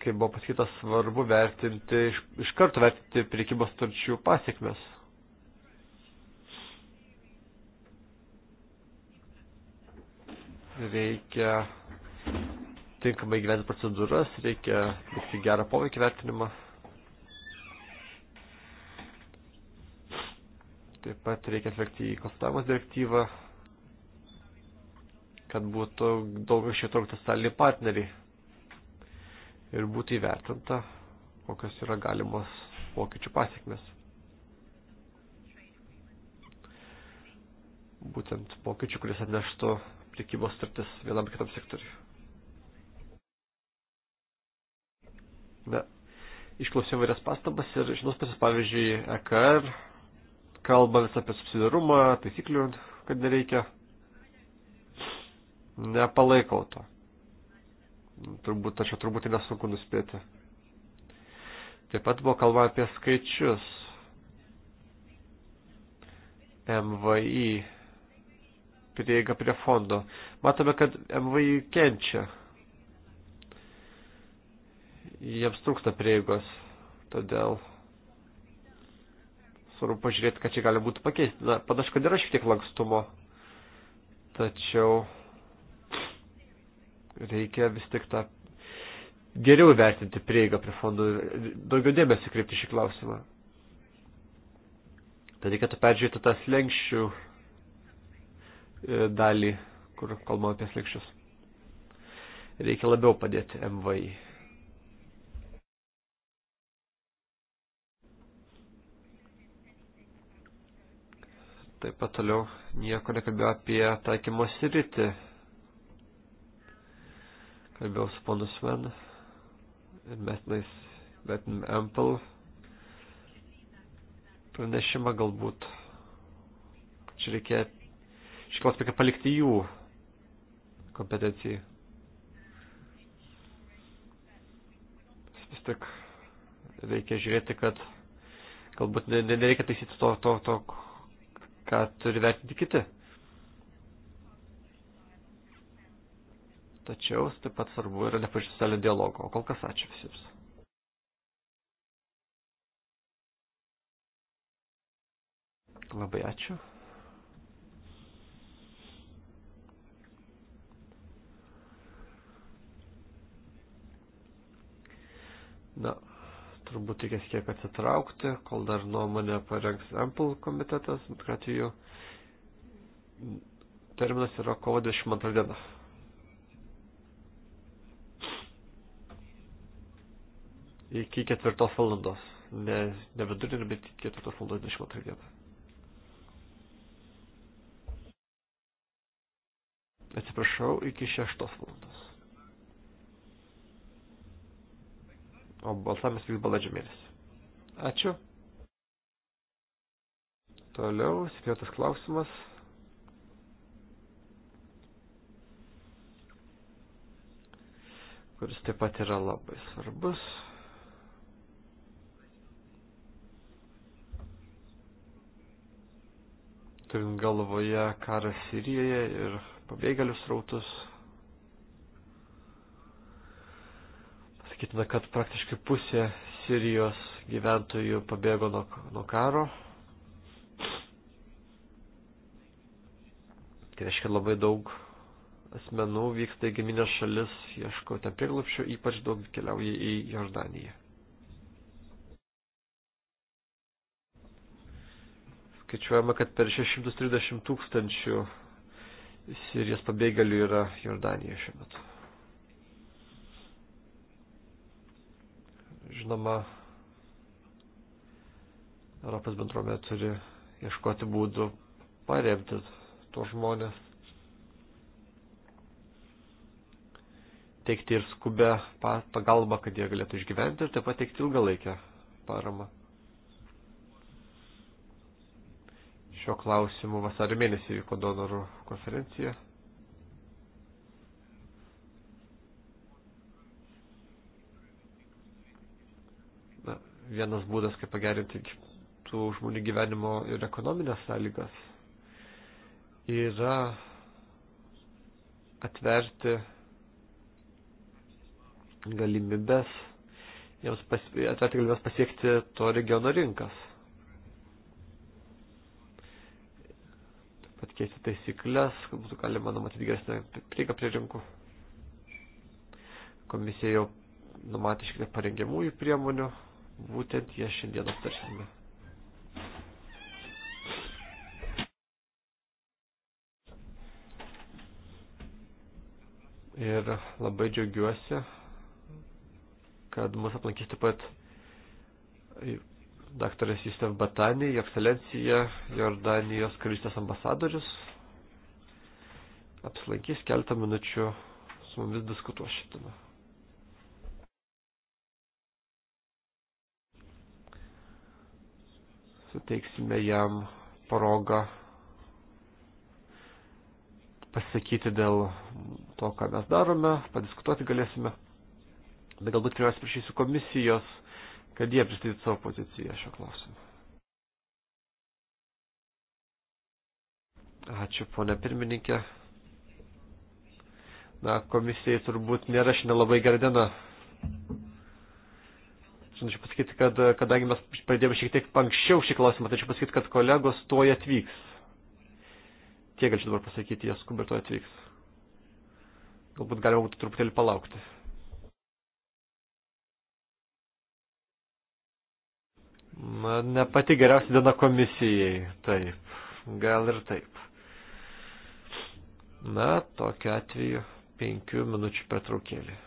kaip buvo pasakyta, svarbu vertinti, iš, iš karto vertinti prekybos tarčių pasiekmes. Reikia tinkamai gyventi procedūras, reikia visi gerą poveikį vertinimą. Taip pat reikia atvekti į konsultavimos direktyvą, kad būtų daug iš įtraukti socialiniai partneriai ir būtų įvertinta, kokios yra galimos pokyčių pasiekmes. Būtent pokyčių, kuris atneštų prikybos startis vienam kitam sektoriui. Na, išklausiau vairias pastabas ir iš vienos pusės, pavyzdžiui, EKR kalba vis apie subsidiarumą, taisyklių, kad nereikia. Nepalaikau to. Turbūt, tačiau turbūt tai nesunku nuspėti. Taip pat buvo kalba apie skaičius. MVI prieiga prie fondo. Matome, kad MVI kenčia jiems trūksta prieigos. Todėl svarbu pažiūrėti, ką čia gali būti pakeisti. Na, panašu, kad yra šiek tiek lankstumo, tačiau reikia vis tik tą geriau vertinti prieigą prie fondų ir daugiau dėmesio kreipti šį klausimą. Tad reikėtų peržiūrėti tą slengščių e, dalį, kur kalbama apie slengščius. Reikia labiau padėti MVI. Taip pat toliau nieko nekalbėjau apie taikymo sritį. Kalbėjau su ponu Sven ir mes vertinim Ample pranešimą galbūt. Čia reikia šį klausimą palikti jų kompetencijai. Vis tik reikia žiūrėti, kad galbūt nereikia taisyti to, to, to ką turi vertinti kiti. Tačiau taip pat svarbu yra nepažįsti socialinio dialogo. O kol kas ačiū visiems. Labai ačiū. Na, turbūt reikės kiek atsitraukti, kol dar nuomonę parengs Ample komitetas, bet kad jų terminas yra kovo 22 diena. Iki ketvirtos valandos. Ne, ne vidurinį, bet iki ketvirtos valandos 22 dieną. Atsiprašau, iki šeštos valandos. o balsavimas vyks balandžio mėnesį. Ačiū. Toliau, septintas klausimas. kuris taip pat yra labai svarbus. Turint galvoje karą Sirijoje ir pabėgėlius rautus. Sakytume, kad praktiškai pusė Sirijos gyventojų pabėgo nuo, nuo karo. Tai reiškia labai daug asmenų vyksta į giminės šalis, ieško ten prieglapščio, ypač daug keliauja į Jordaniją. Skaičiuojama, kad per 630 tūkstančių Sirijos pabėgėlių yra Jordanijoje šiuo metu. Žinoma, Europos bendruomenė turi ieškoti būdų paremti tuos žmonės, teikti ir skubę pagalbą, kad jie galėtų išgyventi ir taip pat teikti ilgalaikę paramą. Šio klausimu vasarį mėnesį vyko donorų konferencija. vienas būdas, kaip pagerinti tų žmonių gyvenimo ir ekonominės sąlygas, yra atverti galimybės, jiems pas, atverti galimybės pasiekti to regiono rinkas. Taip pat keisti taisyklės, kad būtų galima numatyti geresnę prieigą prie rinkų. Komisija jau numatė šiek tiek parengiamųjų priemonių Būtent ją šiandien aptarsime. Ir labai džiaugiuosi, kad mus aplankys taip pat daktaras Justef Batani, jo ekscelencija, Jordanijos karalystės ambasadorius. Apsilankys keletą minučių su mumis diskutuos šitame. suteiksime jam progą pasisakyti dėl to, ką mes darome, padiskutuoti galėsime. Bet galbūt pirmiausia prašysiu komisijos, kad jie pristatytų savo poziciją šio klausimu. Ačiū, ponė pirmininkė. Na, komisijai turbūt nėra šiandien labai gera diena, Norėčiau pasakyti, kad e, kadangi mes pradėjome šiek tiek anksčiau šį klausimą, tačiau pasakyti, kad kolegos tuoj atvyks. Tiek galiu dabar pasakyti, jie skubiai tuoj atvyks. Galbūt galima būtų truputėlį palaukti. Na, ne pati geriausia diena komisijai. Taip, gal ir taip. Na, tokiu atveju penkių minučių pertraukėlį.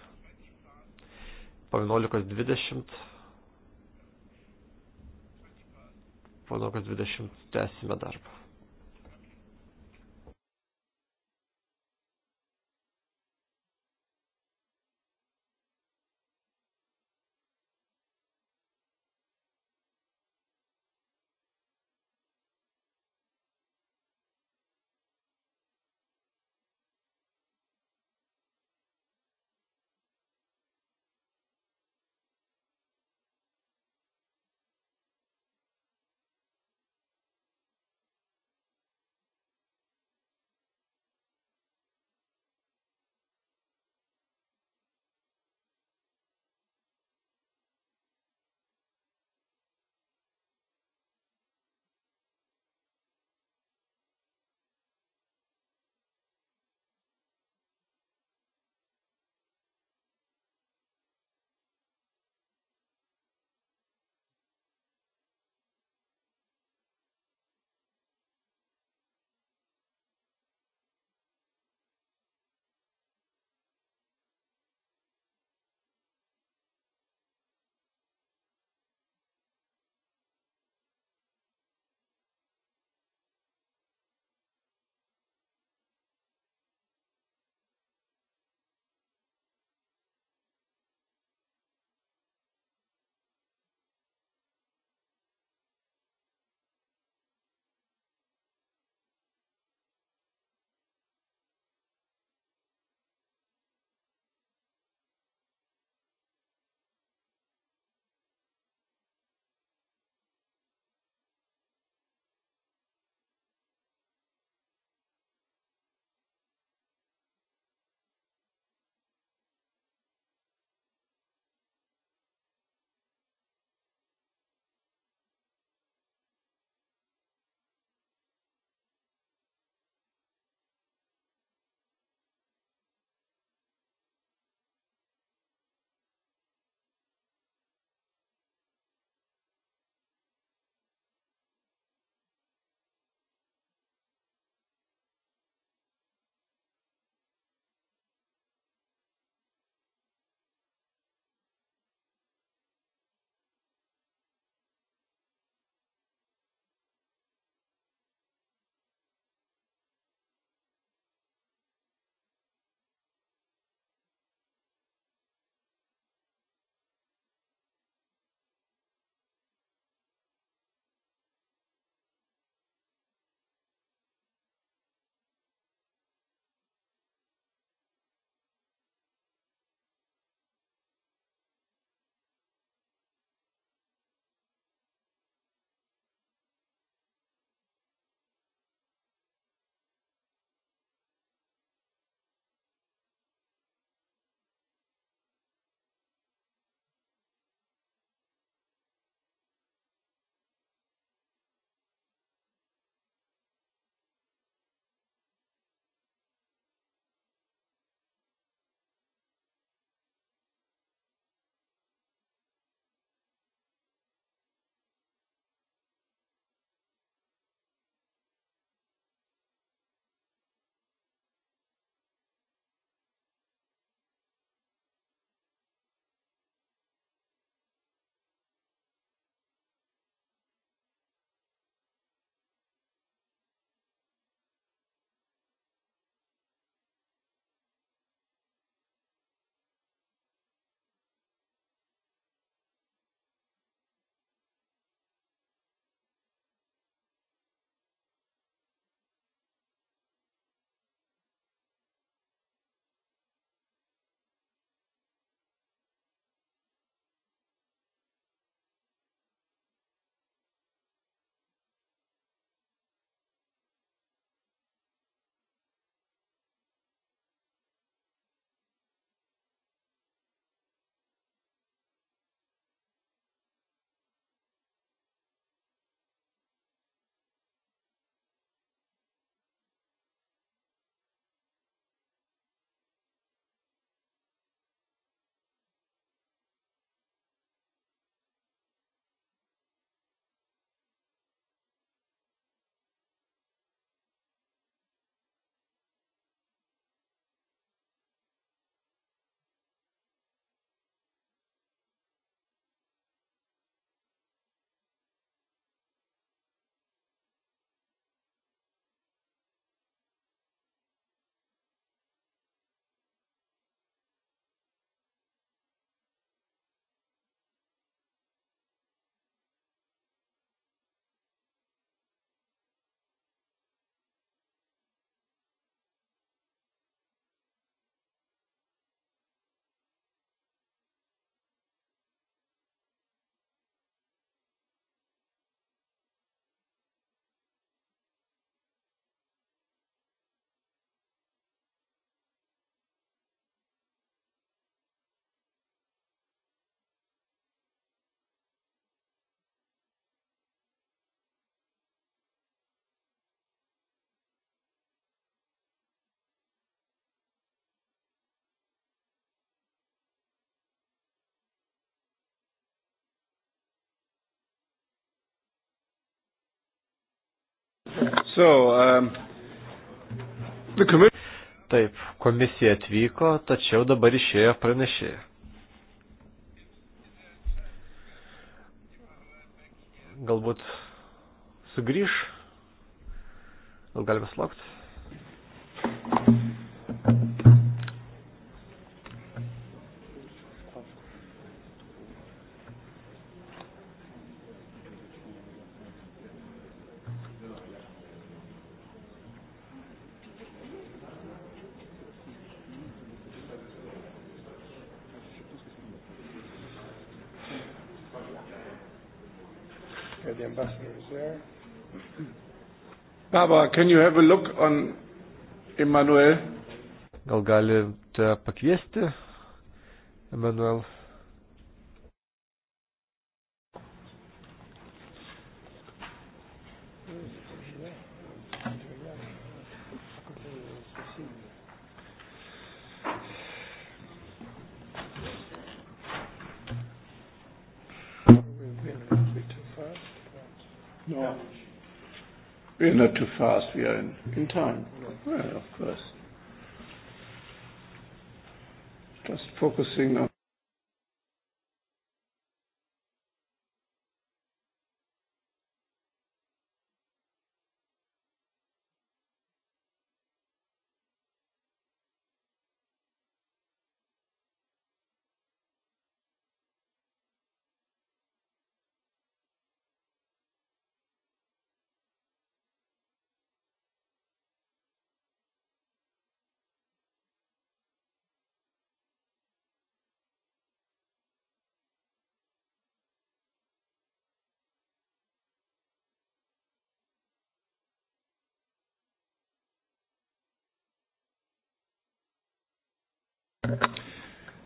Po 11.20 po to, kad 20 tęsime darbą. So, um, Taip, komisija atvyko, tačiau dabar išėjo pranešėja. Galbūt sugrįž, gal galime slaukti. Barbara, can you have a look on Emanuel? Gal galite pakviesti Emanuel? fast we are in, in time. Well, of course. Just focusing on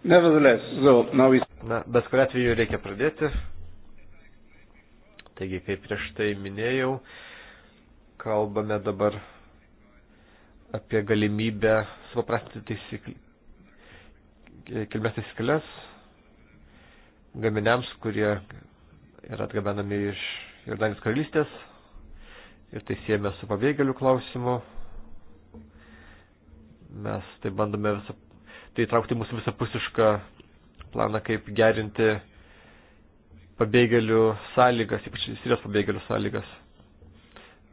Nevertheless, so now we... Na, bet kuriu atveju reikia pradėti. Taigi, kaip prieš tai minėjau, kalbame dabar apie galimybę supaprastinti taisyklį kilmės taisyklės gaminiams, kurie yra atgabenami iš Jordanijos karalystės ir tai siejame su pabėgėlių klausimu. Mes tai bandome visą tai traukti mūsų visapusišką planą, kaip gerinti pabėgėlių sąlygas, ypač Sirijos pabėgėlių sąlygas.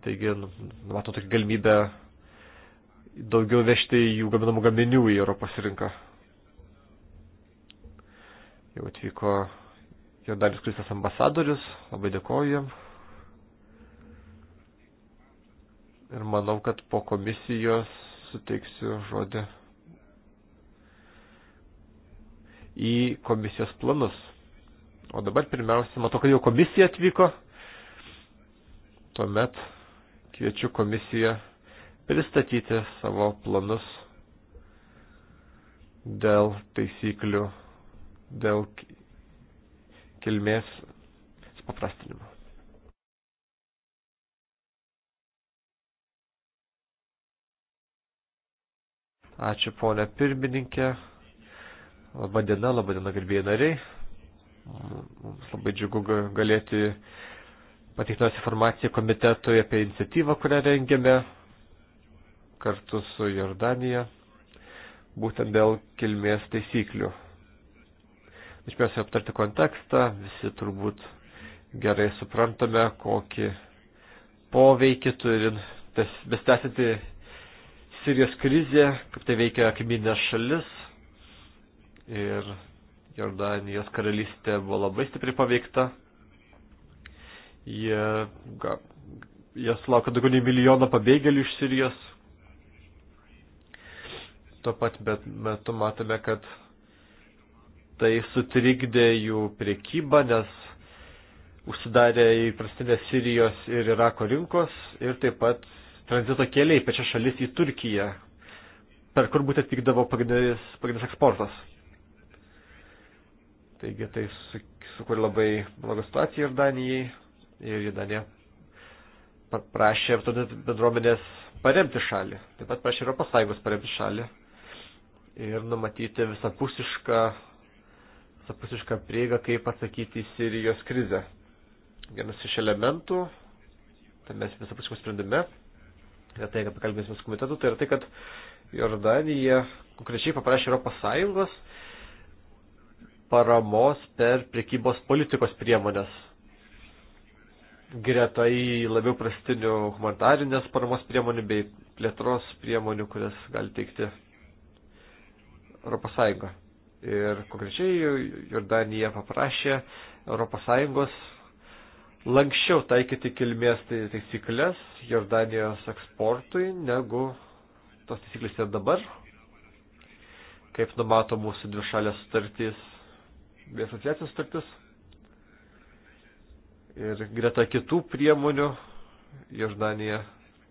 Taigi, nu, matau tokį galimybę daugiau vežti jų gaminamų gaminių į Europos rinką. Jau atvyko jo dalis kristas ambasadorius, labai dėkoju jam. Ir manau, kad po komisijos suteiksiu žodį į komisijos planus. O dabar pirmiausia, matau, kad jau komisija atvyko. Tuomet kviečiu komisiją pristatyti savo planus dėl taisyklių, dėl kilmės supaprastinimo. Ačiū ponė pirmininkė. Labadiena, labadiena, gerbėjai nariai. Mums labai džiugu galėti pateikti nors informaciją komitetui apie iniciatyvą, kurią rengėme kartu su Jordanija, būtent dėl kilmės taisyklių. Aš pirmiausia aptarti kontekstą, visi turbūt gerai suprantame, kokį poveikį turi bestesėti Sirijos krizė, kaip tai veikia kaiminės šalis, ir Jordanijos karalystė buvo labai stipriai paveikta. Jie, ga, jie sulaukė daugiau nei milijono pabėgėlių iš Sirijos. Tuo pat metu matome, kad tai sutrikdė jų priekybą, nes užsidarė įprastinės Sirijos ir Irako rinkos ir taip pat tranzito keliai pečia šalis į Turkiją, per kur būtent vykdavo pagrindinis eksportas. Taigi tai sukūrė labai blogą situaciją ir Danijai. Ir Danija prašė bendruomenės paremti šalį. Taip pat prašė Europos Sąjungos paremti šalį. Ir numatyti visapusišką, visapusišką prieigą, kaip atsakyti į Sirijos krizę. Vienas iš elementų, tame visapusiškų sprendime, ir tai, kad pakalbėsime su komitetu, tai yra tai, kad Jordanija konkrečiai paprašė Europos Sąjungos paramos per prekybos politikos priemonės. Greta į labiau prastinių humanitarinės paramos priemonių bei plėtros priemonių, kurias gali teikti Europos Sąjunga. Ir konkrečiai Jordanija paprašė Europos Sąjungos lankščiau taikyti kilmės tai- taisyklės Jordanijos eksportui, negu tos taisyklės yra dabar, kaip numato mūsų dvišalės sutartys bei asociacijos sutartis. Ir greta kitų priemonių Jordanija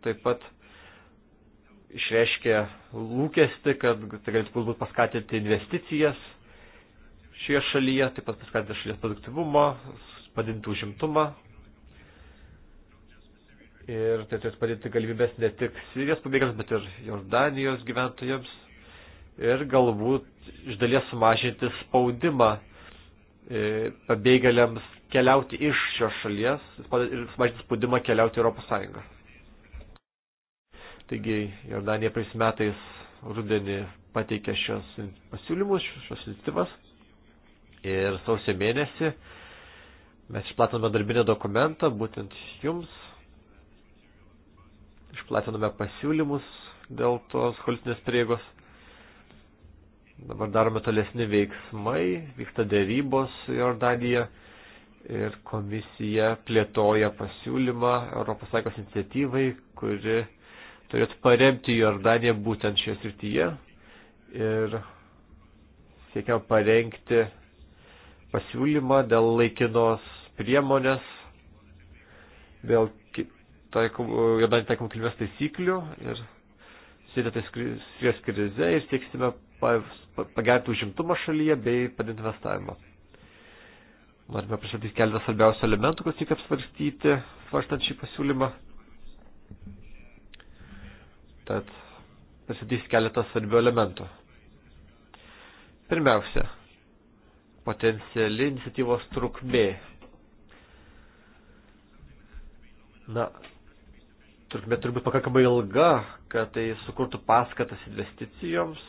taip pat išreiškė lūkesti, kad tai galėtų galbūt paskatinti investicijas šioje šalyje, taip pat paskatinti šalies produktivumą, padinti užimtumą. Ir tai turėtų padėti galimybės ne tik Sirijos pabėgams, bet ir Jordanijos gyventojams. Ir galbūt iš dalies sumažinti spaudimą E, pabėgėliams keliauti iš šios šalies ir sumažinti spaudimą keliauti Europos Sąjungą. Taigi Jordanija prais metais rudenį pateikė šios pasiūlymus, šios iniciatyvas ir sausio mėnesį mes išplatinome darbinę dokumentą būtent jums, išplatinome pasiūlymus dėl tos holistinės prieigos Dabar darome tolesni veiksmai, vyksta dėrybos Jordanija ir komisija plėtoja pasiūlymą ES iniciatyvai, kuri turėtų paremti Jordaniją būtent šioje srityje ir siekiam parengti pasiūlymą dėl laikinos priemonės, dėl Jordanijai taikomų kilmės taisyklių ir sėdėtais krizės krize ir sieksime pagerinti užimtumą šalyje bei padinti investavimą. Norime pristatyti keletą svarbiausių elementų, kas reikia apsvarstyti, svarstant šį pasiūlymą. Tad pristatys keletą svarbių elementų. Pirmiausia, potenciali iniciatyvos trukmė. Na, trukmė turi būti pakankamai ilga, kad tai sukurtų paskatas investicijoms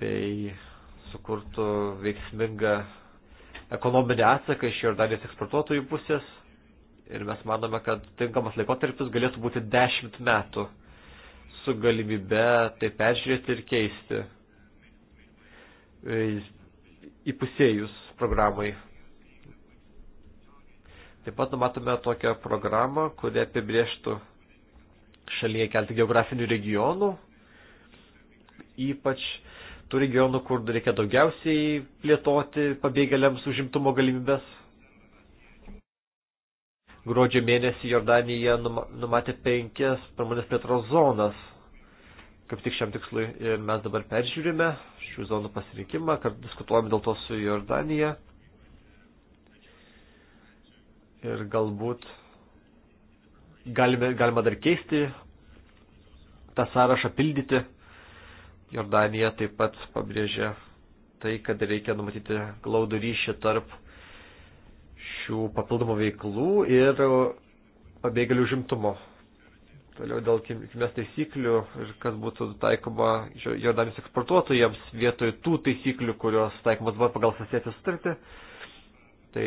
bei sukurtų veiksmingą ekonominį atsaką iš Jordanijos eksportuotojų pusės. Ir mes manome, kad tinkamas laikotarpis galėtų būti 10 metų su galimybe tai peržiūrėti ir keisti e, įpusėjus programai. Taip pat numatome tokią programą, kuri apibrieštų šalyje kelti geografinių regionų, ypač tų regionų, kur reikia daugiausiai plėtoti pabėgėliams užimtumo galimybės. Gruodžio mėnesį Jordanija numatė penkias pramonės plėtros zonas, kaip tik šiam tikslui. Ir mes dabar peržiūrime šių zonų pasirinkimą, kad diskutuojame dėl to su Jordanija. Ir galbūt galime, galima dar keisti tą sąrašą, pildyti Jordanija taip pat pabrėžė tai, kad reikia numatyti glaudų ryšį tarp šių papildomų veiklų ir pabėgėlių žimtumo. Toliau dėl kimės taisyklių ir kas būtų taikoma Jordanijos eksportuotojams vietoj tų taisyklių, kurios taikomas buvo pagal sasietį sutartį, tai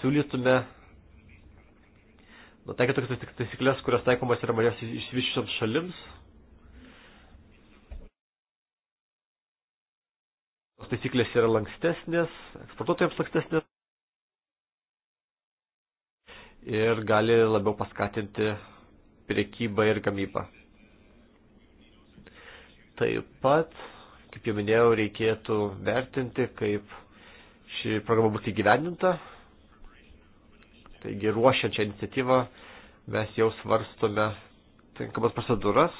siūlytume nutaikyti tokias taisyklės, kurios taikomas yra mažiausiai išsivyščiusiams šalims, taisyklės yra lankstesnės, eksportuotojams lankstesnės ir gali labiau paskatinti priekybą ir gamybą. Taip pat, kaip jau minėjau, reikėtų vertinti, kaip ši programa bus įgyvendinta. Taigi, ruošiant šią iniciatyvą, mes jau svarstome tinkamas procedūras,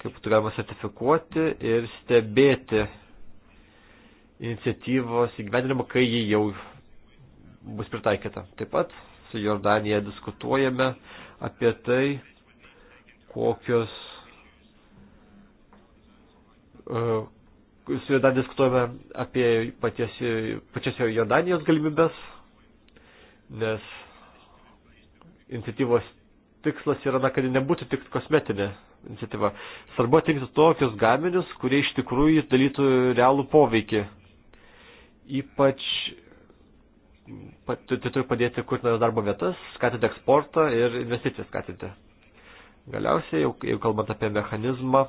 kaip būtų galima sertifikuoti ir stebėti iniciatyvos įgyvendinimo, kai ji jau bus pritaikyta. Taip pat su Jordanija diskutuojame apie tai, kokios uh, su Jordanija diskutuojame apie paties, pačias Jordanijos galimybės, nes iniciatyvos tikslas yra, na, kad nebūtų tik kosmetinė iniciatyva. Svarbu atrinkti tokius gaminius, kurie iš tikrųjų dalytų realų poveikį ypač tai turi padėti kurti naujas darbo vietas, skatinti eksportą ir investicijas skatinti. Galiausiai, jau, jau kalbant apie mechanizmą,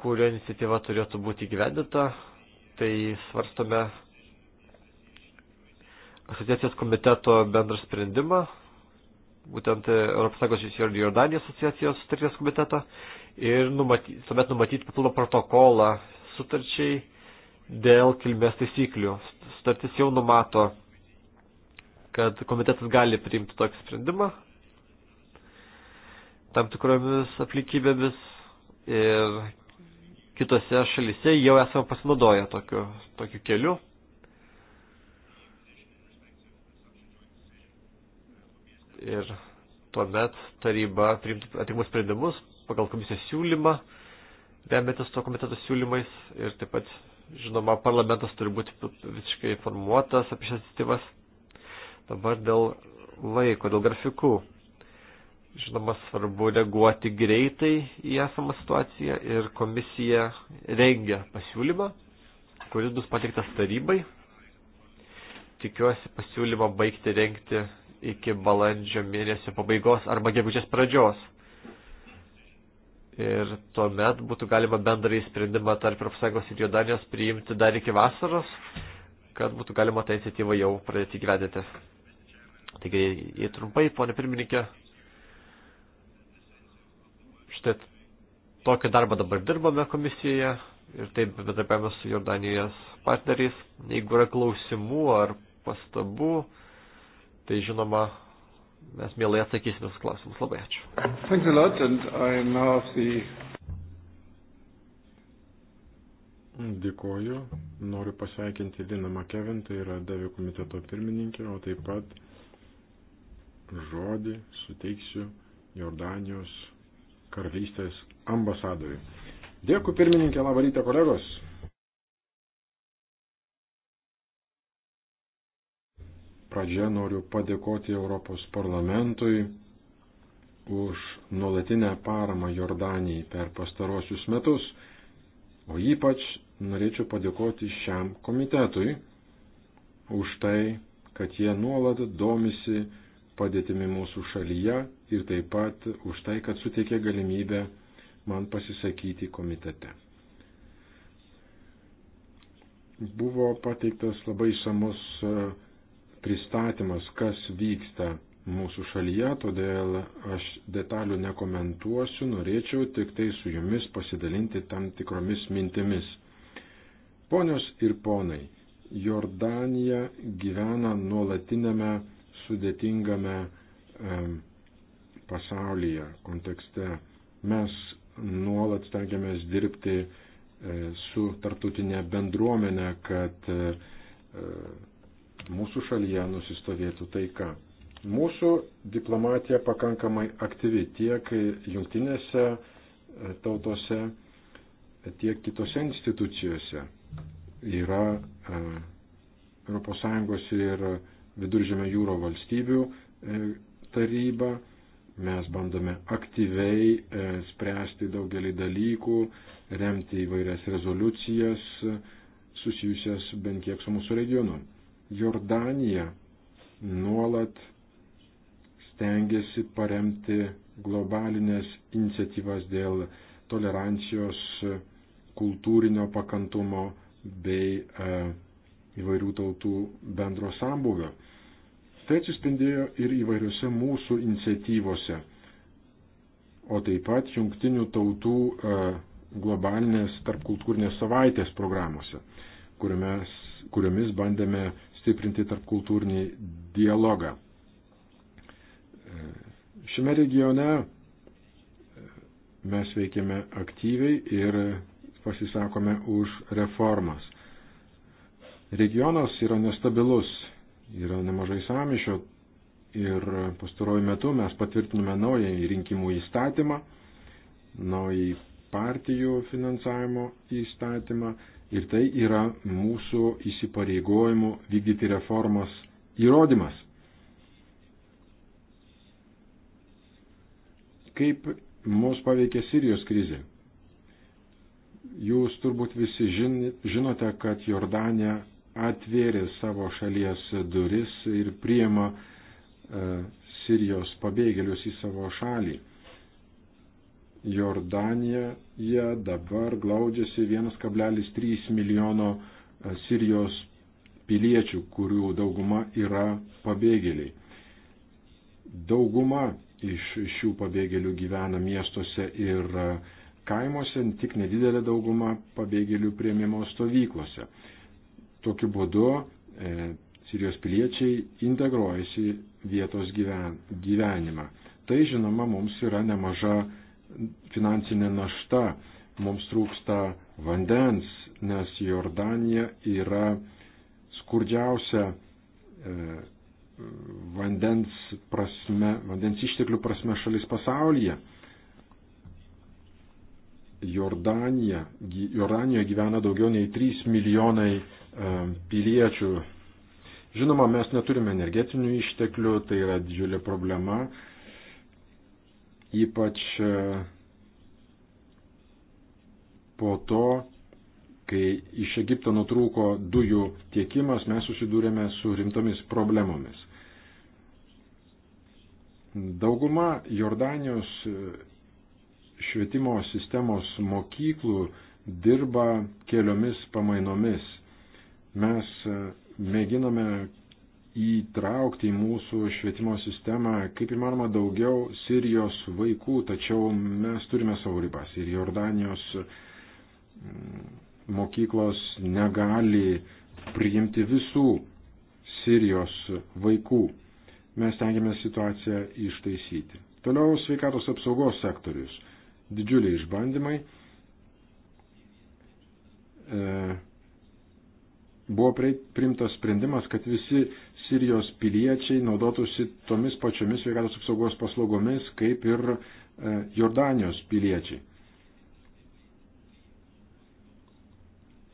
kurio iniciatyva turėtų būti įgyvendinta, tai svarstome asociacijos komiteto bendrą sprendimą, būtent ES ir Jordanijos asociacijos sutarties komiteto, ir numaty, tuomet numatyti papildomą protokolą sutarčiai dėl kilmės taisyklių. Startis jau numato, kad komitetas gali priimti tokį sprendimą tam tikromis aplinkybėmis ir kitose šalyse jau esame pasinaudoję tokiu, tokiu keliu. Ir tuomet taryba priimtų atimus sprendimus pagal komisijos siūlymą, remiantis to komiteto siūlymais ir taip pat Žinoma, parlamentas turi būti visiškai informuotas apie šias iniciatyvas. Dabar dėl laiko, dėl grafikų. Žinoma, svarbu reaguoti greitai į esamą situaciją ir komisija rengia pasiūlymą, kuris bus pateiktas tarybai. Tikiuosi pasiūlymą baigti rengti iki balandžio mėnesio pabaigos arba gegužės pradžios ir tuomet būtų galima bendrai sprendimą tarp profsąjungos ir Jordanijos priimti dar iki vasaros, kad būtų galima tą iniciatyvą jau pradėti gyvedinti. Taigi, jei trumpai, ponė pirmininkė, štai tokį darbą dabar dirbame komisijoje ir taip bedarbiavame su Jordanijos partneriais. Jeigu yra klausimų ar pastabų, tai žinoma, mes mielai atsakysime visus klausimus. Labai ačiū. Thanks a lot and I now the... Dėkoju. Noriu pasveikinti Liną Makevin, tai yra Devi komiteto pirmininkė, o taip pat žodį suteiksiu Jordanijos karalystės ambasadoriui. Dėkui pirmininkė, labą rytą kolegos. pradžia noriu padėkoti Europos parlamentui už nuolatinę paramą Jordanijai per pastaruosius metus, o ypač norėčiau padėkoti šiam komitetui už tai, kad jie nuolat domisi padėtimi mūsų šalyje ir taip pat už tai, kad suteikė galimybę man pasisakyti komitete. Buvo pateiktas labai samus uh, pristatymas, kas vyksta mūsų šalyje, todėl aš detalių nekomentuosiu, norėčiau tik tai su jumis pasidalinti tam tikromis mintimis. Ponios ir ponai, Jordanija gyvena nuolatinėme sudėtingame e, pasaulyje kontekste. Mes nuolat stengiamės dirbti e, su tartutinė bendruomenė, kad e, mūsų šalyje nusistovėtų taika. Mūsų diplomatija pakankamai aktyvi tiek jungtinėse e, tautose, tiek kitose institucijose. Yra ES ir Viduržėmio jūro valstybių e, taryba. Mes bandome aktyviai e, spręsti daugelį dalykų, remti įvairias rezoliucijas susijusias bent kiek su mūsų regionu. Jordanija nuolat stengiasi paremti globalinės iniciatyvas dėl tolerancijos, kultūrinio pakantumo bei e, įvairių tautų bendro sambuvio. Tai atsispindėjo ir įvairiose mūsų iniciatyvose, o taip pat jungtinių tautų e, globalinės tarpkultūrinės savaitės programuose, kuriomis bandėme stiprinti tarpkultūrinį dialogą. Šiame regione mes veikiame aktyviai ir pasisakome už reformas. Regionas yra nestabilus, yra nemažai samišio ir pastaruoju metu mes patvirtinome naują rinkimų įstatymą, naują partijų finansavimo įstatymą Ir tai yra mūsų įsipareigojimų vykdyti reformas įrodymas. Kaip mus paveikė Sirijos krizė? Jūs turbūt visi žinote, kad Jordanija atvėrė savo šalies duris ir priema e, Sirijos pabėgėlius į savo šalį. Jordanija dabar glaudžiasi 1,3 milijono e, Sirijos piliečių, kurių dauguma yra pabėgėliai. Dauguma iš šių pabėgėlių gyvena miestuose ir e, kaimuose, tik nedidelė dauguma pabėgėlių prieimimo stovyklose. Tokiu būdu e, Sirijos piliečiai integruojasi vietos gyven, gyvenimą. Tai žinoma mums yra nemaža finansinė našta, mums trūksta vandens, nes Jordanija yra skurdžiausia e, vandens, prasme, vandens išteklių prasme šalis pasaulyje. Jordanija, Jordanijoje gyvena daugiau nei 3 milijonai e, piliečių. Žinoma, mes neturime energetinių išteklių, tai yra didžiulė problema, ypač e, po to, kai iš Egipto nutrūko dujų tiekimas, mes susidūrėme su rimtomis problemomis. Dauguma Jordanijos e, švietimo sistemos mokyklų dirba keliomis pamainomis. Mes e, mėginame įtraukti į mūsų švietimo sistemą kaip įmanoma daugiau Sirijos vaikų, tačiau mes turime savo ribas ir Jordanijos mm, mokyklos negali priimti visų Sirijos vaikų. Mes tengiamės situaciją ištaisyti. Toliau sveikatos apsaugos sektorius. Didžiuliai išbandymai. E, buvo priimtas sprendimas, kad visi Sirijos piliečiai naudotųsi tomis pačiomis sveikatos apsaugos paslaugomis kaip ir e, Jordanijos piliečiai.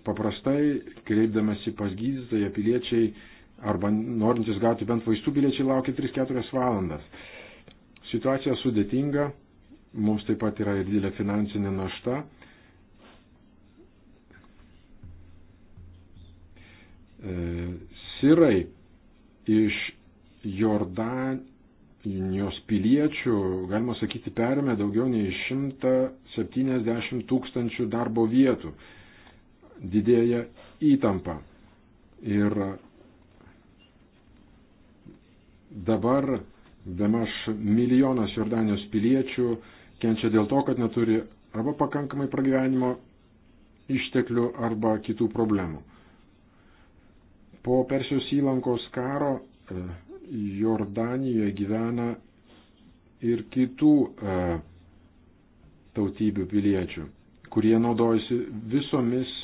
Paprastai, kreipdamasi pas gydytoją, piliečiai arba norintys gauti bent vaistų piliečiai laukia 3-4 valandas. Situacija sudėtinga, mums taip pat yra ir didelė finansinė našta. E, Sirai iš Jordanijos piliečių, galima sakyti, perėmė daugiau nei 170 tūkstančių darbo vietų. Didėja įtampa. Ir dabar bemaž milijonas Jordanijos piliečių kenčia dėl to, kad neturi arba pakankamai pragyvenimo išteklių arba kitų problemų. Po Persijos įlankos karo e, Jordanijoje gyvena ir kitų e, tautybių piliečių, kurie naudojasi visomis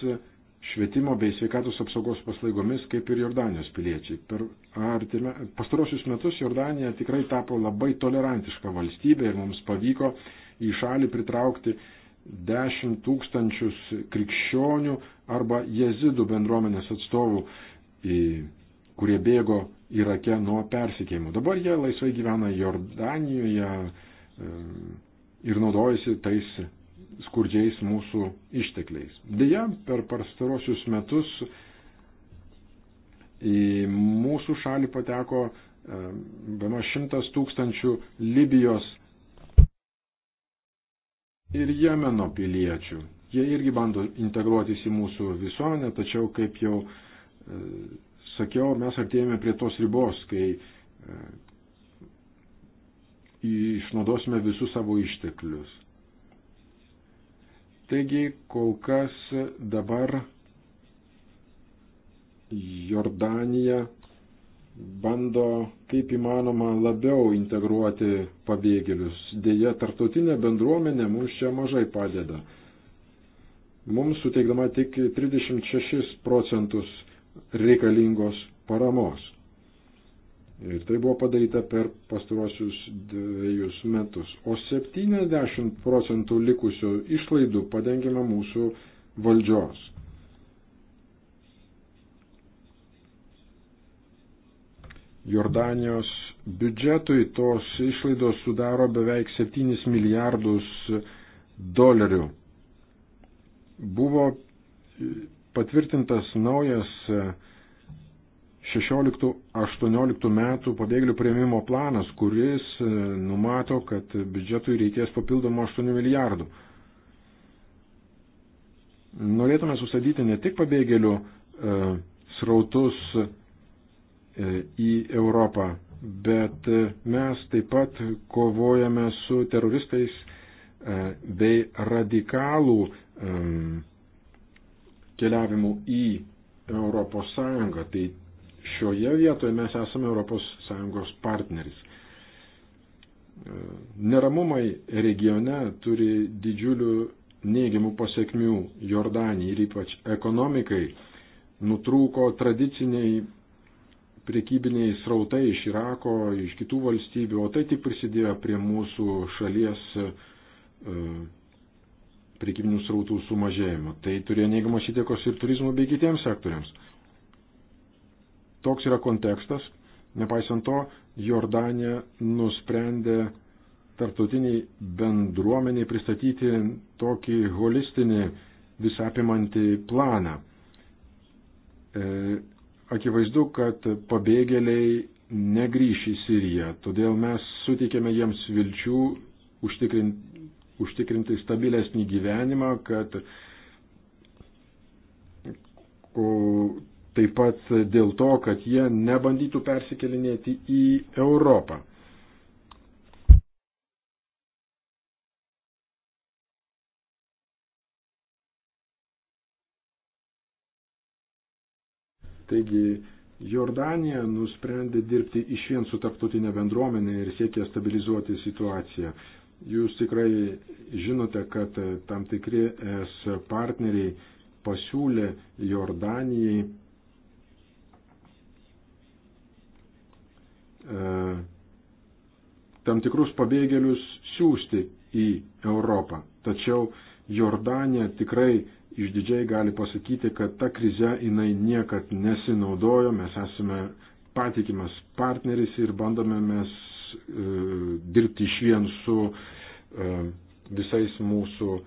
švietimo bei sveikatos apsaugos paslaigomis, kaip ir Jordanijos piliečiai. Per artime, pastarosius metus Jordanija tikrai tapo labai tolerantiška valstybė ir mums pavyko į šalį pritraukti 10 tūkstančius krikščionių arba jezidų bendruomenės atstovų kurie bėgo Irake nuo persikėjimų. Dabar jie laisvai gyvena Jordanijoje ir naudojasi tais skurdžiais mūsų ištekliais. Deja, per pastarosius metus į mūsų šalį pateko bema šimtas tūkstančių Libijos ir Jemeno piliečių. Jie irgi bando integruotis į mūsų visuomenę, tačiau, kaip jau sakiau, mes artėjame prie tos ribos, kai e, išnaudosime visus savo išteklius. Taigi kol kas dabar Jordanija bando kaip įmanoma labiau integruoti pabėgėlius. Deja, tarptautinė bendruomenė mums čia mažai padeda. Mums suteikdama tik 36 procentus reikalingos paramos. Ir tai buvo padaryta per pastaruosius dviejus metus. O 70 procentų likusių išlaidų padengiama mūsų valdžios. Jordanijos biudžetui tos išlaidos sudaro beveik 7 milijardus dolerių. Buvo patvirtintas naujas 16-18 e, metų pabėgėlių prieimimo planas, kuris e, numato, kad biudžetui reikės papildomų 8 milijardų. Norėtume susadyti ne tik pabėgėlių e, srautus e, į Europą, bet e, mes taip pat kovojame su teroristais e, bei radikalų e, keliavimų į Europos Sąjungą. Tai šioje vietoje mes esame Europos Sąjungos partneris. Neramumai regione turi didžiulių neigiamų pasiekmių Jordanijai ir ypač ekonomikai. Nutrūko tradiciniai priekybiniai srautai iš Irako, iš kitų valstybių, o tai tik prisidėjo prie mūsų šalies e, priekybinių srautų sumažėjimo. Tai turėjo neigiamos įtiekos ir turizmo bei kitiems sektoriams. Toks yra kontekstas. Nepaisant to, Jordanija nusprendė tarptautiniai bendruomeniai pristatyti tokį holistinį visapimantį planą. E, akivaizdu, kad pabėgėliai negrįš į Siriją, todėl mes suteikėme jiems vilčių užtikrint, užtikrinti stabilesnį gyvenimą, kad taip pat dėl to, kad jie nebandytų persikelinėti į Europą. Taigi Jordanija nusprendė dirbti iš vien su tarptautinė bendruomenė ir siekė stabilizuoti situaciją. Jūs tikrai žinote, kad e, tam tikri es partneriai pasiūlė Jordanijai e, tam tikrus pabėgėlius siūsti į Europą. Tačiau Jordanija tikrai išdidžiai gali pasakyti, kad ta krize jinai niekad nesinaudojo, mes esame patikimas partneris ir bandome mes E, dirbti iš vien su e, visais mūsų e,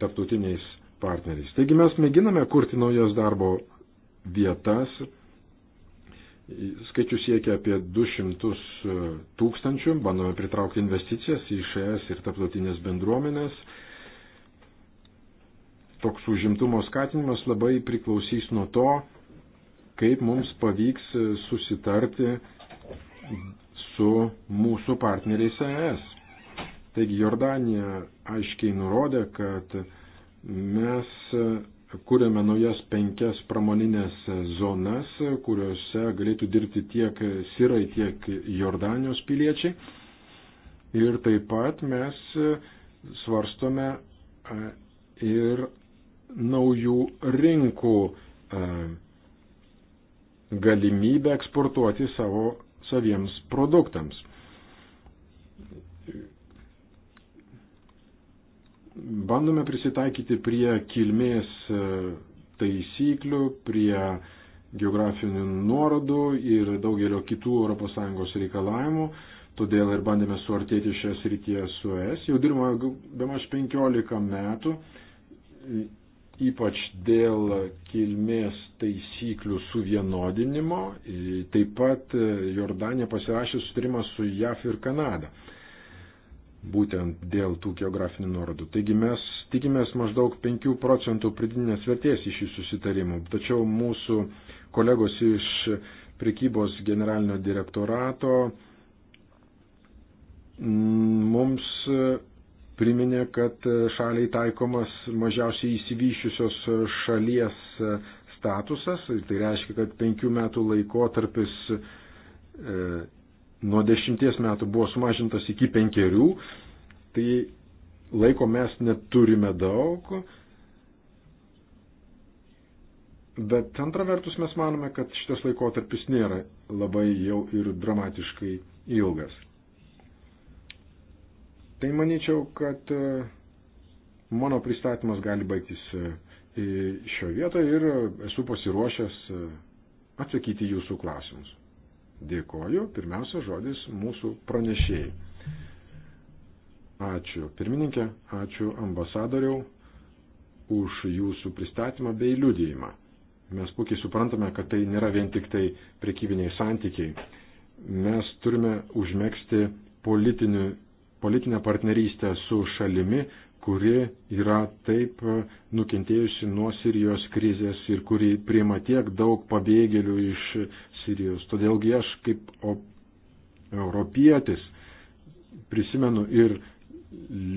tarptautiniais partneriais. Taigi mes mėginame kurti naujas darbo vietas. Skaičius siekia apie 200 tūkstančių, bandome pritraukti investicijas į šalies ir tarptautinės bendruomenės. Toks užimtumo skatinimas labai priklausys nuo to, kaip mums pavyks susitarti su mūsų partneriais ES. Taigi Jordanija aiškiai nurodė, kad mes kūrėme naujas penkias pramoninės zonas, kuriuose galėtų dirbti tiek Sirai, tiek Jordanijos piliečiai. Ir taip pat mes svarstome e, ir naujų rinkų e, galimybę eksportuoti savo saviems produktams. Bandome prisitaikyti prie kilmės e, taisyklių, prie geografinių nuorodų ir daugelio kitų ES reikalavimų, todėl ir bandėme suartėti šią srityje su ES. Jau dirbame be maž 15 metų ypač dėl kilmės taisyklių suvienodinimo, taip pat e, Jordanija pasirašė sutarimą su JAF ir Kanada, būtent dėl tų geografinių nuorodų. Taigi mes tikimės maždaug 5 procentų pridinės vertės iš šių susitarimų, tačiau mūsų kolegos iš prekybos generalinio direktorato mums priminė, kad šaliai taikomas mažiausiai įsivyšiusios šalies statusas, tai reiškia, kad penkių metų laikotarpis e, nuo dešimties metų buvo sumažintas iki penkerių, tai laiko mes neturime daug, bet antra vertus mes manome, kad šitas laikotarpis nėra labai jau ir dramatiškai ilgas. Tai manyčiau, kad e, mano pristatymas gali baigtis e, šio vietoje ir esu pasiruošęs e, atsakyti jūsų klausimus. Dėkoju. Pirmiausia, žodis mūsų pranešėjai. Ačiū pirmininkė, ačiū ambasadoriau už jūsų pristatymą bei liudijimą. Mes puikiai suprantame, kad tai nėra vien tik tai prekybiniai santykiai. Mes turime užmėgsti politinių politinę partnerystę su šalimi, kuri yra taip nukentėjusi nuo Sirijos krizės ir kuri priima tiek daug pabėgėlių iš Sirijos. Todėlgi aš kaip europietis prisimenu ir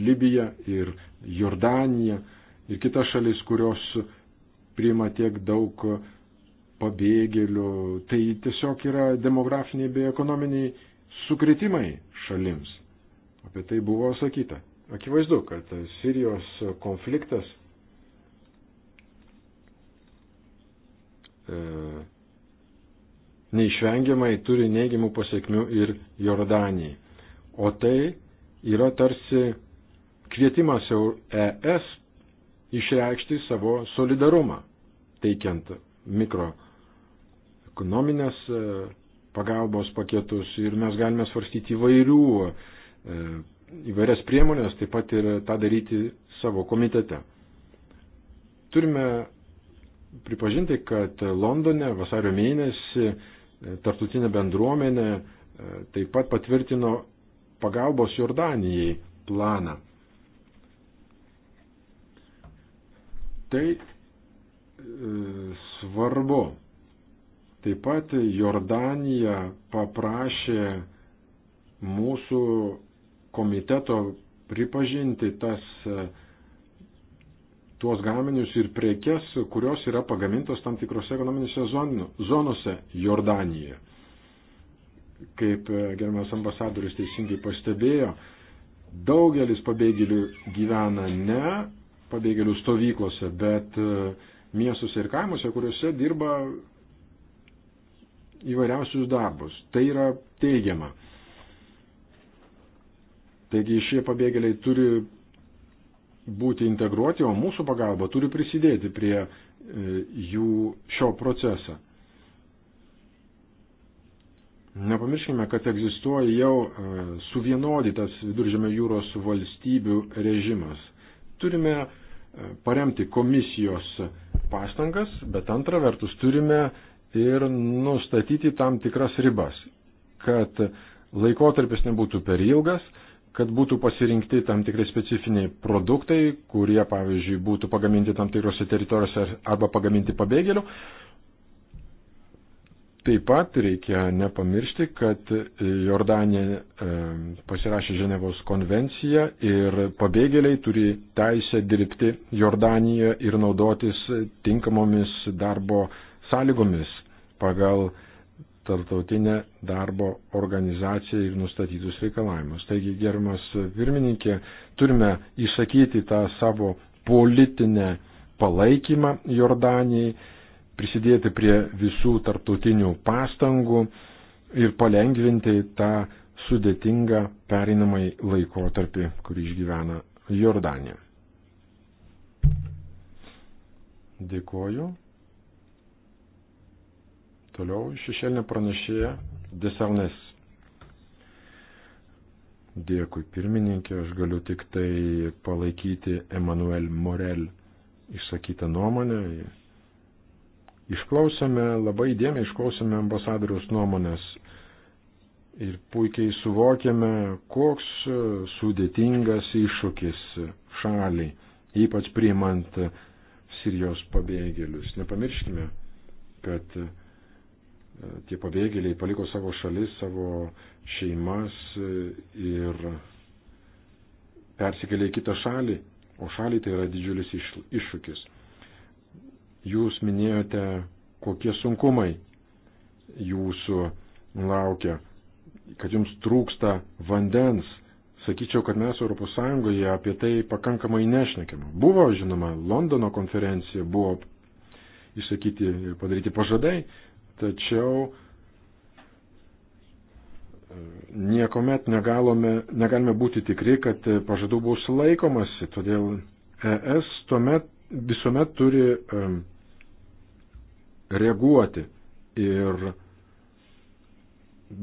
Libiją, ir Jordaniją, ir kitas šalis, kurios priima tiek daug pabėgėlių. Tai tiesiog yra demografiniai bei ekonominiai sukretimai šalims. Apie tai buvo sakyta. Akivaizdu, kad Sirijos konfliktas e, neišvengiamai turi neigiamų pasiekmių ir Jordanijai. O tai yra tarsi kvietimas ES e išreikšti savo solidarumą, teikiant mikroekonominės e, pagalbos paketus ir mes galime svarstyti įvairių E, įvairias priemonės, taip pat ir tą daryti savo komitete. Turime pripažinti, kad Londone vasario mėnesį e, tarptautinė bendruomenė e, taip pat patvirtino pagalbos Jordanijai planą. Tai e, svarbu. Taip pat Jordanija paprašė mūsų komiteto pripažinti tas, e, tuos gaminius ir prekes, kurios yra pagamintos tam tikrose ekonominėse zonose Jordanijoje. Kaip e, gerbiamas ambasadoris teisingai pastebėjo, daugelis pabėgėlių gyvena ne pabėgėlių stovyklose, bet e, miestuose ir kaimuose, kuriuose dirba įvairiausius darbus. Tai yra teigiama. Taigi šie pabėgėliai turi būti integruoti, o mūsų pagalba turi prisidėti prie e, jų šio procesą. Nepamirškime, kad egzistuoja jau e, suvienodytas viduržėmio jūros valstybių režimas. Turime e, paremti komisijos pastangas, bet antra vertus turime ir nustatyti tam tikras ribas, kad laikotarpis nebūtų per ilgas, kad būtų pasirinkti tam tikrai specifiniai produktai, kurie, pavyzdžiui, būtų pagaminti tam tikrose teritorijose arba pagaminti pabėgėlių. Taip pat reikia nepamiršti, kad Jordanija e, pasirašė Ženevos konvenciją ir pabėgėliai turi teisę dirbti Jordanijoje ir naudotis tinkamomis darbo sąlygomis pagal tartautinę darbo organizaciją ir nustatytus reikalavimus. Taigi, gerbiamas pirmininkė, turime išsakyti tą savo politinę palaikymą Jordanijai, prisidėti prie visų tartutinių pastangų ir palengvinti tą sudėtingą perinamai laikotarpį, kurį išgyvena Jordanija. Dėkoju. Toliau šešėlinė pranešėja Desarnes. Dėkui pirmininkė, aš galiu tik tai palaikyti Emanuel Morel išsakytą nuomonę. Išklausėme, labai dėmiai išklausėme ambasadoriaus nuomonės ir puikiai suvokėme, koks sudėtingas iššūkis šaliai, ypač priimant Sirijos pabėgėlius. Nepamirškime, kad tie pabėgėliai paliko savo šalis, savo šeimas ir persikėlė į kitą šalį, o šaliai tai yra didžiulis iššūkis. Jūs minėjote, kokie sunkumai jūsų laukia, kad jums trūksta vandens. Sakyčiau, kad mes ES apie tai pakankamai nešnekiam. Buvo, žinoma, Londono konferencija, buvo išsakyti ir padaryti pažadai, tačiau e, niekuomet negalome, negalime būti tikri, kad pažadų bus laikomasi, todėl ES tuomet visuomet turi e, reaguoti ir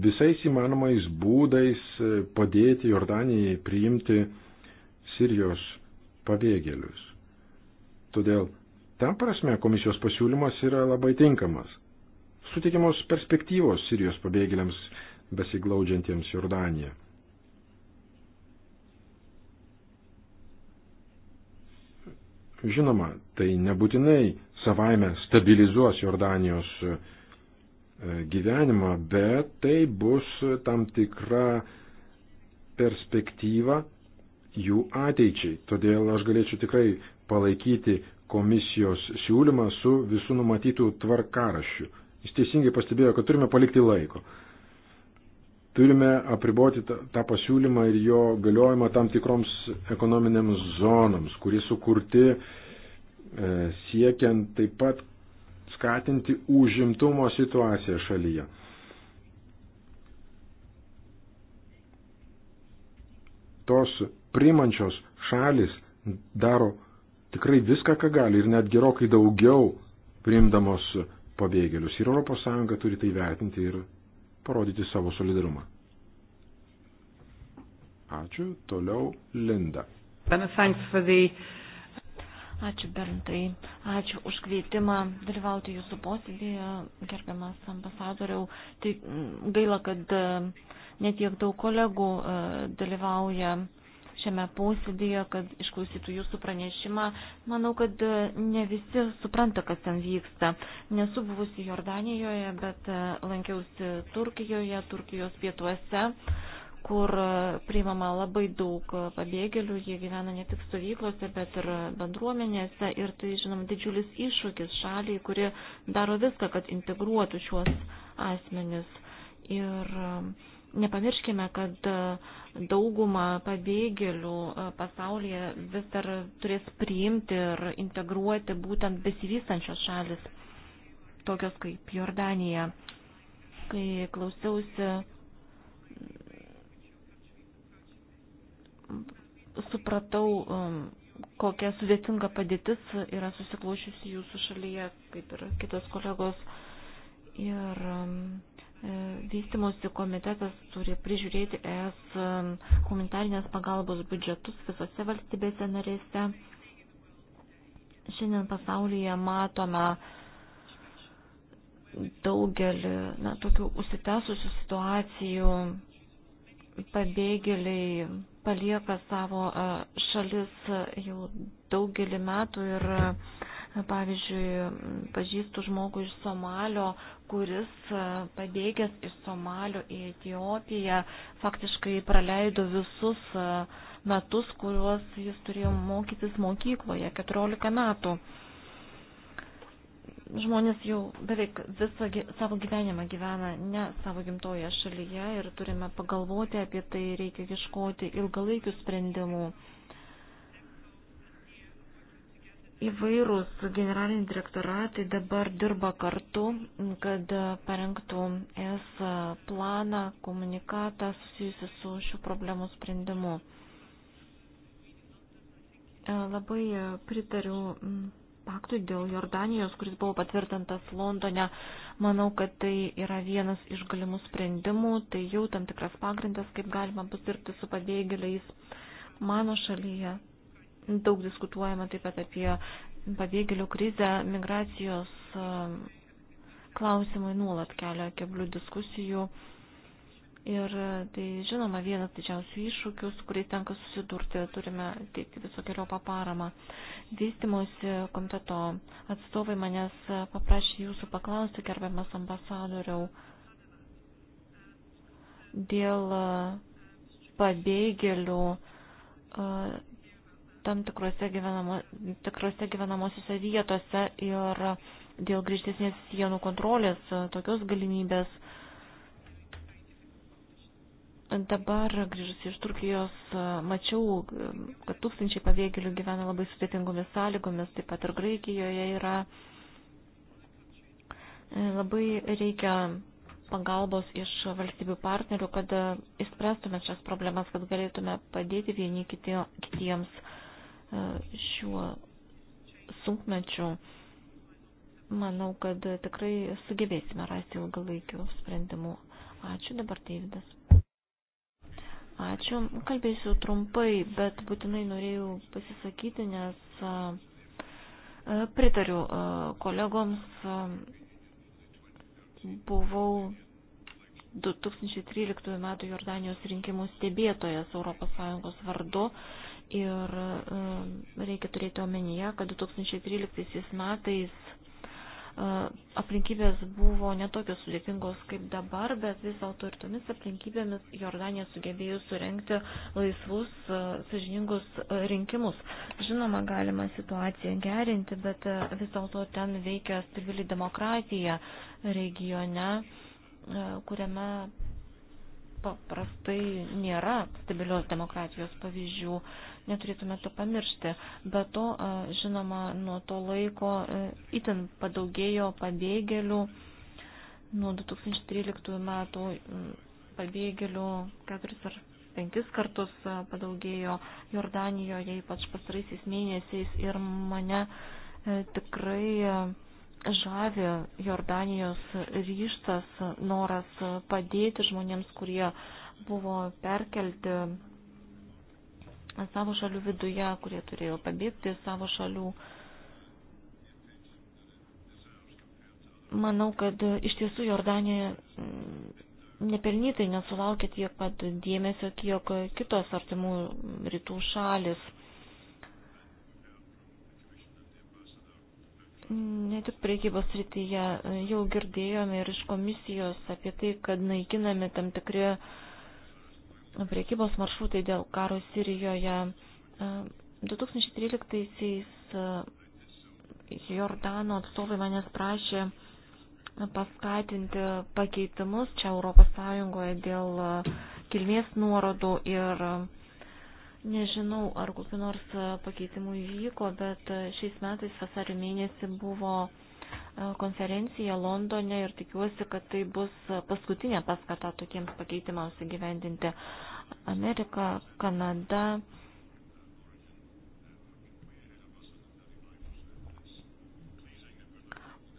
visais įmanomais būdais e, padėti Jordanijai priimti Sirijos pabėgėlius. Todėl ta prasme komisijos pasiūlymas yra labai tinkamas suteikiamos perspektyvos Sirijos pabėgėliams besiglaudžiantiems Jordaniją. Žinoma, tai nebūtinai savaime stabilizuos Jordanijos e, gyvenimą, bet tai bus tam tikra perspektyva jų ateičiai. Todėl aš galėčiau tikrai palaikyti komisijos siūlymą su visų numatytų tvarkarašių. Jis teisingai pastebėjo, kad turime palikti laiko. Turime apriboti tą pasiūlymą ir jo galiojimą tam tikroms ekonominėms zonoms, kurie sukurti e, siekiant taip pat skatinti užimtumo situaciją šalyje. Tos primančios šalis daro tikrai viską, ką gali ir net gerokai daugiau priimdamos pabėgėlius. Ir ES turi tai vertinti ir parodyti savo solidarumą. Ačiū. Toliau Linda. Ačiū Berntai. Ačiū už kvietimą dalyvauti jūsų posėdėje, gerbiamas ambasadoriau. Tai mm, gaila, kad e, netiek daug kolegų e, dalyvauja šiame posėdėje, kad išklausytų jūsų pranešimą. Manau, kad e, ne visi supranta, kas ten vyksta. Nesu buvusi Jordanijoje, bet e, lankiausi Turkijoje, Turkijos pietuose kur e, priimama labai daug pabėgėlių, jie gyvena ne tik stovyklose, bet ir bendruomenėse ir tai, žinoma, didžiulis iššūkis šaliai, kuri daro viską, kad integruotų šiuos asmenis. Ir Nepamirškime, kad e, dauguma pabėgėlių e, pasaulyje vis dar turės priimti ir integruoti būtent besivystančios šalis, tokios kaip Jordanija. Kai klausiausi, supratau, kokia sudėtinga padėtis yra susiklošiusi jūsų šalyje, kaip ir kitos kolegos. Ir um, E, vystimosi komitetas turi prižiūrėti ES e, humanitarinės pagalbos biudžetus visose valstybėse narėse. Šiandien pasaulyje matome daugelį na, tokių užsitęsusių situacijų. Pabėgėliai palieka savo e, šalis jau daugelį metų ir uh, Pavyzdžiui, pažįstu žmogų iš Somalio, kuris e, pabėgęs iš Somalio į Etiopiją faktiškai praleido visus e, metus, kuriuos jis turėjo mokytis mokykloje, 14 metų žmonės jau beveik visą savo gyvenimą gyvena ne savo gimtoje šalyje ir turime pagalvoti apie tai, reikia ieškoti ilgalaikių sprendimų. įvairūs generaliniai direktoratai dabar dirba kartu, kad parengtų es planą, komunikatą susijusi su šių problemų sprendimu. E, labai pritariu paktui dėl Jordanijos, kuris buvo patvirtintas Londone. Manau, kad tai yra vienas iš galimų sprendimų, tai jau tam tikras pagrindas, kaip galima bus dirbti su pabėgėliais mano šalyje Daug diskutuojama taip pat apie pabėgėlių krizę, migracijos klausimai nuolat kelia keblių diskusijų. Ir tai, žinoma, vienas didžiausių iššūkių, su kuriais tenka susidurti, turime teikti visokiojo paparamą. Vystimosi komiteto atstovai manęs paprašė jūsų paklausti, gerbiamas ambasadoriau, dėl pabėgėlių tam tikrose, gyvenamo, tikrose gyvenamosiose vietose ir dėl grįžtesnės sienų kontrolės tokios galimybės. Dabar grįžus iš Turkijos mačiau, kad tūkstančiai pabėgėlių gyvena labai sudėtingomis sąlygomis, taip pat ir Graikijoje yra labai reikia pagalbos iš valstybių partnerių, kad įspręstume šias problemas, kad galėtume padėti vieni kitiems. E, šiuo sunkmečiu, manau, kad tikrai sugebėsime rasti ilgalaikių sprendimų. Ačiū dabar, Teividas. Ačiū. Kalbėsiu trumpai, bet būtinai norėjau pasisakyti, nes e, pritariu e, kolegoms. Buvau 2013 m. Jordanijos rinkimų stebėtojas ES vardu Ir e, reikia turėti omenyje, kad 2013 metais e, aplinkybės buvo netokios sudėtingos kaip dabar, bet vis dėlto ir tomis aplinkybėmis Jordanija sugebėjo surenkti laisvus, e, sažiningus rinkimus. Žinoma, galima situaciją gerinti, bet vis dėlto ten veikia civili demokratija regione, kuriame paprastai nėra stabilios demokratijos pavyzdžių neturėtume to pamiršti. Be to, žinoma, nuo to laiko e, itin padaugėjo pabėgėlių. Nuo 2013 metų pabėgėlių keturis ar penkis kartus padaugėjo Jordanijoje, ypač pastaraisiais mėnesiais. Ir mane e, tikrai žavi Jordanijos ryštas noras padėti žmonėms, kurie buvo perkelti savo šalių viduje, kurie turėjo pabėgti savo šalių. Manau, kad iš tiesų Jordanija mm, nepelnytai nesulaukia tiek pat dėmesio, kiek kitos artimų rytų šalis. Ne tik priekybos rytyje, jau girdėjome ir iš komisijos apie tai, kad naikinami tam tikri uh, priekybos maršrutai dėl karo Sirijoje. 2013-aisiais e, e, Jordano atstovai manęs prašė paskatinti pakeitimus čia Europos Sąjungoje dėl e, kilmės nuorodų ir nežinau, ar kokiu nors pakeitimu įvyko, bet šiais metais vasario mėnesį buvo konferenciją Londone ir tikiuosi, kad tai bus paskutinė paskata tokiems pakeitimams įgyvendinti. Amerika, Kanada.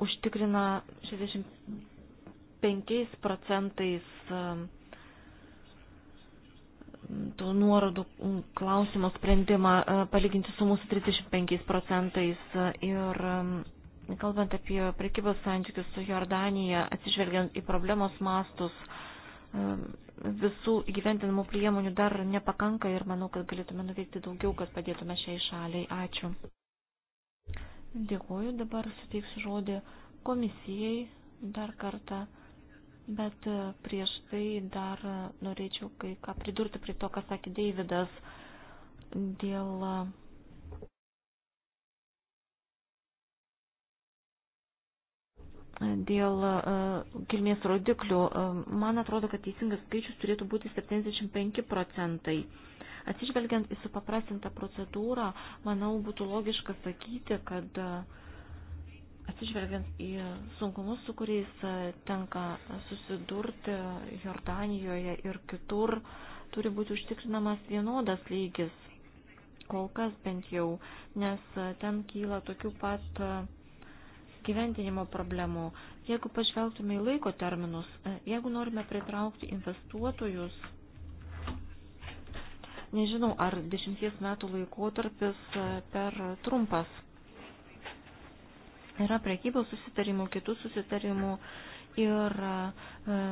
užtikrina 65 procentais um, tų nuorodų um, klausimo sprendimą uh, palyginti su mūsų 35 procentais uh, ir um, kalbant apie prekybos santykius su Jordanija, atsižvelgiant į problemos mastus, visų gyventinamų priemonių dar nepakanka ir manau, kad galėtume nuveikti daugiau, kad padėtume šiai šaliai. Ačiū. Dėkuoju, dabar suteiksiu žodį komisijai dar kartą, bet e, prieš tai dar norėčiau kai ką pridurti prie to, ką sakė Deividas dėl dėl e, kilmės rodiklių. E, man atrodo, kad teisingas skaičius turėtų būti 75 procentai. Atsižvelgiant į supaprastintą procedūrą, manau, būtų logiška sakyti, kad e, atsižvelgiant į sunkumus, su kuriais tenka susidurti Jordanijoje ir kitur, turi būti užtikrinamas vienodas lygis. Kol kas bent jau, nes ten kyla tokių pat gyventinimo problemų. Jeigu pažvelgtume į laiko terminus, e, jeigu norime pritraukti investuotojus, nežinau, ar dešimties metų laikotarpis e, per trumpas. Yra prekybos susitarimų, kitų susitarimų ir e,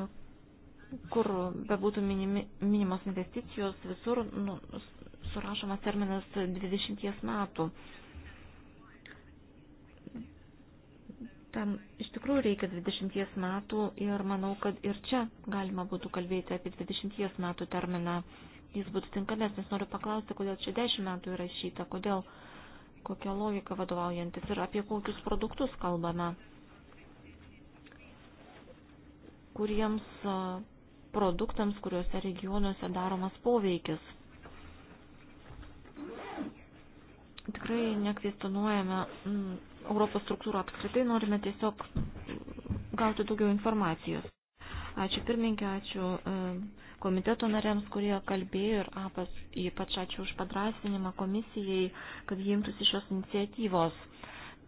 kur bebūtų minimi, minimos investicijos, visur nu, surašomas terminas 20 metų. Tam iš tikrųjų reikia 20 metų ir manau, kad ir čia galima būtų kalbėti apie 20 metų terminą. Jis būtų tinkamesnis. Noriu paklausti, kodėl čia 10 metų yra šita, kodėl, kokia logika vadovaujantis ir apie kokius produktus kalbame, kuriems produktams, kuriuose regionuose daromas poveikis. Tikrai nekvestinuojame Europos struktūrų apskritai, norime tiesiog gauti daugiau informacijos. Ačiū pirmininkė, ačiū e, komiteto nariams, kurie kalbėjo ir apas, ypač ačiū už padrasinimą komisijai, kad jimtųsi šios iniciatyvos.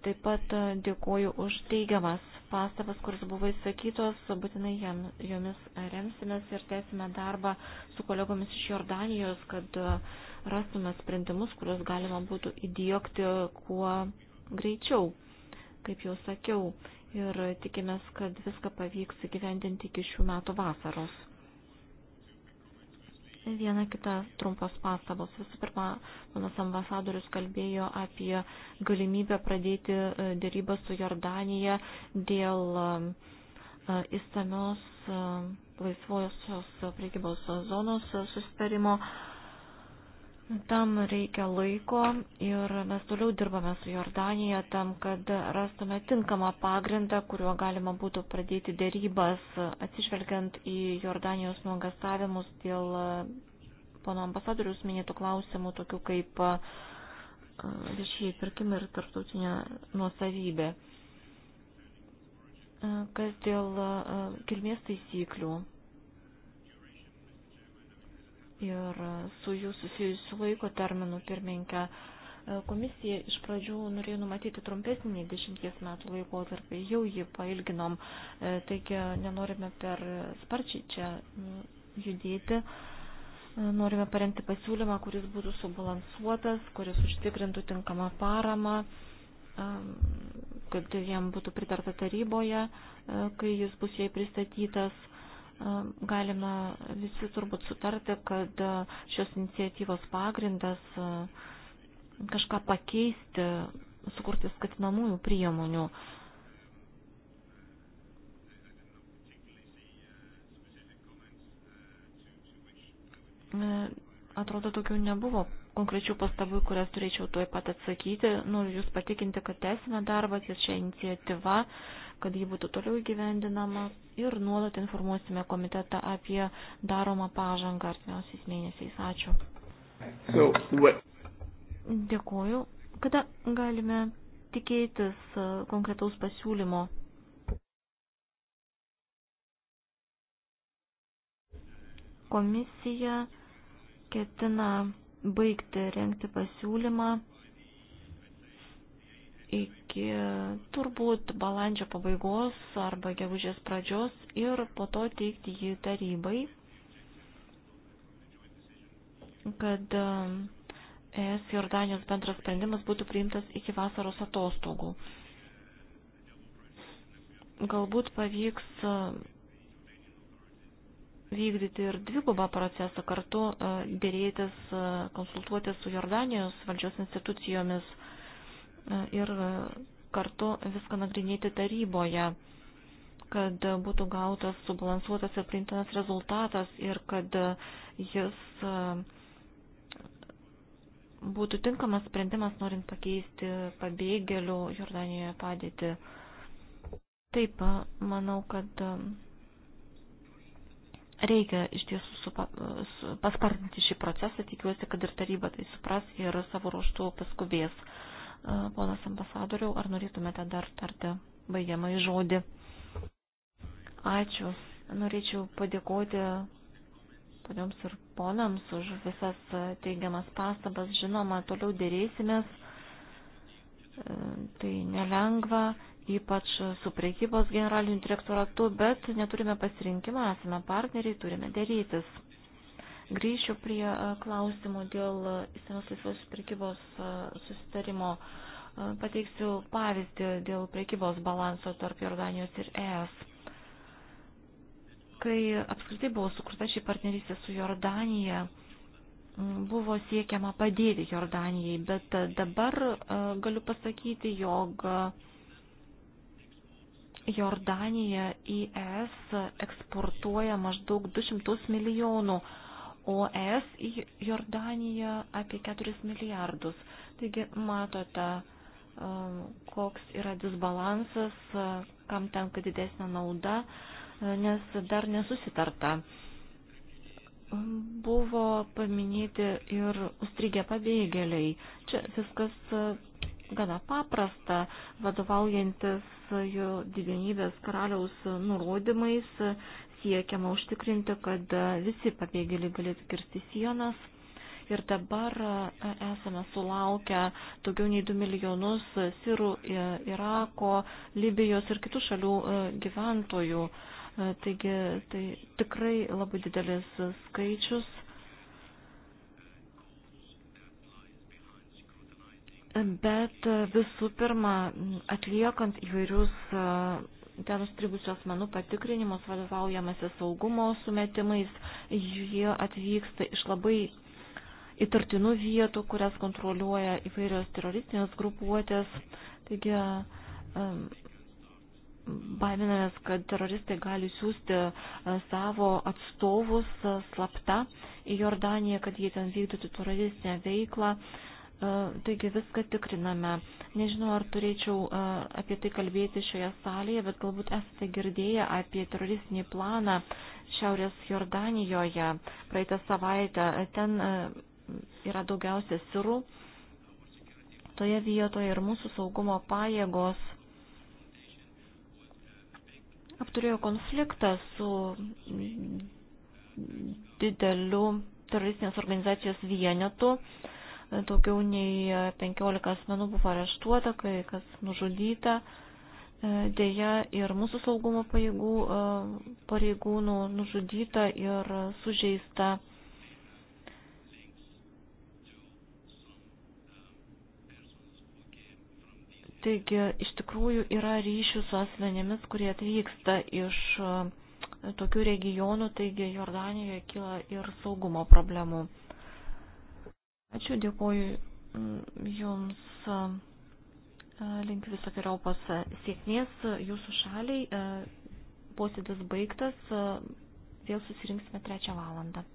Taip pat e, dėkoju už teigiamas pastabas, kuris buvo įsakytos, būtinai jam, jomis remsimės ir tęsime darbą su kolegomis iš Jordanijos, kad e, rastume sprendimus, kuriuos galima būtų įdėkti kuo greičiau, kaip jau sakiau, ir tikimės, kad viską pavyks įgyvendinti iki šių metų vasaros. Viena kita trumpos pastabos. Visų pirma, manas ambasadorius kalbėjo apie galimybę pradėti e, dėrybą su Jordanija dėl e, e, įstamios laisvojosios priekybos zonos susitarimo. Tam reikia laiko ir mes toliau dirbame su Jordanija tam, kad rastume tinkamą pagrindą, kuriuo galima būtų pradėti dėrybas, atsižvelgiant į Jordanijos nuogastavimus dėl e, pono ambasadorius minėtų klausimų, tokių kaip e, viešieji pirkimai ir tarptautinė nuosavybė. E, kas dėl kilmės taisyklių, ir su jų susijusiu laiko terminu pirmininkę. Komisija iš pradžių norėjo numatyti trumpesnį nei dešimties metų laikotarpį, jau jį pailginom, taigi nenorime per sparčiai čia judėti. Norime parengti pasiūlymą, kuris būtų subalansuotas, kuris užtikrintų tinkamą paramą kad jam būtų pritarta taryboje, kai jis bus jai pristatytas. Galime visi turbūt sutarti, kad šios iniciatyvos pagrindas kažką pakeisti, sukurti skatinamųjų priemonių. Atrodo, tokių nebuvo konkrečių pastabų, kurias turėčiau tuoj pat atsakyti. Noriu Jūs patikinti, kad tęsime darbą ties šią iniciatyvą kad ji būtų toliau įgyvendinama ir nuolat informuosime komitetą apie daromą pažangą artimiausiais mėnesiais. Ačiū. So, what... Dėkuoju. Kada galime tikėtis e, konkretaus pasiūlymo? Komisija ketina baigti renkti pasiūlymą iki Taigi turbūt balandžio pabaigos arba gegužės pradžios ir po to teikti jį tarybai, kad e, ES Jordanijos bendras sprendimas būtų priimtas iki vasaros atostogų. Galbūt pavyks e, vykdyti ir dvigubą procesą kartu e, dėrėtis, konsultuotis su Jordanijos valdžios institucijomis ir kartu viską nagrinėti taryboje, kad būtų gautas subalansuotas ir priimtinas rezultatas ir kad jis e, būtų tinkamas sprendimas norint pakeisti pabėgėlių Jordanijoje padėtį. Taip, manau, kad e, reikia iš tiesų supa, su, paspartinti šį procesą, tikiuosi, kad ir taryba tai supras ir savo ruoštų paskubės. Ponas ambasadoriau, ar norėtumėte dar tarti baigiamą į žodį? Ačiū. Norėčiau padėkoti poniams ir ponams už visas teigiamas pastabas. Žinoma, toliau dėrėsimės. E, tai nelengva, ypač su priekybos generaliniu direktoratu, bet neturime pasirinkimą, esame partneriai, turime dėrytis. Grįšiu prie e, klausimų dėl e, senos laisvos prekybos e, susitarimo. Pateiksiu pavyzdį dėl prekybos balanso tarp Jordanijos ir ES. Kai apskritai buvo sukurta šį partnerystę su Jordanija, buvo siekiama padėti Jordanijai, bet dabar galiu pasakyti, jog Jordanija į ES eksportuoja maždaug 200 milijonų o ES į Jordaniją apie 4 milijardus. Taigi matote, koks yra disbalansas, kam tenka didesnė nauda, nes dar nesusitarta. Buvo paminėti ir užstrigę pabėgėliai. Čia viskas gana paprasta, vadovaujantis jo didenybės karaliaus nurodymais siekiama užtikrinti, kad visi pabėgėliai galėtų kirsti sienas. Ir dabar e, esame sulaukę daugiau nei 2 milijonus sirų Irako, Libijos ir kitų šalių e, gyventojų. E, taigi tai tikrai labai didelis skaičius. Bet visų pirma, atliekant įvairius ten užstrigusių asmenų patikrinimus vadovaujamasi saugumo sumetimais. Jie atvyksta iš labai įtartinų vietų, kurias kontroliuoja įvairios teroristinės grupuotės. Taigi baiminamės, kad teroristai gali siūsti e, savo atstovus e, slapta į Jordaniją, kad jie ten vykdytų teroristinę veiklą. E, taigi viską tikriname. Nežinau, ar turėčiau e, apie tai kalbėti šioje salėje, bet galbūt esate girdėję apie teroristinį planą Šiaurės Jordanijoje praeitą savaitę. E, ten yra daugiausia sirų. Toje vietoje ir mūsų saugumo pajėgos apturėjo konfliktą su dideliu teroristinės organizacijos vienetu. Uh, Daugiau nei 15 e, asmenų buvo areštuota, kai kas nužudyta. E, Deja ir mūsų saugumo pareigų, e, pareigūnų nužudyta ir sužeista. Taigi iš tikrųjų yra ryšių su asmenėmis, kurie atvyksta iš tokių regionų, taigi Jordanijoje kyla ir saugumo problemų. Ačiū, dėkuoju mm, Jums. Linkiu visokiojopos sėkmės Jūsų šaliai. Posėdis baigtas. Vėl susirinksime trečią valandą.